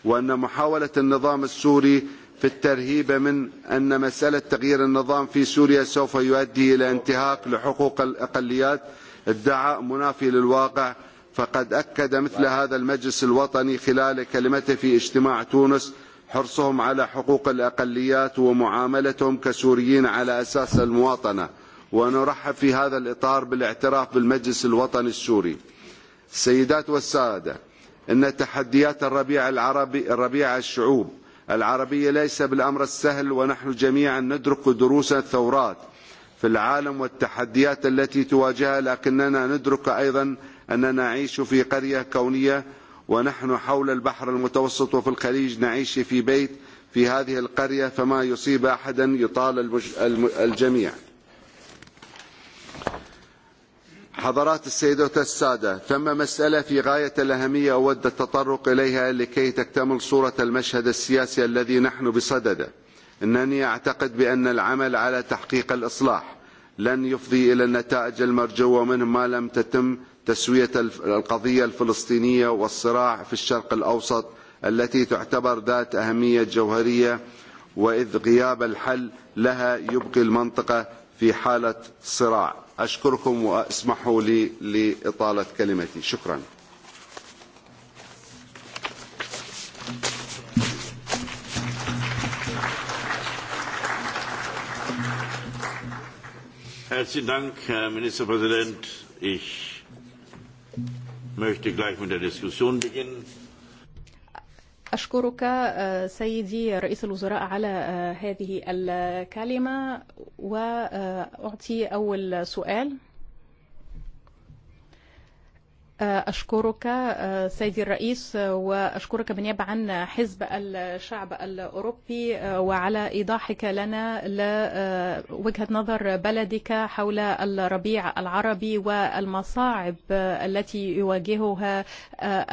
وأن محاولة النظام السوري في الترهيب من أن مسألة تغيير النظام في سوريا سوف يؤدي إلى انتهاك لحقوق الأقليات ادعاء منافي للواقع فقد أكد مثل هذا المجلس الوطني خلال كلمته في اجتماع تونس حرصهم على حقوق الأقليات ومعاملتهم كسوريين على أساس المواطنة ونرحب في هذا الإطار بالاعتراف بالمجلس الوطني السوري السيدات والسادة إن تحديات الربيع العربي الربيع الشعوب العربية ليس بالأمر السهل ونحن جميعا ندرك دروس الثورات في العالم والتحديات التي تواجهها لكننا ندرك أيضا أننا نعيش في قرية كونية ونحن حول البحر المتوسط وفي الخليج نعيش في بيت في هذه القرية فما يصيب أحدا يطال الجميع حضرات السيدة السادة ثم مسألة في غاية الأهمية أود التطرق إليها لكي تكتمل صورة المشهد السياسي الذي نحن بصدده إنني أعتقد بأن العمل على تحقيق الإصلاح لن يفضي إلى النتائج المرجوة منه ما لم تتم تسوية القضية الفلسطينية والصراع في الشرق الأوسط التي تعتبر ذات أهمية جوهرية وإذ غياب الحل لها يبقي المنطقة في حالة صراع أشكركم وأسمحوا لي لإطالة كلمتي شكرا Herzlichen Dank, Herr Ministerpräsident. Ich möchte gleich mit der Diskussion beginnen. أشكرك سيدي رئيس الوزراء على هذه الكلمة وأعطي أول سؤال أشكرك سيدي الرئيس وأشكرك بنيابة عن حزب الشعب الأوروبي وعلى إيضاحك لنا لوجهة نظر بلدك حول الربيع العربي والمصاعب التي يواجهها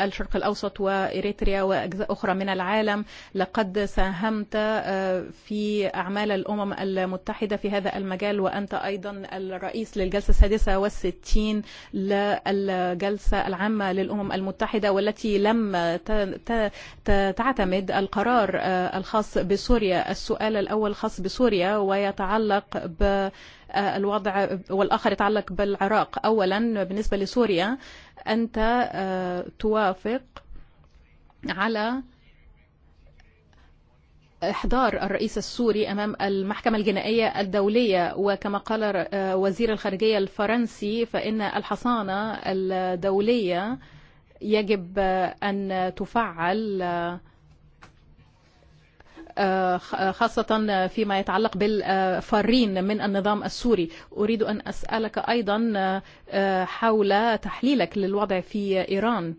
الشرق الأوسط وإريتريا وأجزاء أخرى من العالم لقد ساهمت في أعمال الأمم المتحدة في هذا المجال وأنت أيضا الرئيس للجلسة السادسة والستين للجلسة العامة للأمم المتحدة والتي لم تعتمد القرار الخاص بسوريا السؤال الأول خاص بسوريا ويتعلق بالوضع والآخر يتعلق بالعراق أولا بالنسبة لسوريا أنت توافق على إحضار الرئيس السوري أمام المحكمة الجنائية الدولية وكما قال وزير الخارجية الفرنسي فإن الحصانة الدولية يجب أن تفعل خاصة فيما يتعلق بالفارين من النظام السوري أريد أن أسألك أيضا حول تحليلك للوضع في إيران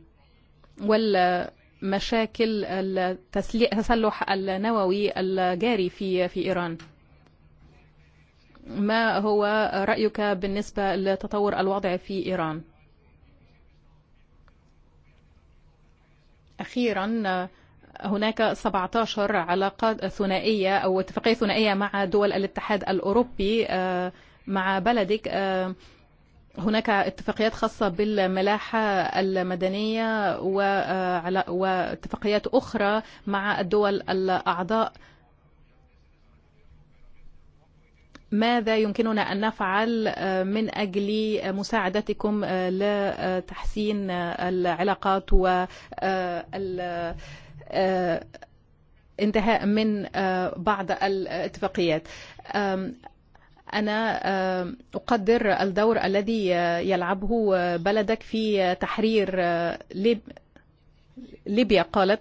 وال مشاكل التسلح النووي الجاري في في إيران ما هو رأيك بالنسبة لتطور الوضع في إيران؟ أخيرا هناك 17 علاقات ثنائية أو اتفاقية ثنائية مع دول الاتحاد الأوروبي مع بلدك هناك اتفاقيات خاصة بالملاحة المدنية واتفاقيات أخرى مع الدول الأعضاء ماذا يمكننا أن نفعل من أجل مساعدتكم لتحسين العلاقات والانتهاء من بعض الاتفاقيات أنا أقدر الدور الذي يلعبه بلدك في تحرير ليب ليبيا قالت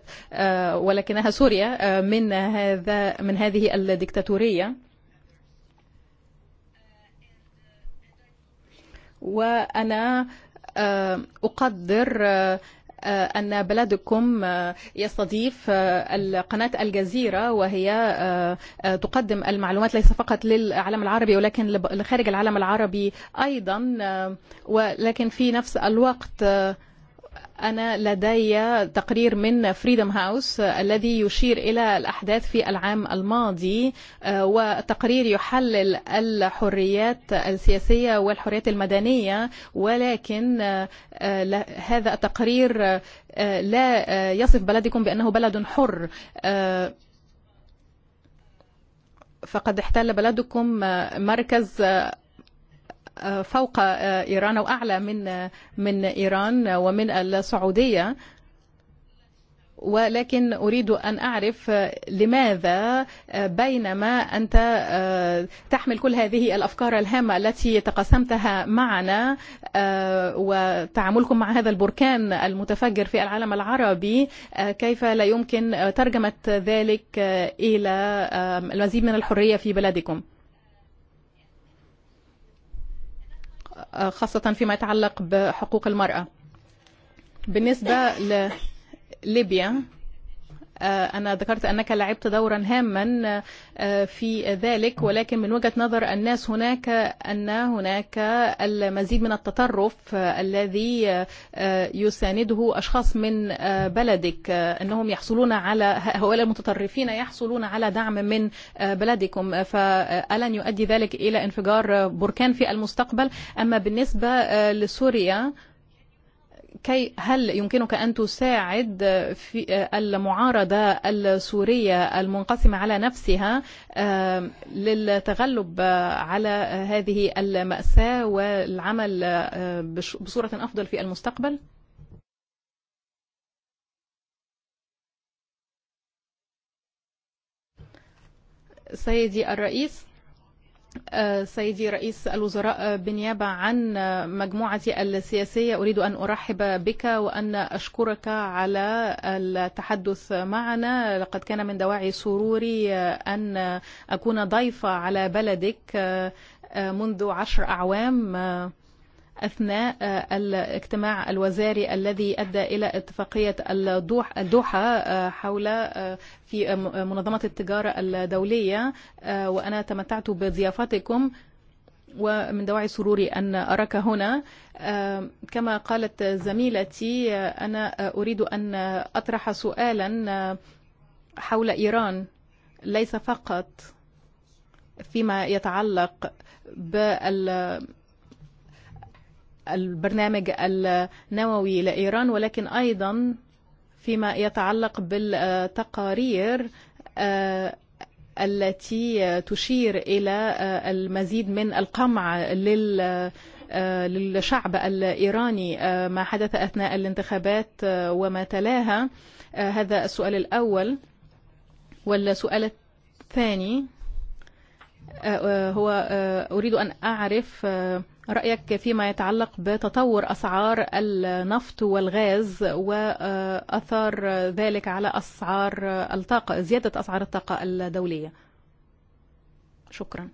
ولكنها سوريا من هذا من هذه الدكتاتورية وأنا أقدر أن بلدكم يستضيف قناة الجزيرة وهي تقدم المعلومات ليس فقط للعالم العربي ولكن لخارج العالم العربي أيضا ولكن في نفس الوقت أنا لدي تقرير من فريدم هاوس الذي يشير إلى الأحداث في العام الماضي وتقرير يحلل الحريات السياسية والحريات المدنية ولكن هذا التقرير لا يصف بلدكم بأنه بلد حر فقد احتل بلدكم مركز فوق إيران أو أعلى من من إيران ومن السعودية ولكن أريد أن أعرف لماذا بينما أنت تحمل كل هذه الأفكار الهامة التي تقسمتها معنا وتعاملكم مع هذا البركان المتفجر في العالم العربي كيف لا يمكن ترجمة ذلك إلى المزيد من الحرية في بلدكم؟ خاصة فيما يتعلق بحقوق المرأة بالنسبة لليبيا أنا ذكرت أنك لعبت دورا هاما في ذلك ولكن من وجهة نظر الناس هناك أن هناك المزيد من التطرف الذي يسانده أشخاص من بلدك أنهم يحصلون على هؤلاء المتطرفين يحصلون على دعم من بلدكم فألن يؤدي ذلك إلى انفجار بركان في المستقبل أما بالنسبة لسوريا كي هل يمكنك أن تساعد في المعارضة السورية المنقسمة على نفسها للتغلب على هذه المأساة والعمل بصورة أفضل في المستقبل؟ سيدي الرئيس سيدي رئيس الوزراء بنيابة عن مجموعة السياسية أريد أن أرحب بك وأن أشكرك على التحدث معنا لقد كان من دواعي سروري أن أكون ضيفة على بلدك منذ عشر أعوام أثناء الاجتماع الوزاري الذي أدى إلى اتفاقية الدوحة حول في منظمة التجارة الدولية وأنا تمتعت بضيافتكم ومن دواعي سروري أن أراك هنا كما قالت زميلتي أنا أريد أن أطرح سؤالا حول إيران ليس فقط فيما يتعلق بال البرنامج النووي لإيران ولكن أيضا فيما يتعلق بالتقارير التي تشير إلى المزيد من القمع لل للشعب الإيراني ما حدث أثناء الانتخابات وما تلاها هذا السؤال الأول والسؤال الثاني هو أريد أن أعرف رأيك فيما يتعلق بتطور أسعار النفط والغاز وأثر ذلك على أسعار الطاقة زيادة أسعار الطاقة الدولية شكرا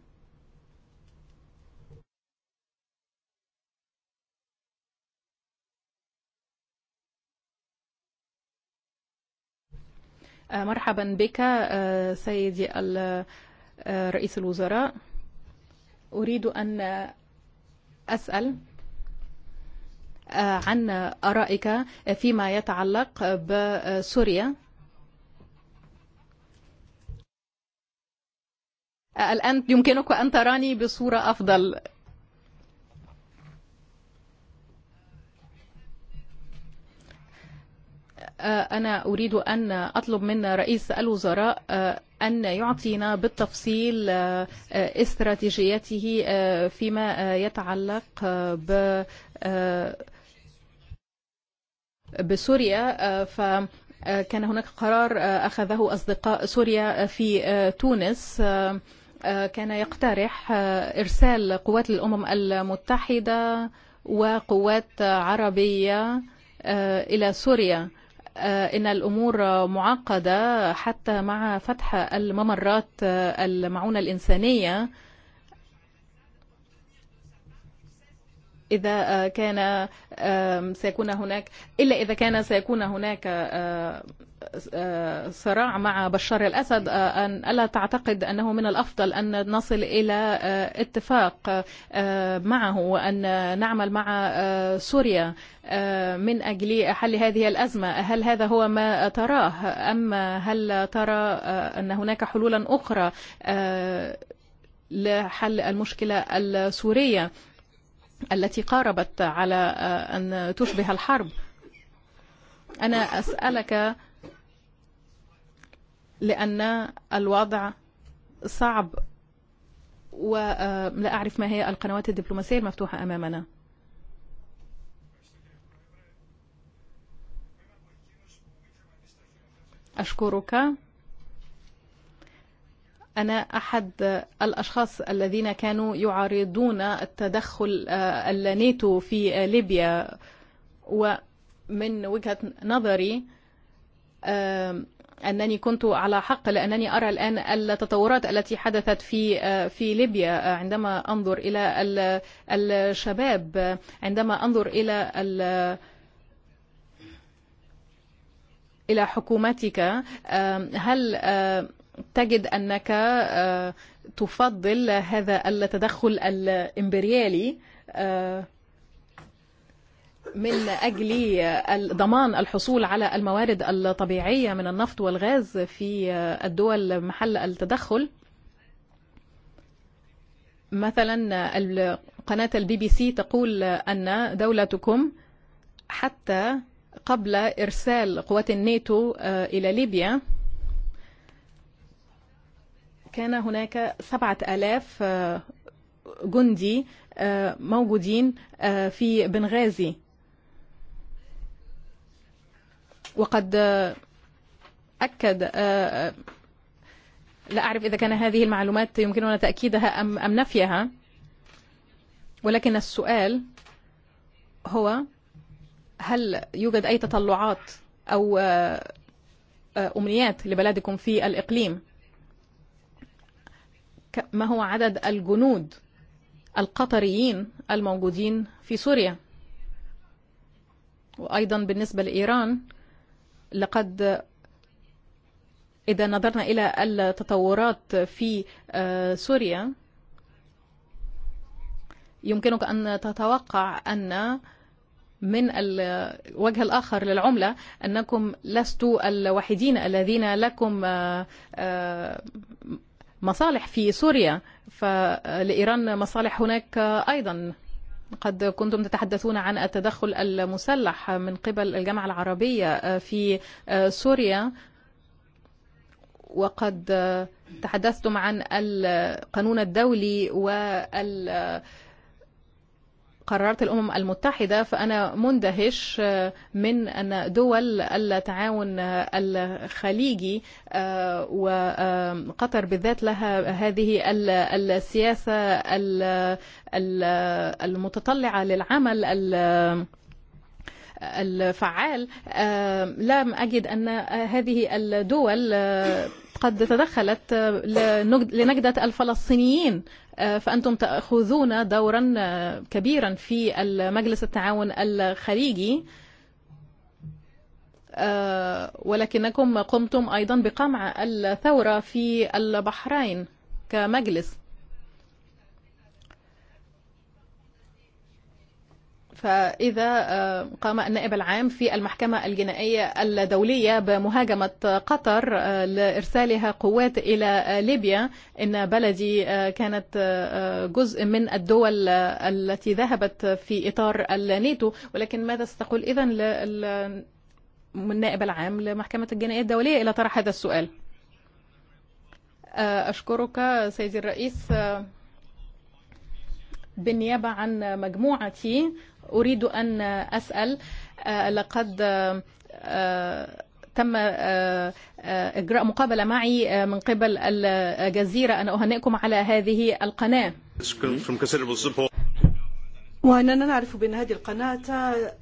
مرحبا بك سيدي رئيس الوزراء أريد أن أسأل عن أرائك فيما يتعلق بسوريا الآن يمكنك أن تراني بصورة أفضل أنا أريد أن أطلب من رئيس الوزراء أن يعطينا بالتفصيل استراتيجيته فيما يتعلق ب بسوريا ف كان هناك قرار أخذه أصدقاء سوريا في تونس كان يقترح إرسال قوات الأمم المتحدة وقوات عربية إلى سوريا إن الأمور معقدة حتى مع فتح الممرات المعونة الإنسانية إذا كان سيكون هناك إلا إذا كان سيكون هناك صراع مع بشار الأسد أن ألا تعتقد أنه من الأفضل أن نصل إلى اتفاق معه وأن نعمل مع سوريا من أجل حل هذه الأزمة هل هذا هو ما تراه أم هل ترى أن هناك حلولا أخرى لحل المشكلة السورية التي قاربت على أن تشبه الحرب أنا أسألك لأن الوضع صعب ولا أعرف ما هي القنوات الدبلوماسية المفتوحة أمامنا أشكرك أنا أحد الأشخاص الذين كانوا يعارضون التدخل اللانيتو في ليبيا ومن وجهة نظري أنني كنت على حق لأنني أرى الآن التطورات التي حدثت في في ليبيا عندما أنظر إلى الشباب عندما أنظر إلى الشباب إلى حكومتك هل تجد أنك تفضل هذا التدخل الإمبريالي من أجل ضمان الحصول على الموارد الطبيعية من النفط والغاز في الدول محل التدخل مثلا قناة البي بي سي تقول أن دولتكم حتى قبل إرسال قوات الناتو إلى ليبيا كان هناك سبعة آلاف جندي موجودين في بنغازي وقد أكد لا أعرف إذا كان هذه المعلومات يمكننا تأكيدها أم نفيها ولكن السؤال هو هل يوجد أي تطلعات أو أمنيات لبلدكم في الإقليم ما هو عدد الجنود القطريين الموجودين في سوريا وأيضا بالنسبة لإيران لقد إذا نظرنا إلى التطورات في سوريا يمكنك أن تتوقع أن من الوجه الآخر للعملة أنكم لستوا الوحيدين الذين لكم مصالح في سوريا فلإيران مصالح هناك أيضا قد كنتم تتحدثون عن التدخل المسلح من قبل الجامعة العربية في سوريا وقد تحدثتم عن القانون الدولي والمسلح قررت الأمم المتحدة فأنا مندهش من أن دول التعاون الخليجي وقطر بالذات لها هذه السياسة المتطلعة للعمل الفعال لم أجد أن هذه الدول قد تدخلت لنجدة الفلسطينيين فأنتم تأخذون دورا كبيرا في مجلس التعاون الخليجي ولكنكم قمتم أيضا بقمع الثورة في البحرين كمجلس فإذا قام النائب العام في المحكمة الجنائية الدولية بمهاجمة قطر لإرسالها قوات إلى ليبيا إن بلدي كانت جزء من الدول التي ذهبت في إطار الناتو ولكن ماذا ستقول إذن للنائب العام لمحكمة الجنائية الدولية إلى طرح هذا السؤال أشكرك سيدي الرئيس بالنيابة عن مجموعتي أريد أن أسأل لقد تم إجراء مقابلة معي من قبل الجزيرة أن أهنئكم على هذه القناة وأننا نعرف بأن هذه القناة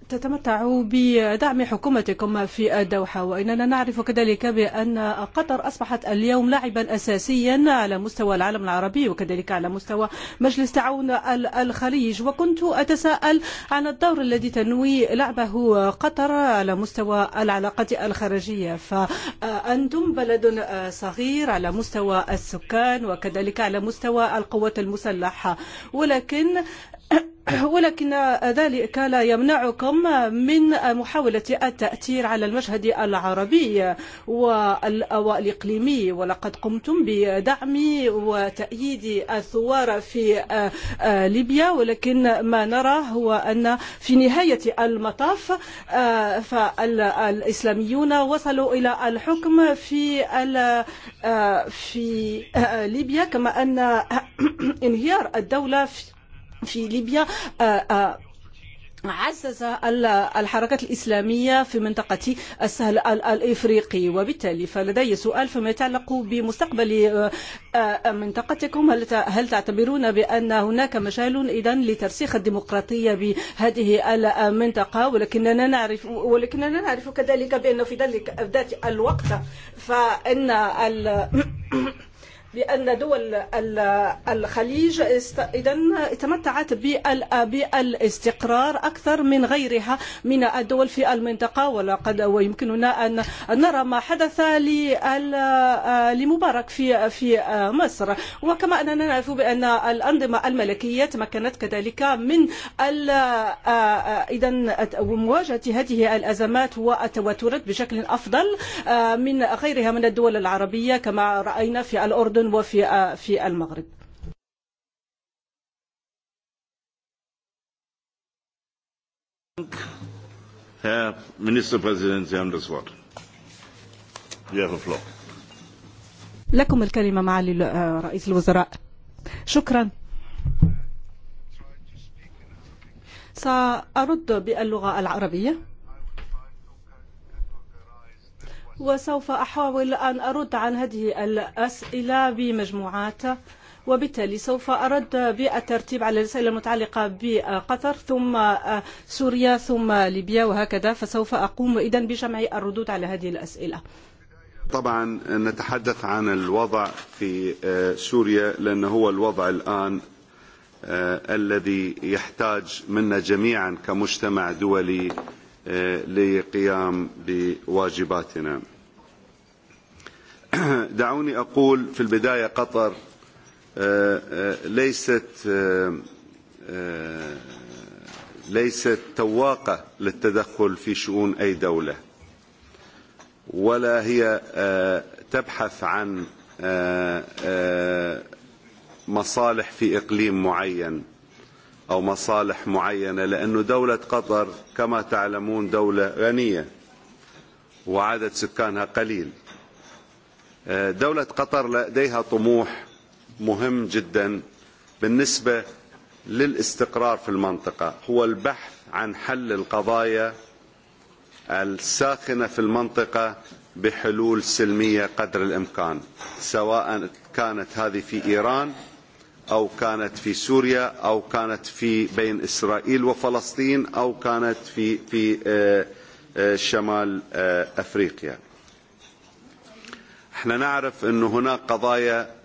تتمتع بدعم حكومتكم في الدوحة وأننا نعرف كذلك بأن قطر أصبحت اليوم لاعبا أساسيا على مستوى العالم العربي وكذلك على مستوى مجلس تعاون الخليج وكنت أتساءل عن الدور الذي تنوي لعبه قطر على مستوى العلاقات الخارجية فأنتم بلد صغير على مستوى السكان وكذلك على مستوى القوات المسلحة ولكن ولكن ذلك لا يمنعكم من محاولة التأثير على المشهد العربي والإقليمي ولقد قمتم بدعم وتأييد الثوار في ليبيا ولكن ما نرى هو أن في نهاية المطاف فالإسلاميون وصلوا إلى الحكم في في ليبيا كما أن انهيار الدولة في في ليبيا عزز الحركة الإسلامية في منطقة السهل الإفريقي وبالتالي فلدي سؤال فيما يتعلق بمستقبل منطقتكم هل تعتبرون بأن هناك مجال إذن لترسيخ الديمقراطية بهذه المنطقة ولكننا نعرف ولكننا نعرف كذلك بأنه في ذلك ذات الوقت فإن لأن دول الخليج إذن تمتعت بالاستقرار أكثر من غيرها من الدول في المنطقة ولقد ويمكننا أن نرى ما حدث لمبارك في في مصر وكما أننا نعرف بأن الأنظمة الملكية تمكنت كذلك من إذن مواجهة هذه الأزمات والتوترات بشكل أفضل من غيرها من الدول العربية كما رأينا في الأردن الأردن وفي في المغرب Herr Ministerpräsident, Sie haben das Wort. You have the floor. لكم الكلمة معالي رئيس الوزراء شكرا سأرد باللغة العربية وسوف أحاول أن أرد عن هذه الأسئلة بمجموعات وبالتالي سوف أرد بالترتيب على الأسئلة المتعلقة بقطر ثم سوريا ثم ليبيا وهكذا فسوف أقوم إذن بجمع الردود على هذه الأسئلة طبعا نتحدث عن الوضع في سوريا لأنه هو الوضع الآن الذي يحتاج منا جميعا كمجتمع دولي لقيام بواجباتنا دعوني أقول في البداية قطر ليست ليست تواقة للتدخل في شؤون أي دولة ولا هي تبحث عن مصالح في إقليم معين أو مصالح معينة لأن دولة قطر كما تعلمون دولة غنية وعدد سكانها قليل دولة قطر لديها طموح مهم جدا بالنسبة للاستقرار في المنطقة هو البحث عن حل القضايا الساخنة في المنطقة بحلول سلمية قدر الإمكان سواء كانت هذه في إيران أو كانت في سوريا أو كانت في بين إسرائيل وفلسطين أو كانت في في شمال أفريقيا احنا نعرف أن هناك قضايا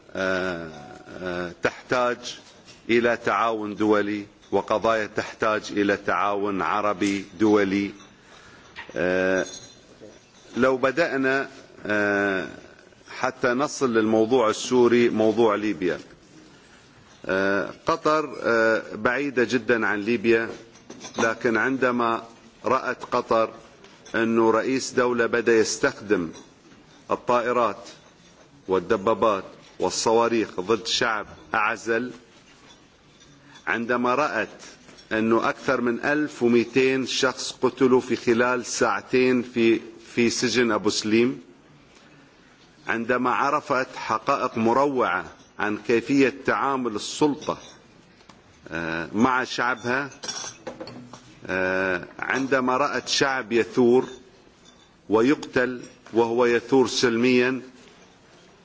تحتاج إلى تعاون دولي وقضايا تحتاج إلى تعاون عربي دولي لو بدأنا حتى نصل للموضوع السوري موضوع ليبيا قطر بعيدة جدا عن ليبيا لكن عندما رأت قطر أن رئيس دولة بدأ يستخدم الطائرات والدبابات والصواريخ ضد شعب أعزل عندما رأت أن أكثر من 1200 شخص قتلوا في خلال ساعتين في, في سجن أبو سليم عندما عرفت حقائق مروعة عن كيفية تعامل السلطة مع شعبها عندما رأت شعب يثور ويقتل وهو يثور سلميا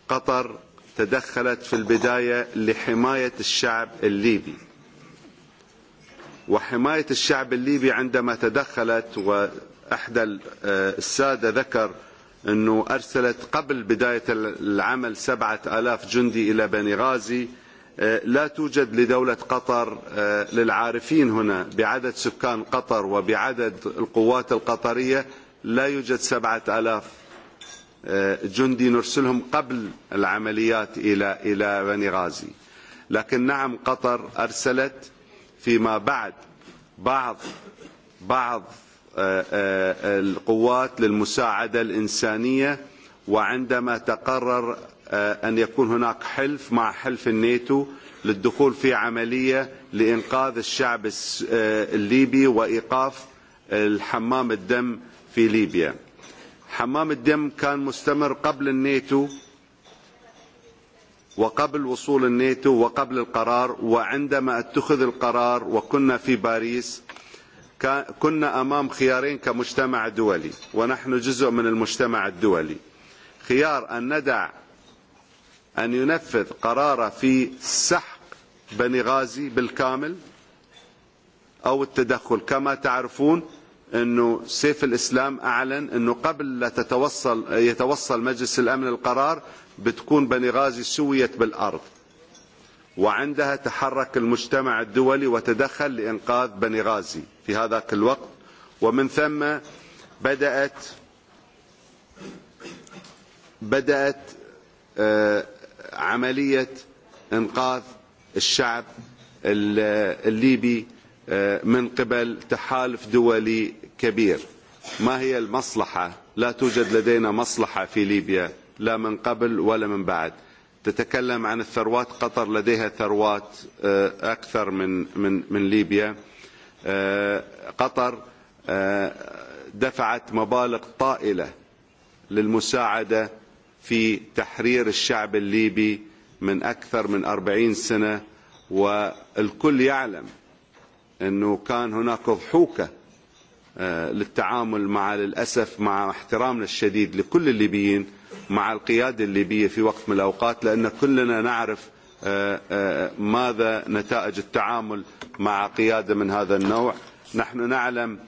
قطر تدخلت في البداية لحماية الشعب الليبي وحماية الشعب الليبي عندما تدخلت وأحدى السادة ذكر أنه أرسلت قبل بداية العمل سبعة آلاف جندي إلى بني غازي لا توجد لدولة قطر للعارفين هنا بعدد سكان قطر وبعدد القوات القطرية لا يوجد سبعة آلاف جندي نرسلهم قبل العمليات إلى إلى بني غازي لكن نعم قطر أرسلت فيما بعد بعض بعض القوات للمساعدة الإنسانية وعندما تقرر أن يكون هناك حلف مع حلف الناتو للدخول في عملية لإنقاذ الشعب الليبي وإيقاف الحمام الدم في ليبيا حمام الدم كان مستمر قبل الناتو وقبل وصول الناتو وقبل القرار وعندما اتخذ القرار وكنا في باريس كنا أمام خيارين كمجتمع دولي ونحن جزء من المجتمع الدولي خيار أن ندع أن ينفذ قراره في سحق بني غازي بالكامل أو التدخل كما تعرفون أن سيف الإسلام أعلن أنه قبل لا تتوصل يتوصل مجلس الأمن القرار بتكون بني غازي سويت بالأرض وعندها تحرك المجتمع الدولي وتدخل لإنقاذ بني غازي في هذا الوقت ومن ثم بدأت بدأت عملية إنقاذ الشعب الليبي من قبل تحالف دولي كبير ما هي المصلحة لا توجد لدينا مصلحة في ليبيا لا من قبل ولا من بعد تتكلم عن الثروات قطر لديها ثروات أكثر من, من, من ليبيا قطر دفعت مبالغ طائلة للمساعدة في تحرير الشعب الليبي من أكثر من أربعين سنة والكل يعلم أنه كان هناك ضحوكة للتعامل مع للأسف مع احترامنا الشديد لكل الليبيين مع القيادة الليبية في وقت من الأوقات لأن كلنا نعرف ماذا نتائج التعامل مع قيادة من هذا النوع نحن نعلم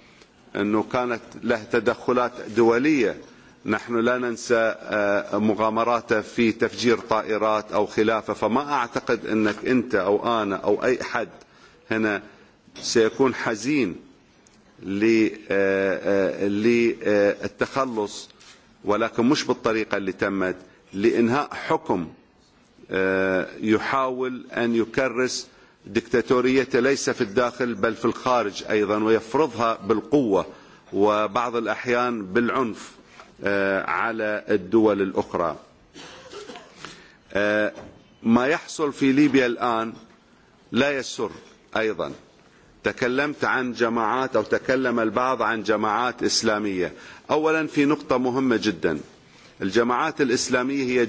أنه كانت له تدخلات دولية نحن لا ننسى مغامراته في تفجير طائرات أو خلافة فما أعتقد أنك أنت أو أنا أو أي حد هنا سيكون حزين للتخلص ولكن مش بالطريقة اللي تمت لإنهاء حكم يحاول أن يكرس دكتاتورية ليس في الداخل بل في الخارج أيضا ويفرضها بالقوة وبعض الأحيان بالعنف على الدول الأخرى ما يحصل في ليبيا الآن لا يسر أيضا تكلمت عن جماعات أو تكلم البعض عن جماعات إسلامية أولا في نقطة مهمة جدا الجماعات الإسلامية هي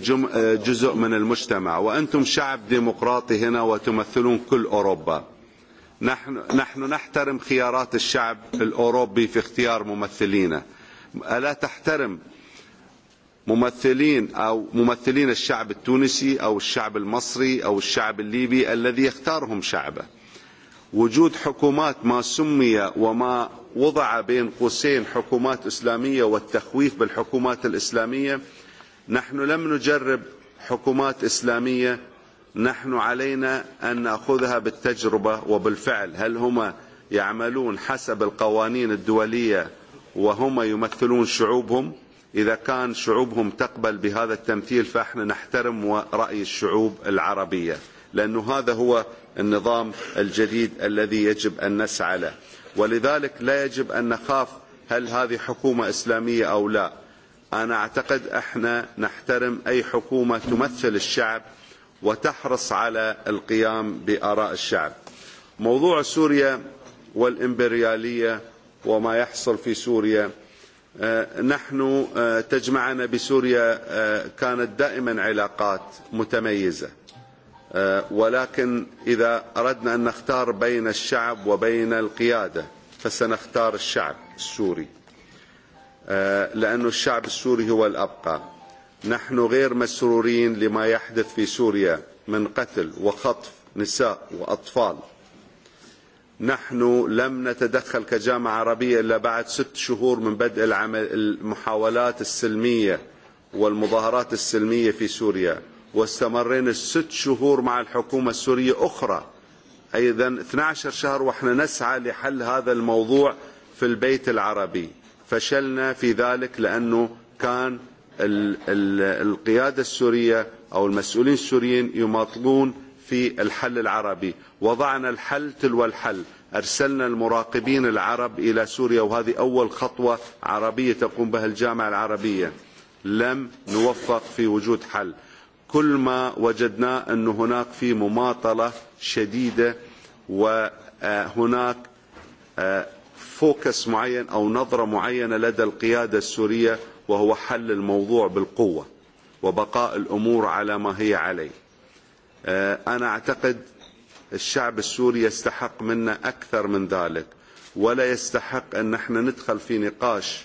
جزء من المجتمع وأنتم شعب ديمقراطي هنا وتمثلون كل أوروبا نحن, نحن نحترم خيارات الشعب الأوروبي في اختيار ممثلين ألا تحترم ممثلين أو ممثلين الشعب التونسي أو الشعب المصري أو الشعب الليبي الذي يختارهم شعبه وجود حكومات ما سمي وما وضع بين قوسين حكومات إسلامية والتخويف بالحكومات الإسلامية نحن لم نجرب حكومات إسلامية نحن علينا أن نأخذها بالتجربة وبالفعل هل هم يعملون حسب القوانين الدولية وهم يمثلون شعوبهم إذا كان شعوبهم تقبل بهذا التمثيل فإحنا نحترم رأي الشعوب العربية لأن هذا هو النظام الجديد الذي يجب أن نسعى له ولذلك لا يجب أن نخاف هل هذه حكومة إسلامية أو لا أنا أعتقد إحنا نحترم أي حكومة تمثل الشعب وتحرص على القيام بأراء الشعب موضوع سوريا والإمبريالية وما يحصل في سوريا نحن تجمعنا بسوريا كانت دائما علاقات متميزة ولكن إذا أردنا أن نختار بين الشعب وبين القيادة فسنختار الشعب السوري لأن الشعب السوري هو الأبقى نحن غير مسرورين لما يحدث في سوريا من قتل وخطف نساء وأطفال نحن لم نتدخل كجامعة عربية إلا بعد ست شهور من بدء المحاولات السلمية والمظاهرات السلمية في سوريا واستمرينا ست شهور مع الحكومة السورية أخرى أيضا 12 شهر وإحنا نسعى لحل هذا الموضوع في البيت العربي فشلنا في ذلك لأنه كان القيادة السورية أو المسؤولين السوريين يماطلون في الحل العربي وضعنا الحل تلو الحل أرسلنا المراقبين العرب إلى سوريا وهذه أول خطوة عربية تقوم بها الجامعة العربية لم نوفق في وجود حل كل ما وجدنا أن هناك في مماطلة شديدة وهناك فوكس معين أو نظرة معينة لدى القيادة السورية وهو حل الموضوع بالقوة وبقاء الأمور على ما هي عليه أنا أعتقد الشعب السوري يستحق منا أكثر من ذلك ولا يستحق أن نحن ندخل في نقاش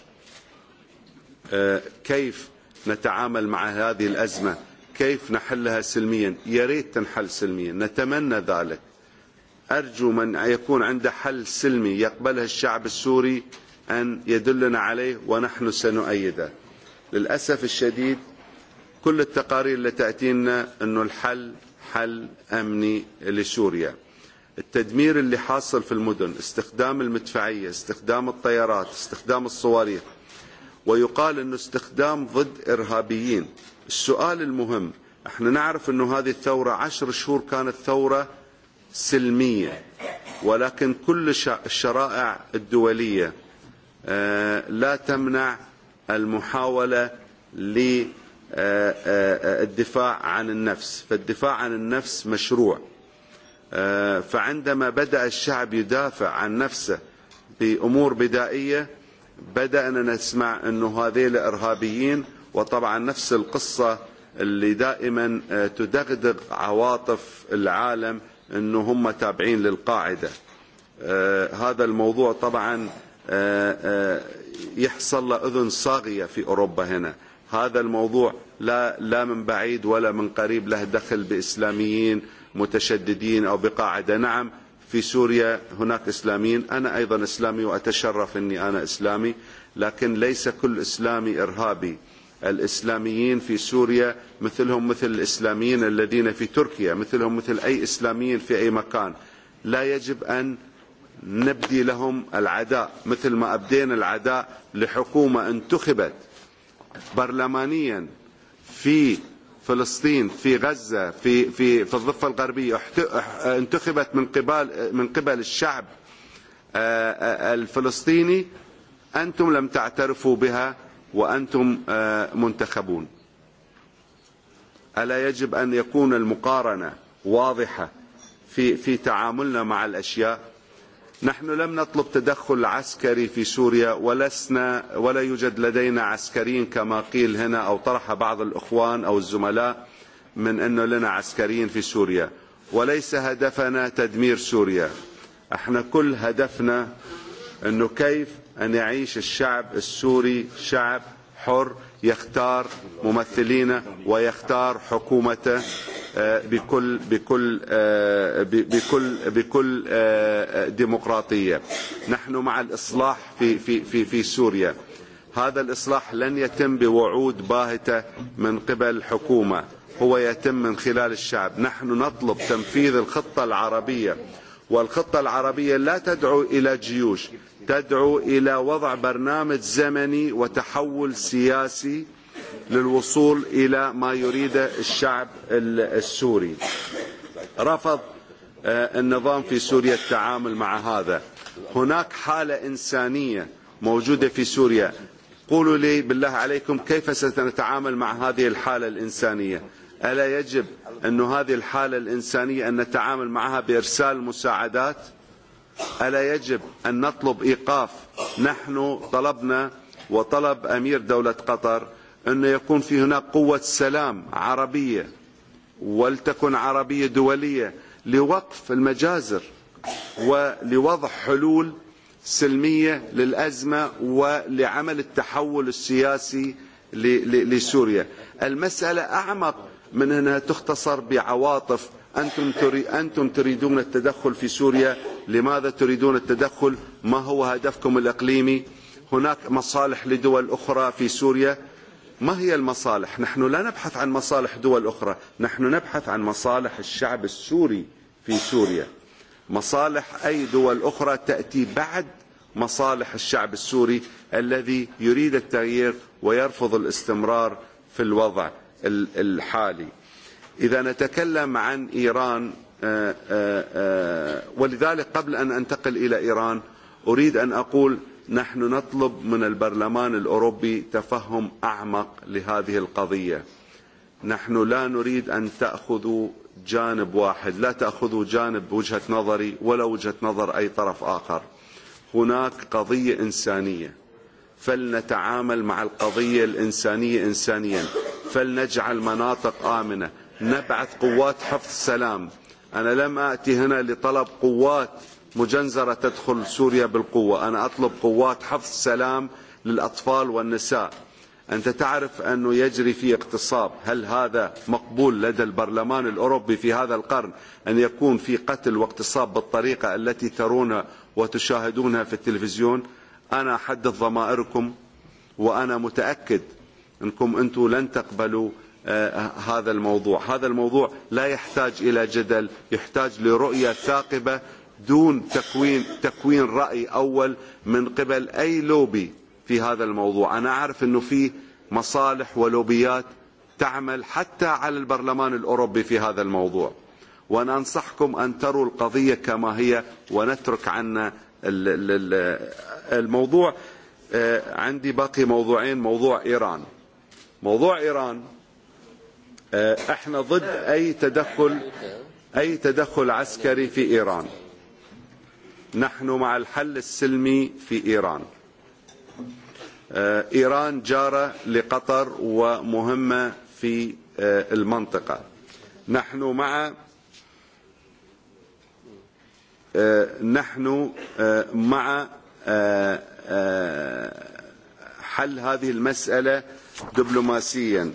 كيف نتعامل مع هذه الأزمة كيف نحلها سلميا يا ريت تنحل سلميا نتمنى ذلك أرجو من يكون عنده حل سلمي يقبله الشعب السوري أن يدلنا عليه ونحن سنؤيده للأسف الشديد كل التقارير اللي تأتينا أن الحل حل أمني لسوريا التدمير اللي حاصل في المدن استخدام المدفعية استخدام الطيارات استخدام الصواريخ ويقال أنه استخدام ضد إرهابيين السؤال المهم احنا نعرف انه هذه الثورة عشر شهور كانت ثورة سلمية ولكن كل الشرائع الدولية لا تمنع المحاولة للدفاع عن النفس فالدفاع عن النفس مشروع فعندما بدأ الشعب يدافع عن نفسه بأمور بدائية بدأنا نسمع أن هذه الإرهابيين وطبعا نفس القصة اللي دائما تدغدغ عواطف العالم انه هم تابعين للقاعدة هذا الموضوع طبعا يحصل لأذن صاغية في أوروبا هنا هذا الموضوع لا, لا من بعيد ولا من قريب له دخل بإسلاميين متشددين أو بقاعدة نعم في سوريا هناك إسلاميين أنا أيضا إسلامي وأتشرف أني أنا إسلامي لكن ليس كل إسلامي إرهابي الإسلاميين في سوريا مثلهم مثل الإسلاميين الذين في تركيا مثلهم مثل أي إسلاميين في أي مكان لا يجب أن نبدي لهم العداء مثل ما أبدينا العداء لحكومة انتخبت برلمانيا في فلسطين في غزة في في في الضفة الغربية انتخبت من قبل من قبل الشعب الفلسطيني أنتم لم تعترفوا بها وأنتم منتخبون ألا يجب أن يكون المقارنة واضحة في, في تعاملنا مع الأشياء نحن لم نطلب تدخل عسكري في سوريا ولسنا ولا يوجد لدينا عسكريين كما قيل هنا أو طرح بعض الأخوان أو الزملاء من أنه لنا عسكريين في سوريا وليس هدفنا تدمير سوريا احنا كل هدفنا أنه كيف أن يعيش الشعب السوري شعب حر يختار ممثلين ويختار حكومته بكل بكل بكل بكل ديمقراطيه نحن مع الاصلاح في في في في سوريا هذا الاصلاح لن يتم بوعود باهته من قبل الحكومه هو يتم من خلال الشعب نحن نطلب تنفيذ الخطه العربيه والخطه العربيه لا تدعو الى جيوش تدعو إلى وضع برنامج زمني وتحول سياسي للوصول إلى ما يريد الشعب السوري رفض النظام في سوريا التعامل مع هذا هناك حالة إنسانية موجودة في سوريا قولوا لي بالله عليكم كيف سنتعامل مع هذه الحالة الإنسانية ألا يجب أن هذه الحالة الإنسانية أن نتعامل معها بإرسال مساعدات؟ ألا يجب أن نطلب إيقاف نحن طلبنا وطلب أمير دولة قطر أن يكون في هناك قوة سلام عربية ولتكن عربية دولية لوقف المجازر ولوضع حلول سلمية للأزمة ولعمل التحول السياسي لسوريا المسألة أعمق من أنها تختصر بعواطف أنتم, تري أنتم تريدون التدخل في سوريا لماذا تريدون التدخل ما هو هدفكم الأقليمي هناك مصالح لدول أخرى في سوريا ما هي المصالح نحن لا نبحث عن مصالح دول أخرى نحن نبحث عن مصالح الشعب السوري في سوريا مصالح أي دول أخرى تأتي بعد مصالح الشعب السوري الذي يريد التغيير ويرفض الاستمرار في الوضع الحالي إذا نتكلم عن إيران ولذلك قبل أن أنتقل إلى إيران أريد أن أقول نحن نطلب من البرلمان الأوروبي تفهم أعمق لهذه القضية نحن لا نريد أن تأخذوا جانب واحد لا تأخذوا جانب وجهة نظري ولا وجهة نظر أي طرف آخر هناك قضية إنسانية فلنتعامل مع القضية الإنسانية إنسانيا فلنجعل مناطق آمنة نبعث قوات حفظ السلام أنا لم أتي هنا لطلب قوات مجنزرة تدخل سوريا بالقوة أنا أطلب قوات حفظ السلام للأطفال والنساء أنت تعرف أنه يجري في اقتصاب هل هذا مقبول لدى البرلمان الأوروبي في هذا القرن أن يكون في قتل واقتصاب بالطريقة التي ترون وتشاهدونها في التلفزيون أنا أحدث ضمائركم وأنا متأكد أنكم أنتم لن تقبلوا هذا الموضوع هذا الموضوع لا يحتاج إلى جدل يحتاج لرؤية ثاقبة دون تكوين, تكوين رأي أول من قبل أي لوبي في هذا الموضوع أنا أعرف أنه في مصالح ولوبيات تعمل حتى على البرلمان الأوروبي في هذا الموضوع وأنا أنصحكم أن تروا القضية كما هي ونترك عنا الموضوع عندي باقي موضوعين موضوع إيران موضوع إيران احنا ضد اي تدخل اي تدخل عسكري في ايران نحن مع الحل السلمي في ايران ايران جاره لقطر ومهمه في المنطقه نحن مع نحن مع حل هذه المساله دبلوماسيا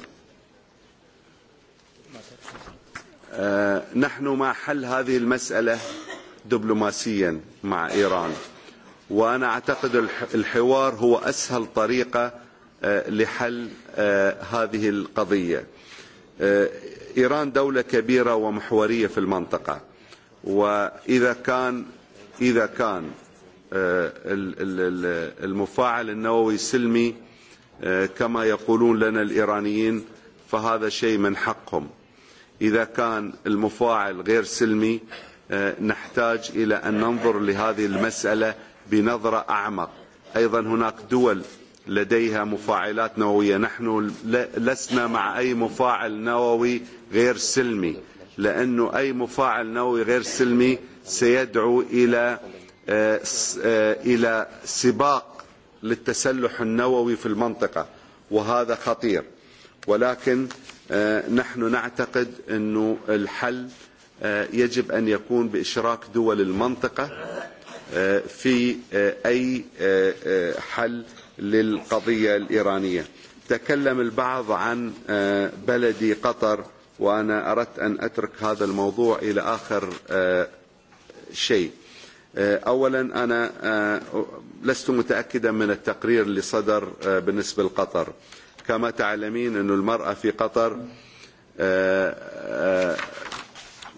نحن مع حل هذه المسألة دبلوماسيا مع إيران وأنا أعتقد الحوار هو أسهل طريقة لحل هذه القضية إيران دولة كبيرة ومحورية في المنطقة وإذا كان إذا كان المفاعل النووي سلمي كما يقولون لنا الإيرانيين فهذا شيء من حقهم إذا كان المفاعل غير سلمي نحتاج إلى أن ننظر لهذه المسألة بنظرة أعمق أيضا هناك دول لديها مفاعلات نووية نحن لسنا مع أي مفاعل نووي غير سلمي لأن أي مفاعل نووي غير سلمي سيدعو إلى إلى سباق للتسلح النووي في المنطقة وهذا خطير ولكن نحن نعتقد أن الحل يجب أن يكون بإشراك دول المنطقة في أي حل للقضية الإيرانية تكلم البعض عن بلدي قطر وأنا أردت أن أترك هذا الموضوع إلى آخر شيء أولا أنا لست متأكدا من التقرير اللي صدر بالنسبة لقطر كما تعلمين أن المرأة في قطر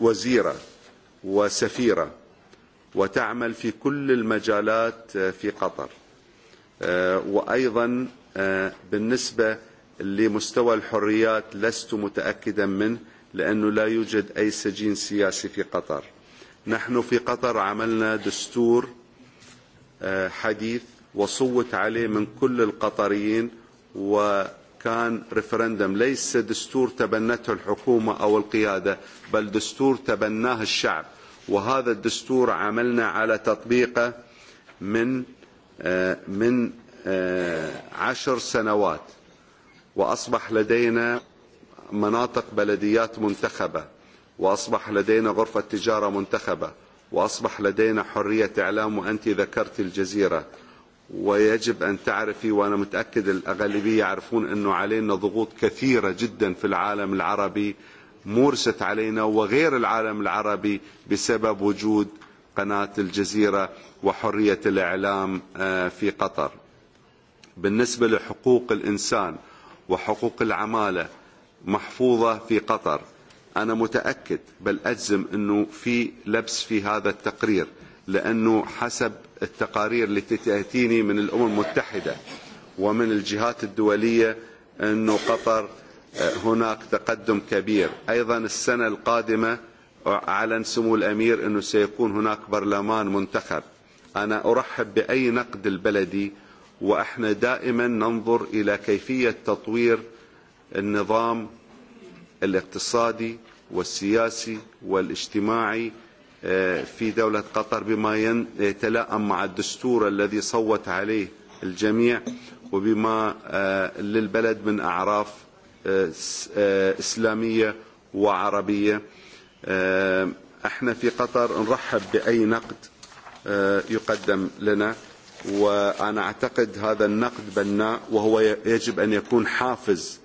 وزيرة وسفيرة وتعمل في كل المجالات في قطر وأيضا بالنسبة لمستوى الحريات لست متأكدا منه لأنه لا يوجد أي سجين سياسي في قطر نحن في قطر عملنا دستور حديث وصوت عليه من كل القطريين وكان ريفرندم ليس دستور تبنته الحكومة أو القيادة بل دستور تبناه الشعب وهذا الدستور عملنا على تطبيقه من من عشر سنوات وأصبح لدينا مناطق بلديات منتخبة وأصبح لدينا غرفة تجارة منتخبة وأصبح لدينا حرية إعلام وأنت ذكرت الجزيرة ويجب أن تعرفي وأنا متأكد الأغلبية يعرفون أنه علينا ضغوط كثيرة جدا في العالم العربي مورست علينا وغير العالم العربي بسبب وجود قناة الجزيرة وحرية الإعلام في قطر بالنسبة لحقوق الإنسان وحقوق العمالة محفوظة في قطر أنا متأكد بل أجزم أنه في لبس في هذا التقرير لأنه حسب التقارير التي تأتيني من الأمم المتحدة ومن الجهات الدولية أن قطر هناك تقدم كبير أيضا السنة القادمة أعلن سمو الأمير أنه سيكون هناك برلمان منتخب أنا أرحب بأي نقد البلدي وإحنا دائما ننظر إلى كيفية تطوير النظام الاقتصادي والسياسي والاجتماعي في دولة قطر بما يتلائم مع الدستور الذي صوت عليه الجميع وبما للبلد من أعراف إسلامية وعربية احنا في قطر نرحب بأي نقد يقدم لنا وأنا أعتقد هذا النقد بناء وهو يجب أن يكون حافز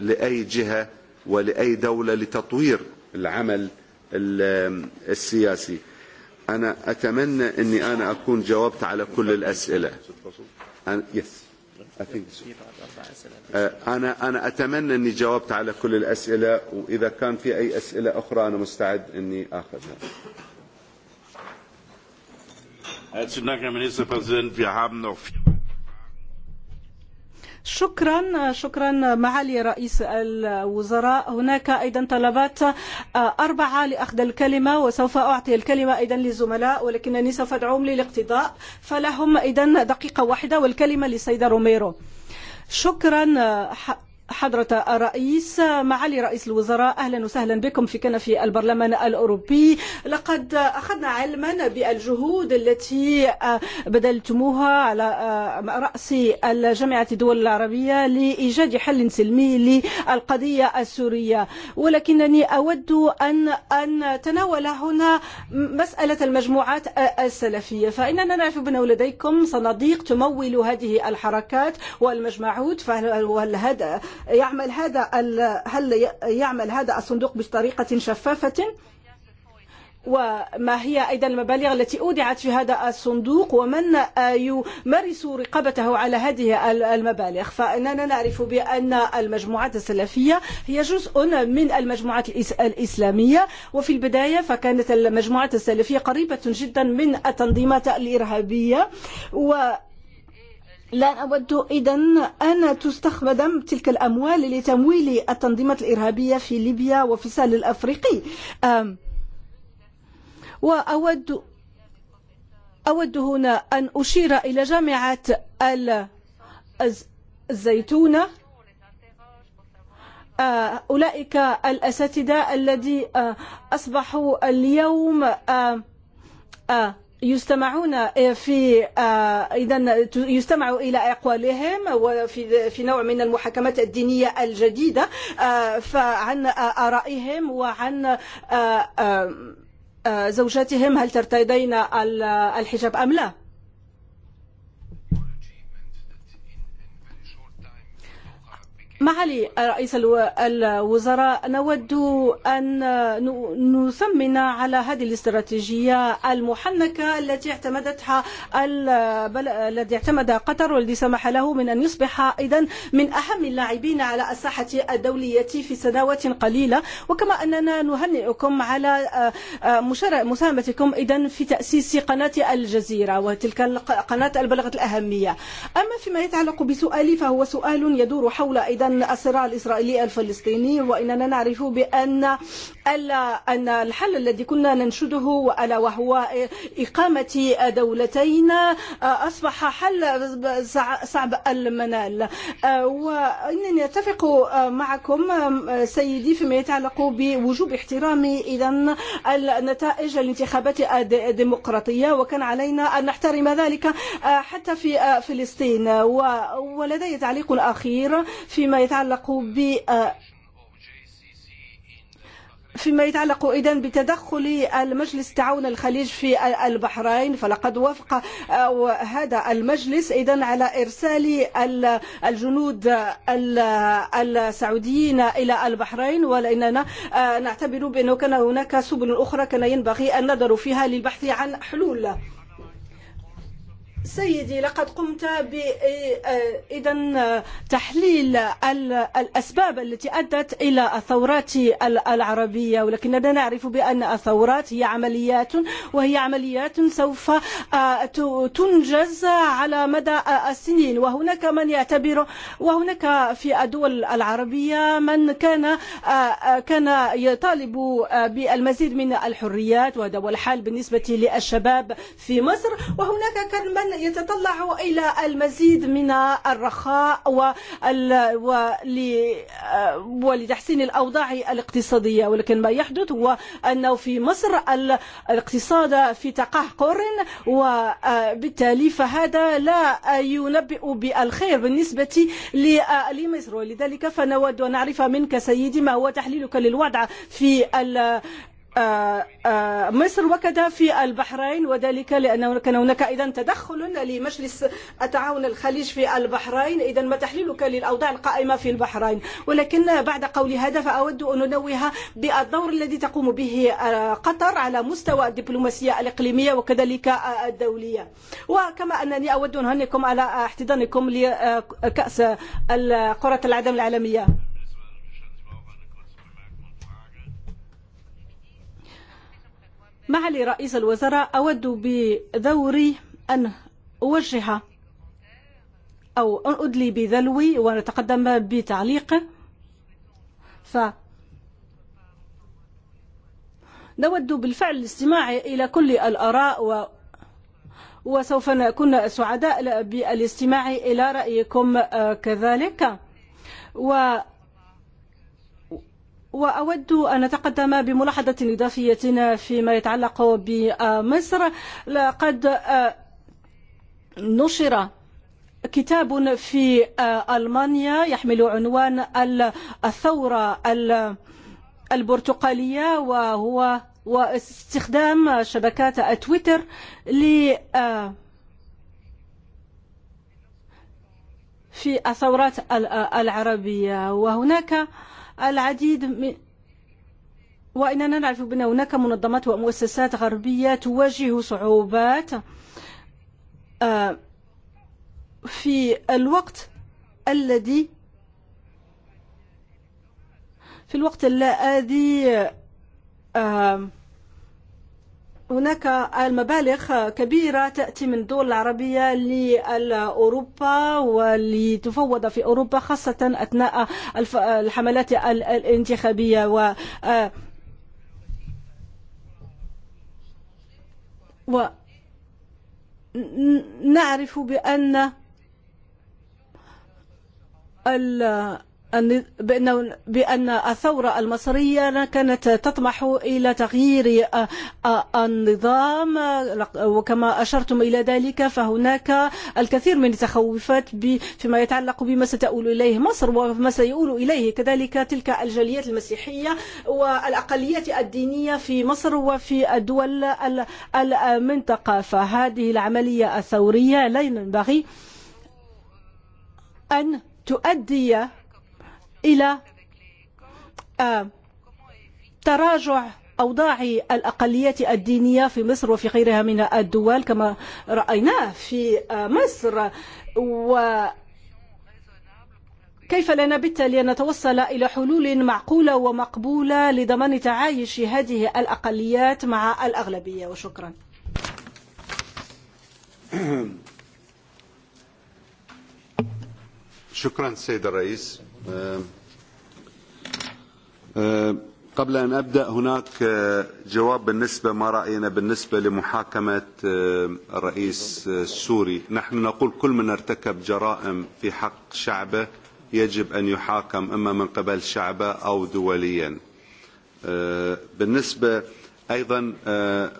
لأي جهة ولأي دولة لتطوير العمل السياسي أنا أتمنى أني أنا أكون جاوبت على كل الأسئلة أنا, yes, I think so. أنا, أنا أتمنى أني جاوبت على كل الأسئلة وإذا كان في أي أسئلة أخرى أنا مستعد أني أخذها Herzlichen Dank, Herr Ministerpräsident. Wir haben noch vier شكرا شكرا معالي رئيس الوزراء هناك أيضا طلبات أربعة لأخذ الكلمة وسوف أعطي الكلمة أيضا للزملاء ولكنني سوف أدعوهم للاقتضاء فلهم أيضا دقيقة واحدة والكلمة للسيدة روميرو شكرا حضرة الرئيس معالي رئيس الوزراء أهلا وسهلا بكم في كنفي البرلمان الأوروبي لقد أخذنا علما بالجهود التي بذلتموها على رأس الجامعة الدول العربية لإيجاد حل سلمي للقضية السورية ولكنني أود أن أن تناول هنا مسألة المجموعات السلفية فإننا نعرف بأنه لديكم صناديق تمول هذه الحركات والمجموعات فهل هذا يعمل هذا هل يعمل هذا الصندوق بطريقة شفافة وما هي أيضا المبالغ التي أودعت في هذا الصندوق ومن يمارس رقابته على هذه المبالغ فإننا نعرف بأن المجموعات السلفية هي جزء من المجموعات الإسلامية وفي البداية فكانت المجموعات السلفية قريبة جدا من التنظيمات الإرهابية و لا أود إذا أن تستخدم تلك الأموال لتمويل التنظيمات الإرهابية في ليبيا وفي السهل الأفريقي وأود أود هنا أن أشير إلى جامعة الزيتونة أولئك الأساتذة الذي أصبحوا اليوم يستمعون في اذا يستمع الى اقوالهم وفي في نوع من المحاكمات الدينيه الجديده فعن ارائهم وعن زوجاتهم هل ترتدين الحجاب ام لا معالي رئيس الوزراء نود أن نثمن على هذه الاستراتيجية المحنكة التي اعتمدتها الذي اعتمد قطر والذي سمح له من أن يصبح أيضا من أهم اللاعبين على الساحة الدولية في سنوات قليلة وكما أننا نهنئكم على مساهمتكم إذا في تأسيس قناة الجزيرة وتلك القناة البلغة الأهمية أما فيما يتعلق بسؤالي فهو سؤال يدور حول أيضا أبدا الصراع الإسرائيلي الفلسطيني وإننا نعرف بأن أن الحل الذي كنا ننشده وألا وهو إقامة دولتين أصبح حل صعب المنال وإنني أتفق معكم سيدي فيما يتعلق بوجوب احترام إذا النتائج الانتخابات الديمقراطية وكان علينا أن نحترم ذلك حتى في فلسطين ولدي تعليق أخير فيما فيما يتعلق bi فيما يتعلق إذن بتدخل المجلس تعاون الخليج في البحرين فلقد وافق هذا المجلس إذن على إرسال الجنود السعوديين إلى البحرين ولأننا نعتبر بأنه كان هناك سبل أخرى كان ينبغي أن ندر فيها للبحث عن حلول سيدي لقد قمت ب اذا تحليل الاسباب التي ادت الى الثورات العربيه ولكننا نعرف بان الثورات هي عمليات وهي عمليات سوف تنجز على مدى السنين وهناك من يعتبر وهناك في الدول العربيه من كان كان يطالب بالمزيد من الحريات وهذا هو الحال بالنسبه للشباب في مصر وهناك كان من يتطلع إلى المزيد من الرخاء ولتحسين الأوضاع الاقتصادية ولكن ما يحدث هو أنه في مصر الاقتصاد في تقهقر وبالتالي فهذا لا ينبئ بالخير بالنسبة لمصر ولذلك فنود أن نعرف منك سيدي ما هو تحليلك للوضع في مصر وكذا في البحرين وذلك لأن كان هناك أيضا تدخل لمجلس التعاون الخليج في البحرين إذا ما تحليلك للأوضاع القائمة في البحرين ولكن بعد قول هذا فأود أن أنوه بالدور الذي تقوم به قطر على مستوى الدبلوماسية الإقليمية وكذلك الدولية وكما أنني أود أن أهنئكم على احتضانكم لكأس كرة العدم العالمية معالي رئيس الوزراء أود بدوري أن أوجه أو أن أدلي بذلوي ونتقدم بتعليق ف نود بالفعل الاستماع إلى كل الآراء و وسوف نكون سعداء بالاستماع إلى رأيكم كذلك و وأود أن أتقدم بملاحظة إضافية فيما يتعلق بمصر لقد نشر كتاب في ألمانيا يحمل عنوان الثورة البرتقالية وهو واستخدام شبكات تويتر ل في الثورات العربية وهناك آه العديد من وإننا نعرف بأن هناك منظمات ومؤسسات غربية تواجه صعوبات في الوقت الذي في الوقت الذي هناك المبالغ كبيرة تأتي من دول العربية لأوروبا ولتفوض في أوروبا خاصة أثناء الحملات الانتخابية و ونعرف بأن أن بأن بأن الثورة المصرية كانت تطمح إلى تغيير النظام وكما أشرتم إلى ذلك فهناك الكثير من التخوفات فيما يتعلق بما ستؤول إليه مصر وما سيؤول إليه كذلك تلك الجاليات المسيحية والأقليات الدينية في مصر وفي الدول المنطقة فهذه العملية الثورية لا ينبغي أن تؤدي إلى تراجع أوضاع الأقليات الدينية في مصر وفي غيرها من الدول كما رأيناه في مصر و كيف لنا بالتالي أن نتوصل إلى حلول معقولة ومقبولة لضمان تعايش هذه الأقليات مع الأغلبية وشكرا شكرا سيد الرئيس قبل أن أبدأ هناك جواب بالنسبة ما رأينا بالنسبة لمحاكمة الرئيس السوري نحن نقول كل من ارتكب جرائم في حق شعبه يجب أن يحاكم إما من قبل شعبه أو دوليا بالنسبة أيضا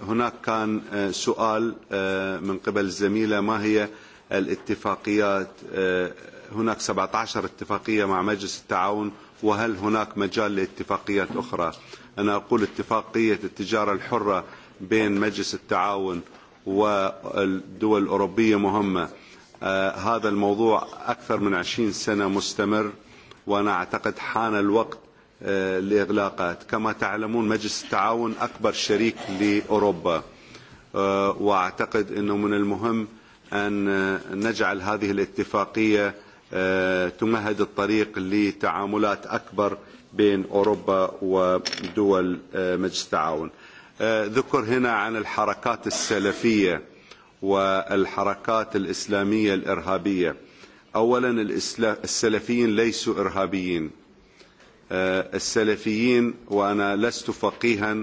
هناك كان سؤال من قبل زميلة ما هي الاتفاقيات هناك 17 اتفاقية مع مجلس التعاون وهل هناك مجال لاتفاقيات أخرى أنا أقول اتفاقية التجارة الحرة بين مجلس التعاون والدول الأوروبية مهمة هذا الموضوع أكثر من عشرين سنة مستمر وأنا أعتقد حان الوقت لإغلاقات كما تعلمون مجلس التعاون أكبر شريك لأوروبا وأعتقد أنه من المهم أن نجعل هذه الاتفاقية تمهد الطريق لتعاملات أكبر بين أوروبا ودول مجلس التعاون ذكر هنا عن الحركات السلفية والحركات الإسلامية الإرهابية أولا السلفيين ليسوا إرهابيين السلفيين وأنا لست فقيها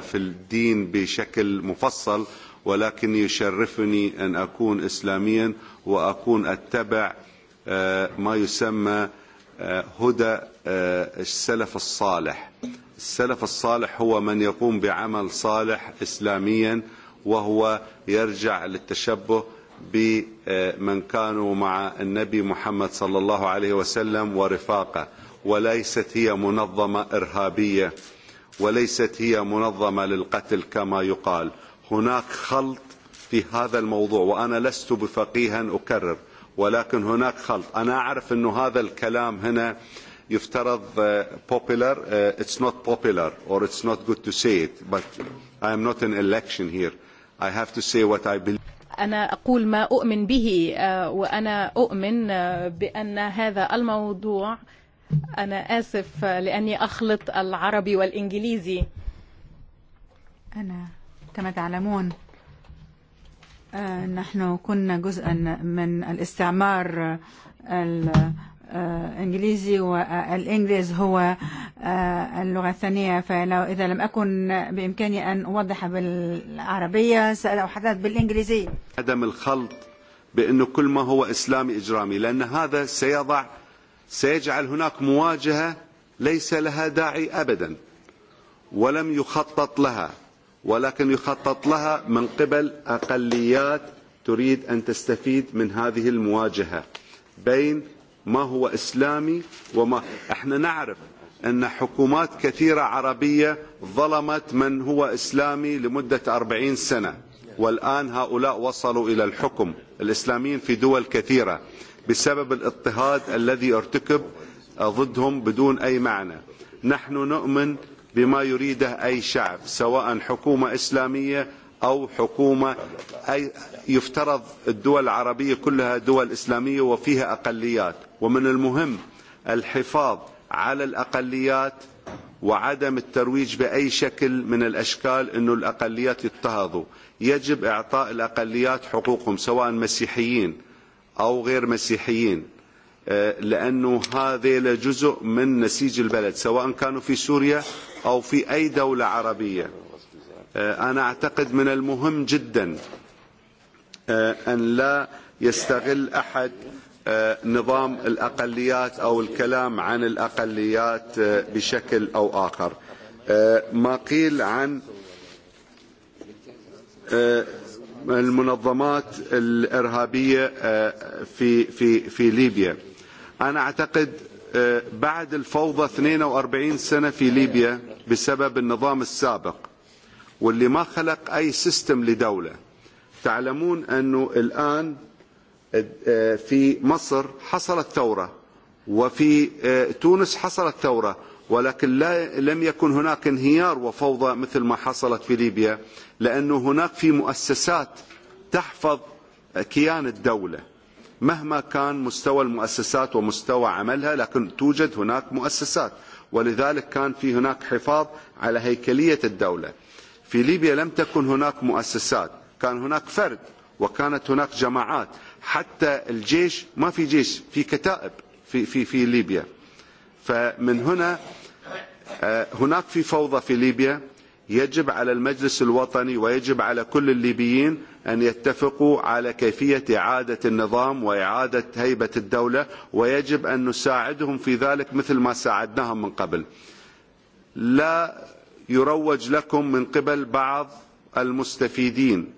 في الدين بشكل مفصل ولكن يشرفني أن أكون إسلاميا وأكون أتبع ما يسمى هدى السلف الصالح السلف الصالح هو من يقوم بعمل صالح إسلاميا وهو يرجع للتشبه بمن كانوا مع النبي محمد صلى الله عليه وسلم ورفاقه وليست هي منظمة إرهابية وليست هي منظمة للقتل كما يقال هناك خلط في هذا الموضوع وأنا لست بفقيها أكرر ولكن هناك خلط انا اعرف انه هذا الكلام هنا يفترض popular uh, it's not popular or it's not good to say it but I am not an election here I have to say what I believe أنا أقول ما أؤمن به وأنا أؤمن بأن هذا الموضوع أنا آسف لأني أخلط العربي والإنجليزي أنا كما تعلمون نحن كنا جزءا من الاستعمار الإنجليزي والإنجليز هو اللغة الثانية فلو إذا لم أكن بإمكاني أن أوضح بالعربية سأتحدث بالإنجليزي عدم الخلط بأنه كل ما هو إسلامي إجرامي لأن هذا سيضع سيجعل هناك مواجهة ليس لها داعي أبدا ولم يخطط لها ولكن يخطط لها من قبل أقليات تريد أن تستفيد من هذه المواجهة بين ما هو إسلامي وما احنا نعرف أن حكومات كثيرة عربية ظلمت من هو إسلامي لمدة أربعين سنة والآن هؤلاء وصلوا إلى الحكم الإسلاميين في دول كثيرة بسبب الاضطهاد الذي ارتكب ضدهم بدون أي معنى نحن نؤمن بما يريده أي شعب سواء حكومة إسلامية أو حكومة أي يفترض الدول العربية كلها دول إسلامية وفيها أقليات ومن المهم الحفاظ على الأقليات وعدم الترويج بأي شكل من الأشكال أن الأقليات يضطهدوا يجب إعطاء الأقليات حقوقهم سواء مسيحيين أو غير مسيحيين لأنه هذا جزء من نسيج البلد سواء كانوا في سوريا أو في أي دولة عربية أنا أعتقد من المهم جدا أن لا يستغل أحد نظام الأقليات أو الكلام عن الأقليات بشكل أو آخر ما قيل عن المنظمات الإرهابية في في في ليبيا أنا أعتقد بعد الفوضى 42 سنة في ليبيا بسبب النظام السابق واللي ما خلق أي سيستم لدولة تعلمون أنه الآن في مصر حصلت ثورة وفي تونس حصلت ثورة ولكن لا لم يكن هناك انهيار وفوضى مثل ما حصلت في ليبيا لأنه هناك في مؤسسات تحفظ كيان الدولة مهما كان مستوى المؤسسات ومستوى عملها لكن توجد هناك مؤسسات ولذلك كان في هناك حفاظ على هيكلية الدولة في ليبيا لم تكن هناك مؤسسات كان هناك فرد وكانت هناك جماعات حتى الجيش ما في جيش في كتائب في, في, في ليبيا فمن هنا هناك في فوضى في ليبيا يجب على المجلس الوطني ويجب على كل الليبيين أن يتفقوا على كيفية إعادة النظام وإعادة هيبة الدولة ويجب أن نساعدهم في ذلك مثل ما ساعدناهم من قبل لا يروج لكم من قبل بعض المستفيدين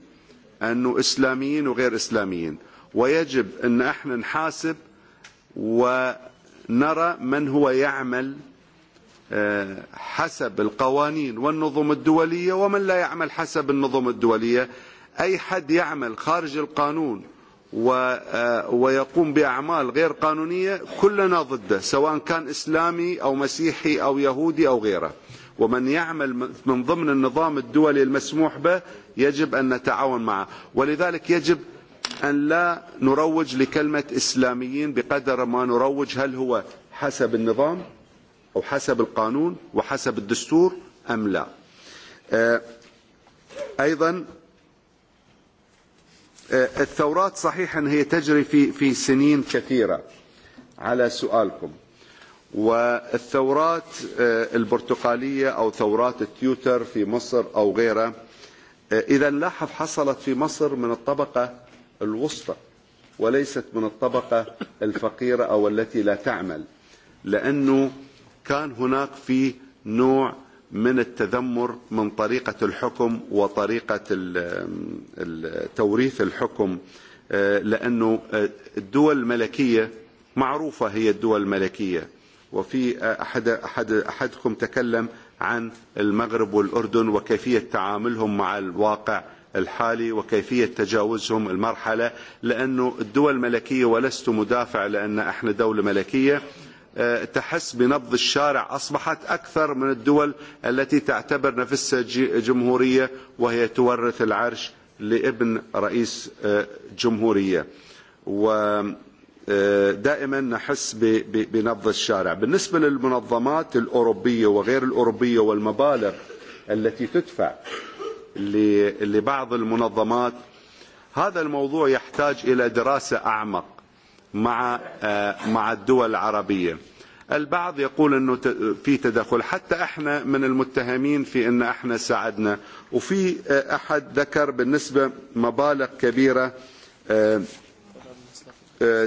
أنه إسلاميين وغير إسلاميين ويجب أن احنا نحاسب ونرى من هو يعمل حسب القوانين والنظم الدولية ومن لا يعمل حسب النظم الدولية أي حد يعمل خارج القانون و... ويقوم بأعمال غير قانونية كلنا ضده سواء كان إسلامي أو مسيحي أو يهودي أو غيره ومن يعمل من ضمن النظام الدولي المسموح به يجب أن نتعاون معه ولذلك يجب أن لا نروج لكلمة إسلاميين بقدر ما نروج هل هو حسب النظام أو حسب القانون وحسب الدستور أم لا أيضا الثورات صحيح أن هي تجري في, في سنين كثيرة على سؤالكم والثورات البرتقالية أو ثورات التيوتر في مصر أو غيرها إذا لاحظ حصلت في مصر من الطبقة الوسطى وليست من الطبقة الفقيرة أو التي لا تعمل لأنه كان هناك في نوع من التذمر من طريقة الحكم وطريقة توريث الحكم لأن الدول الملكية معروفة هي الدول الملكية وفي أحد أحد أحدكم تكلم عن المغرب والأردن وكيفية تعاملهم مع الواقع الحالي وكيفية تجاوزهم المرحلة لأن الدول الملكية ولست مدافع لأن احنا دولة ملكية تحس بنبض الشارع أصبحت أكثر من الدول التي تعتبر نفسها جمهورية وهي تورث العرش لابن رئيس جمهورية ودائما نحس بنبض الشارع بالنسبة للمنظمات الأوروبية وغير الأوروبية والمبالغ التي تدفع لبعض المنظمات هذا الموضوع يحتاج إلى دراسة أعمق مع مع الدول العربية البعض يقول أنه في تدخل حتى احنا من المتهمين في أن احنا ساعدنا وفي أحد ذكر بالنسبة مبالغ كبيرة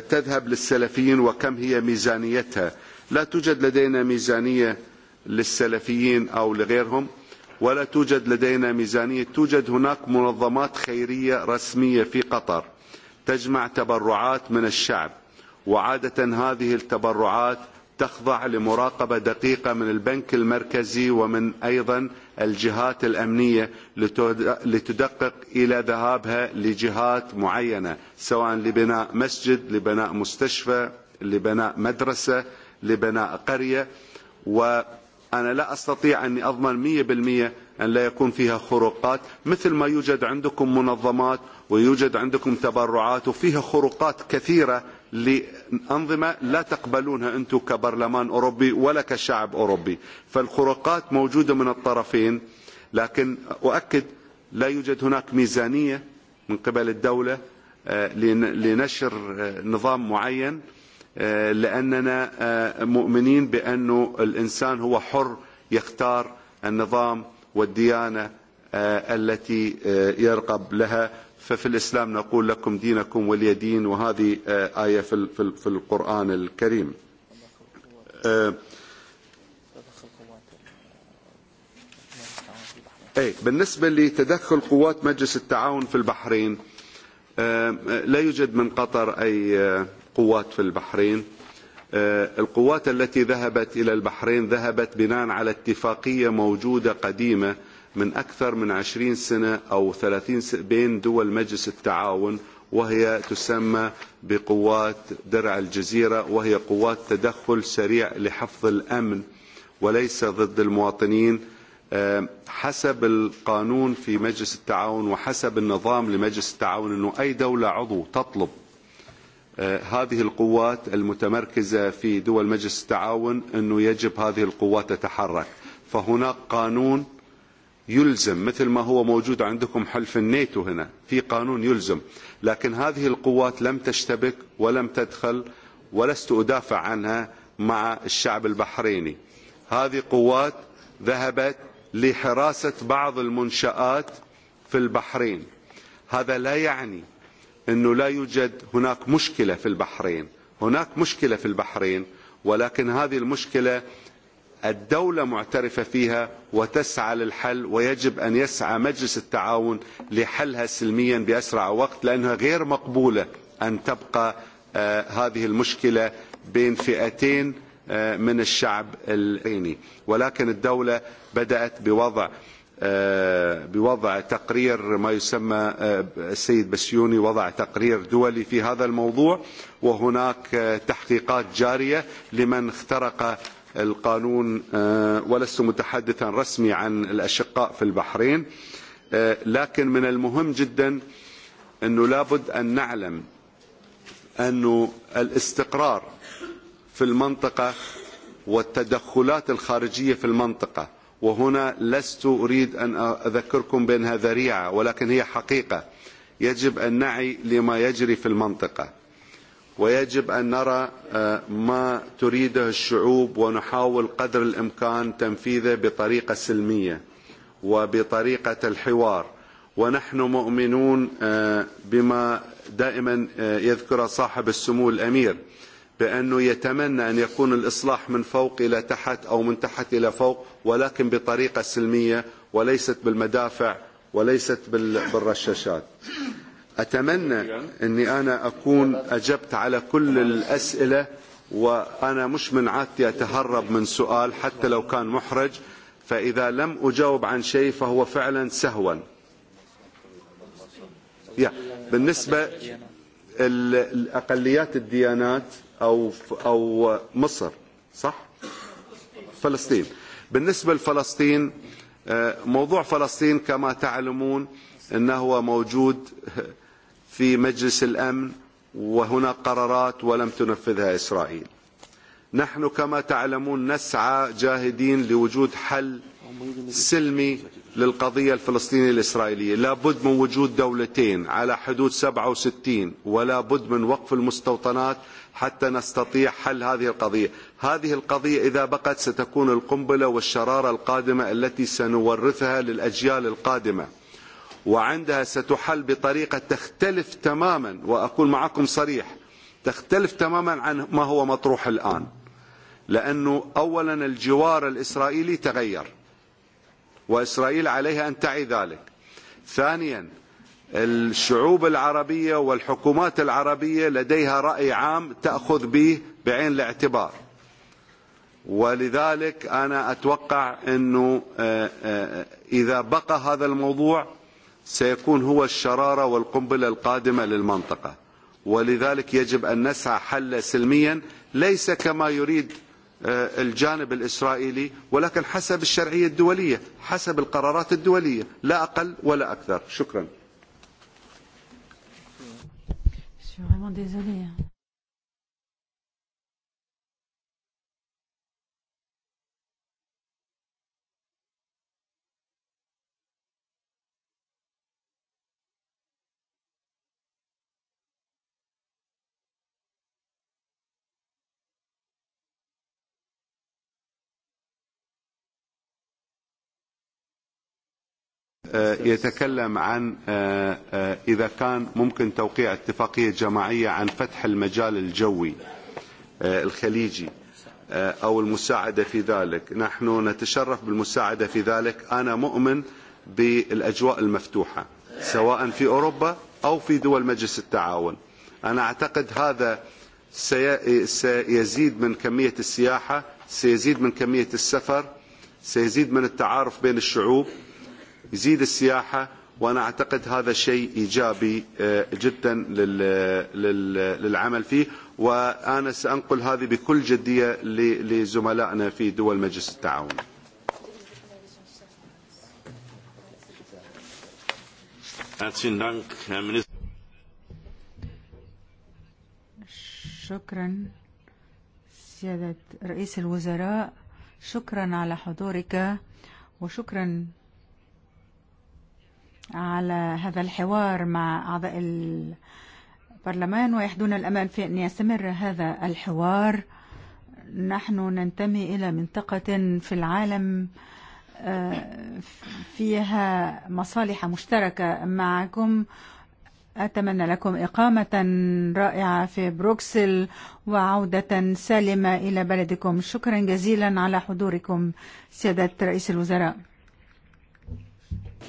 تذهب للسلفيين وكم هي ميزانيتها لا توجد لدينا ميزانية للسلفيين أو لغيرهم ولا توجد لدينا ميزانية توجد هناك منظمات خيرية رسمية في قطر تجمع تبرعات من الشعب وعادة هذه التبرعات تخضع لمراقبة دقيقة من البنك المركزي ومن أيضا الجهات الأمنية لتدقق إلى ذهابها لجهات معينة سواء لبناء مسجد لبناء مستشفى لبناء مدرسة لبناء قرية وأنا لا أستطيع أن أضمن 100% أن لا يكون فيها خروقات مثل ما يوجد عندكم منظمات ويوجد عندكم تبرعات وفيها خروقات كثيرة لأنظمة لا تقبلونها أنتم كبرلمان أوروبي ولا كشعب أوروبي فالخروقات موجودة من الطرفين لكن أؤكد لا يوجد هناك ميزانية من قبل الدولة لنشر نظام معين لأننا مؤمنين بأن الإنسان هو حر يختار النظام والديانة التي يرقب لها ففي الإسلام نقول لكم دينكم ولي دين وهذه آية في القرآن الكريم أي بالنسبة لتدخل قوات مجلس التعاون في البحرين لا يوجد من قطر أي قوات في البحرين القوات التي ذهبت إلى البحرين ذهبت بناء على اتفاقية موجودة قديمة من أكثر من عشرين سنة أو ثلاثين سنة بين دول مجلس التعاون وهي تسمى بقوات درع الجزيرة وهي قوات تدخل سريع لحفظ الأمن وليس ضد المواطنين حسب القانون في مجلس التعاون وحسب النظام لمجلس التعاون أنه أي دولة عضو تطلب هذه القوات المتمركزة في دول مجلس التعاون أنه يجب هذه القوات تتحرك فهناك قانون يلزم مثل ما هو موجود عندكم حلف الناتو هنا في قانون يلزم لكن هذه القوات لم تشتبك ولم تدخل ولست أدافع عنها مع الشعب البحريني هذه قوات ذهبت لحراسة بعض المنشآت في البحرين هذا لا يعني أنه لا يوجد هناك مشكلة في البحرين هناك مشكلة في البحرين ولكن هذه المشكلة الدولة معترفة فيها وتسعى للحل ويجب أن يسعى مجلس التعاون لحلها سلميا بأسرع وقت لأنها غير مقبولة أن تبقى هذه المشكلة بين فئتين من الشعب الإيراني ولكن الدولة بدأت بوضع بوضع تقرير ما يسمى السيد بسيوني وضع تقرير دولي في هذا الموضوع وهناك تحقيقات جارية لمن اخترق القانون ولست متحدثا رسمي عن الأشقاء في البحرين لكن من المهم جدا أنه لابد أن نعلم أن الاستقرار في المنطقة والتدخلات الخارجية في المنطقة وهنا لست أريد أن أذكركم بأنها ذريعة ولكن هي حقيقة يجب أن نعي لما يجري في المنطقة ويجب أن نرى ما تريده الشعوب ونحاول قدر الإمكان تنفيذه بطريقة سلمية وبطريقة الحوار ونحن مؤمنون بما دائما يذكر صاحب السمو الأمير بأنه يتمنى أن يكون الإصلاح من فوق إلى تحت أو من تحت إلى فوق ولكن بطريقة سلمية وليست بالمدافع وليست بالرشاشات أتمنى أني أنا أكون أجبت على كل الأسئلة وأنا مش من عادتي أتهرب من سؤال حتى لو كان محرج فإذا لم أجاوب عن شيء فهو فعلا سهوا بالنسبة الأقليات الديانات أو, أو مصر صح؟ فلسطين بالنسبة لفلسطين موضوع فلسطين كما تعلمون أنه موجود في مجلس الأمن وهنا قرارات ولم تنفذها إسرائيل نحن كما تعلمون نسعى جاهدين لوجود حل سلمي للقضية الفلسطينية الإسرائيلية لا بد من وجود دولتين على حدود 67 ولا بد من وقف المستوطنات حتى نستطيع حل هذه القضية هذه القضية إذا بقت ستكون القنبلة والشرارة القادمة التي سنورثها للأجيال القادمة وعندها ستحل بطريقة تختلف تماما وأقول معكم صريح تختلف تماما عن ما هو مطروح الآن لأنه أولا الجوار الإسرائيلي تغير وإسرائيل عليها أن تعي ذلك ثانيا الشعوب العربية والحكومات العربية لديها رأي عام تأخذ به بعين الاعتبار ولذلك أنا أتوقع أنه إذا بقى هذا الموضوع سيكون هو الشرارة والقنبلة القادمة للمنطقة ولذلك يجب أن نسعى حل سلميا ليس كما يريد الجانب الإسرائيلي ولكن حسب الشرعية الدولية حسب القرارات الدولية لا أقل ولا أكثر شكرا Je suis vraiment désolée. يتكلم عن إذا كان ممكن توقيع اتفاقية جماعية عن فتح المجال الجوي الخليجي أو المساعدة في ذلك نحن نتشرف بالمساعدة في ذلك أنا مؤمن بالأجواء المفتوحة سواء في أوروبا أو في دول مجلس التعاون أنا أعتقد هذا سيزيد من كمية السياحة سيزيد من كمية السفر سيزيد من التعارف بين الشعوب يزيد السياحة وأنا أعتقد هذا شيء إيجابي جدا للعمل فيه وأنا سأنقل هذه بكل جدية لزملائنا في دول مجلس التعاون شكرا سيادة رئيس الوزراء شكرا على حضورك وشكرا على هذا الحوار مع أعضاء البرلمان ويحدون الأمل في أن يستمر هذا الحوار نحن ننتمي إلى منطقة في العالم فيها مصالح مشتركة معكم أتمنى لكم إقامة رائعة في بروكسل وعودة سالمة إلى بلدكم شكرا جزيلا على حضوركم سيادة رئيس الوزراء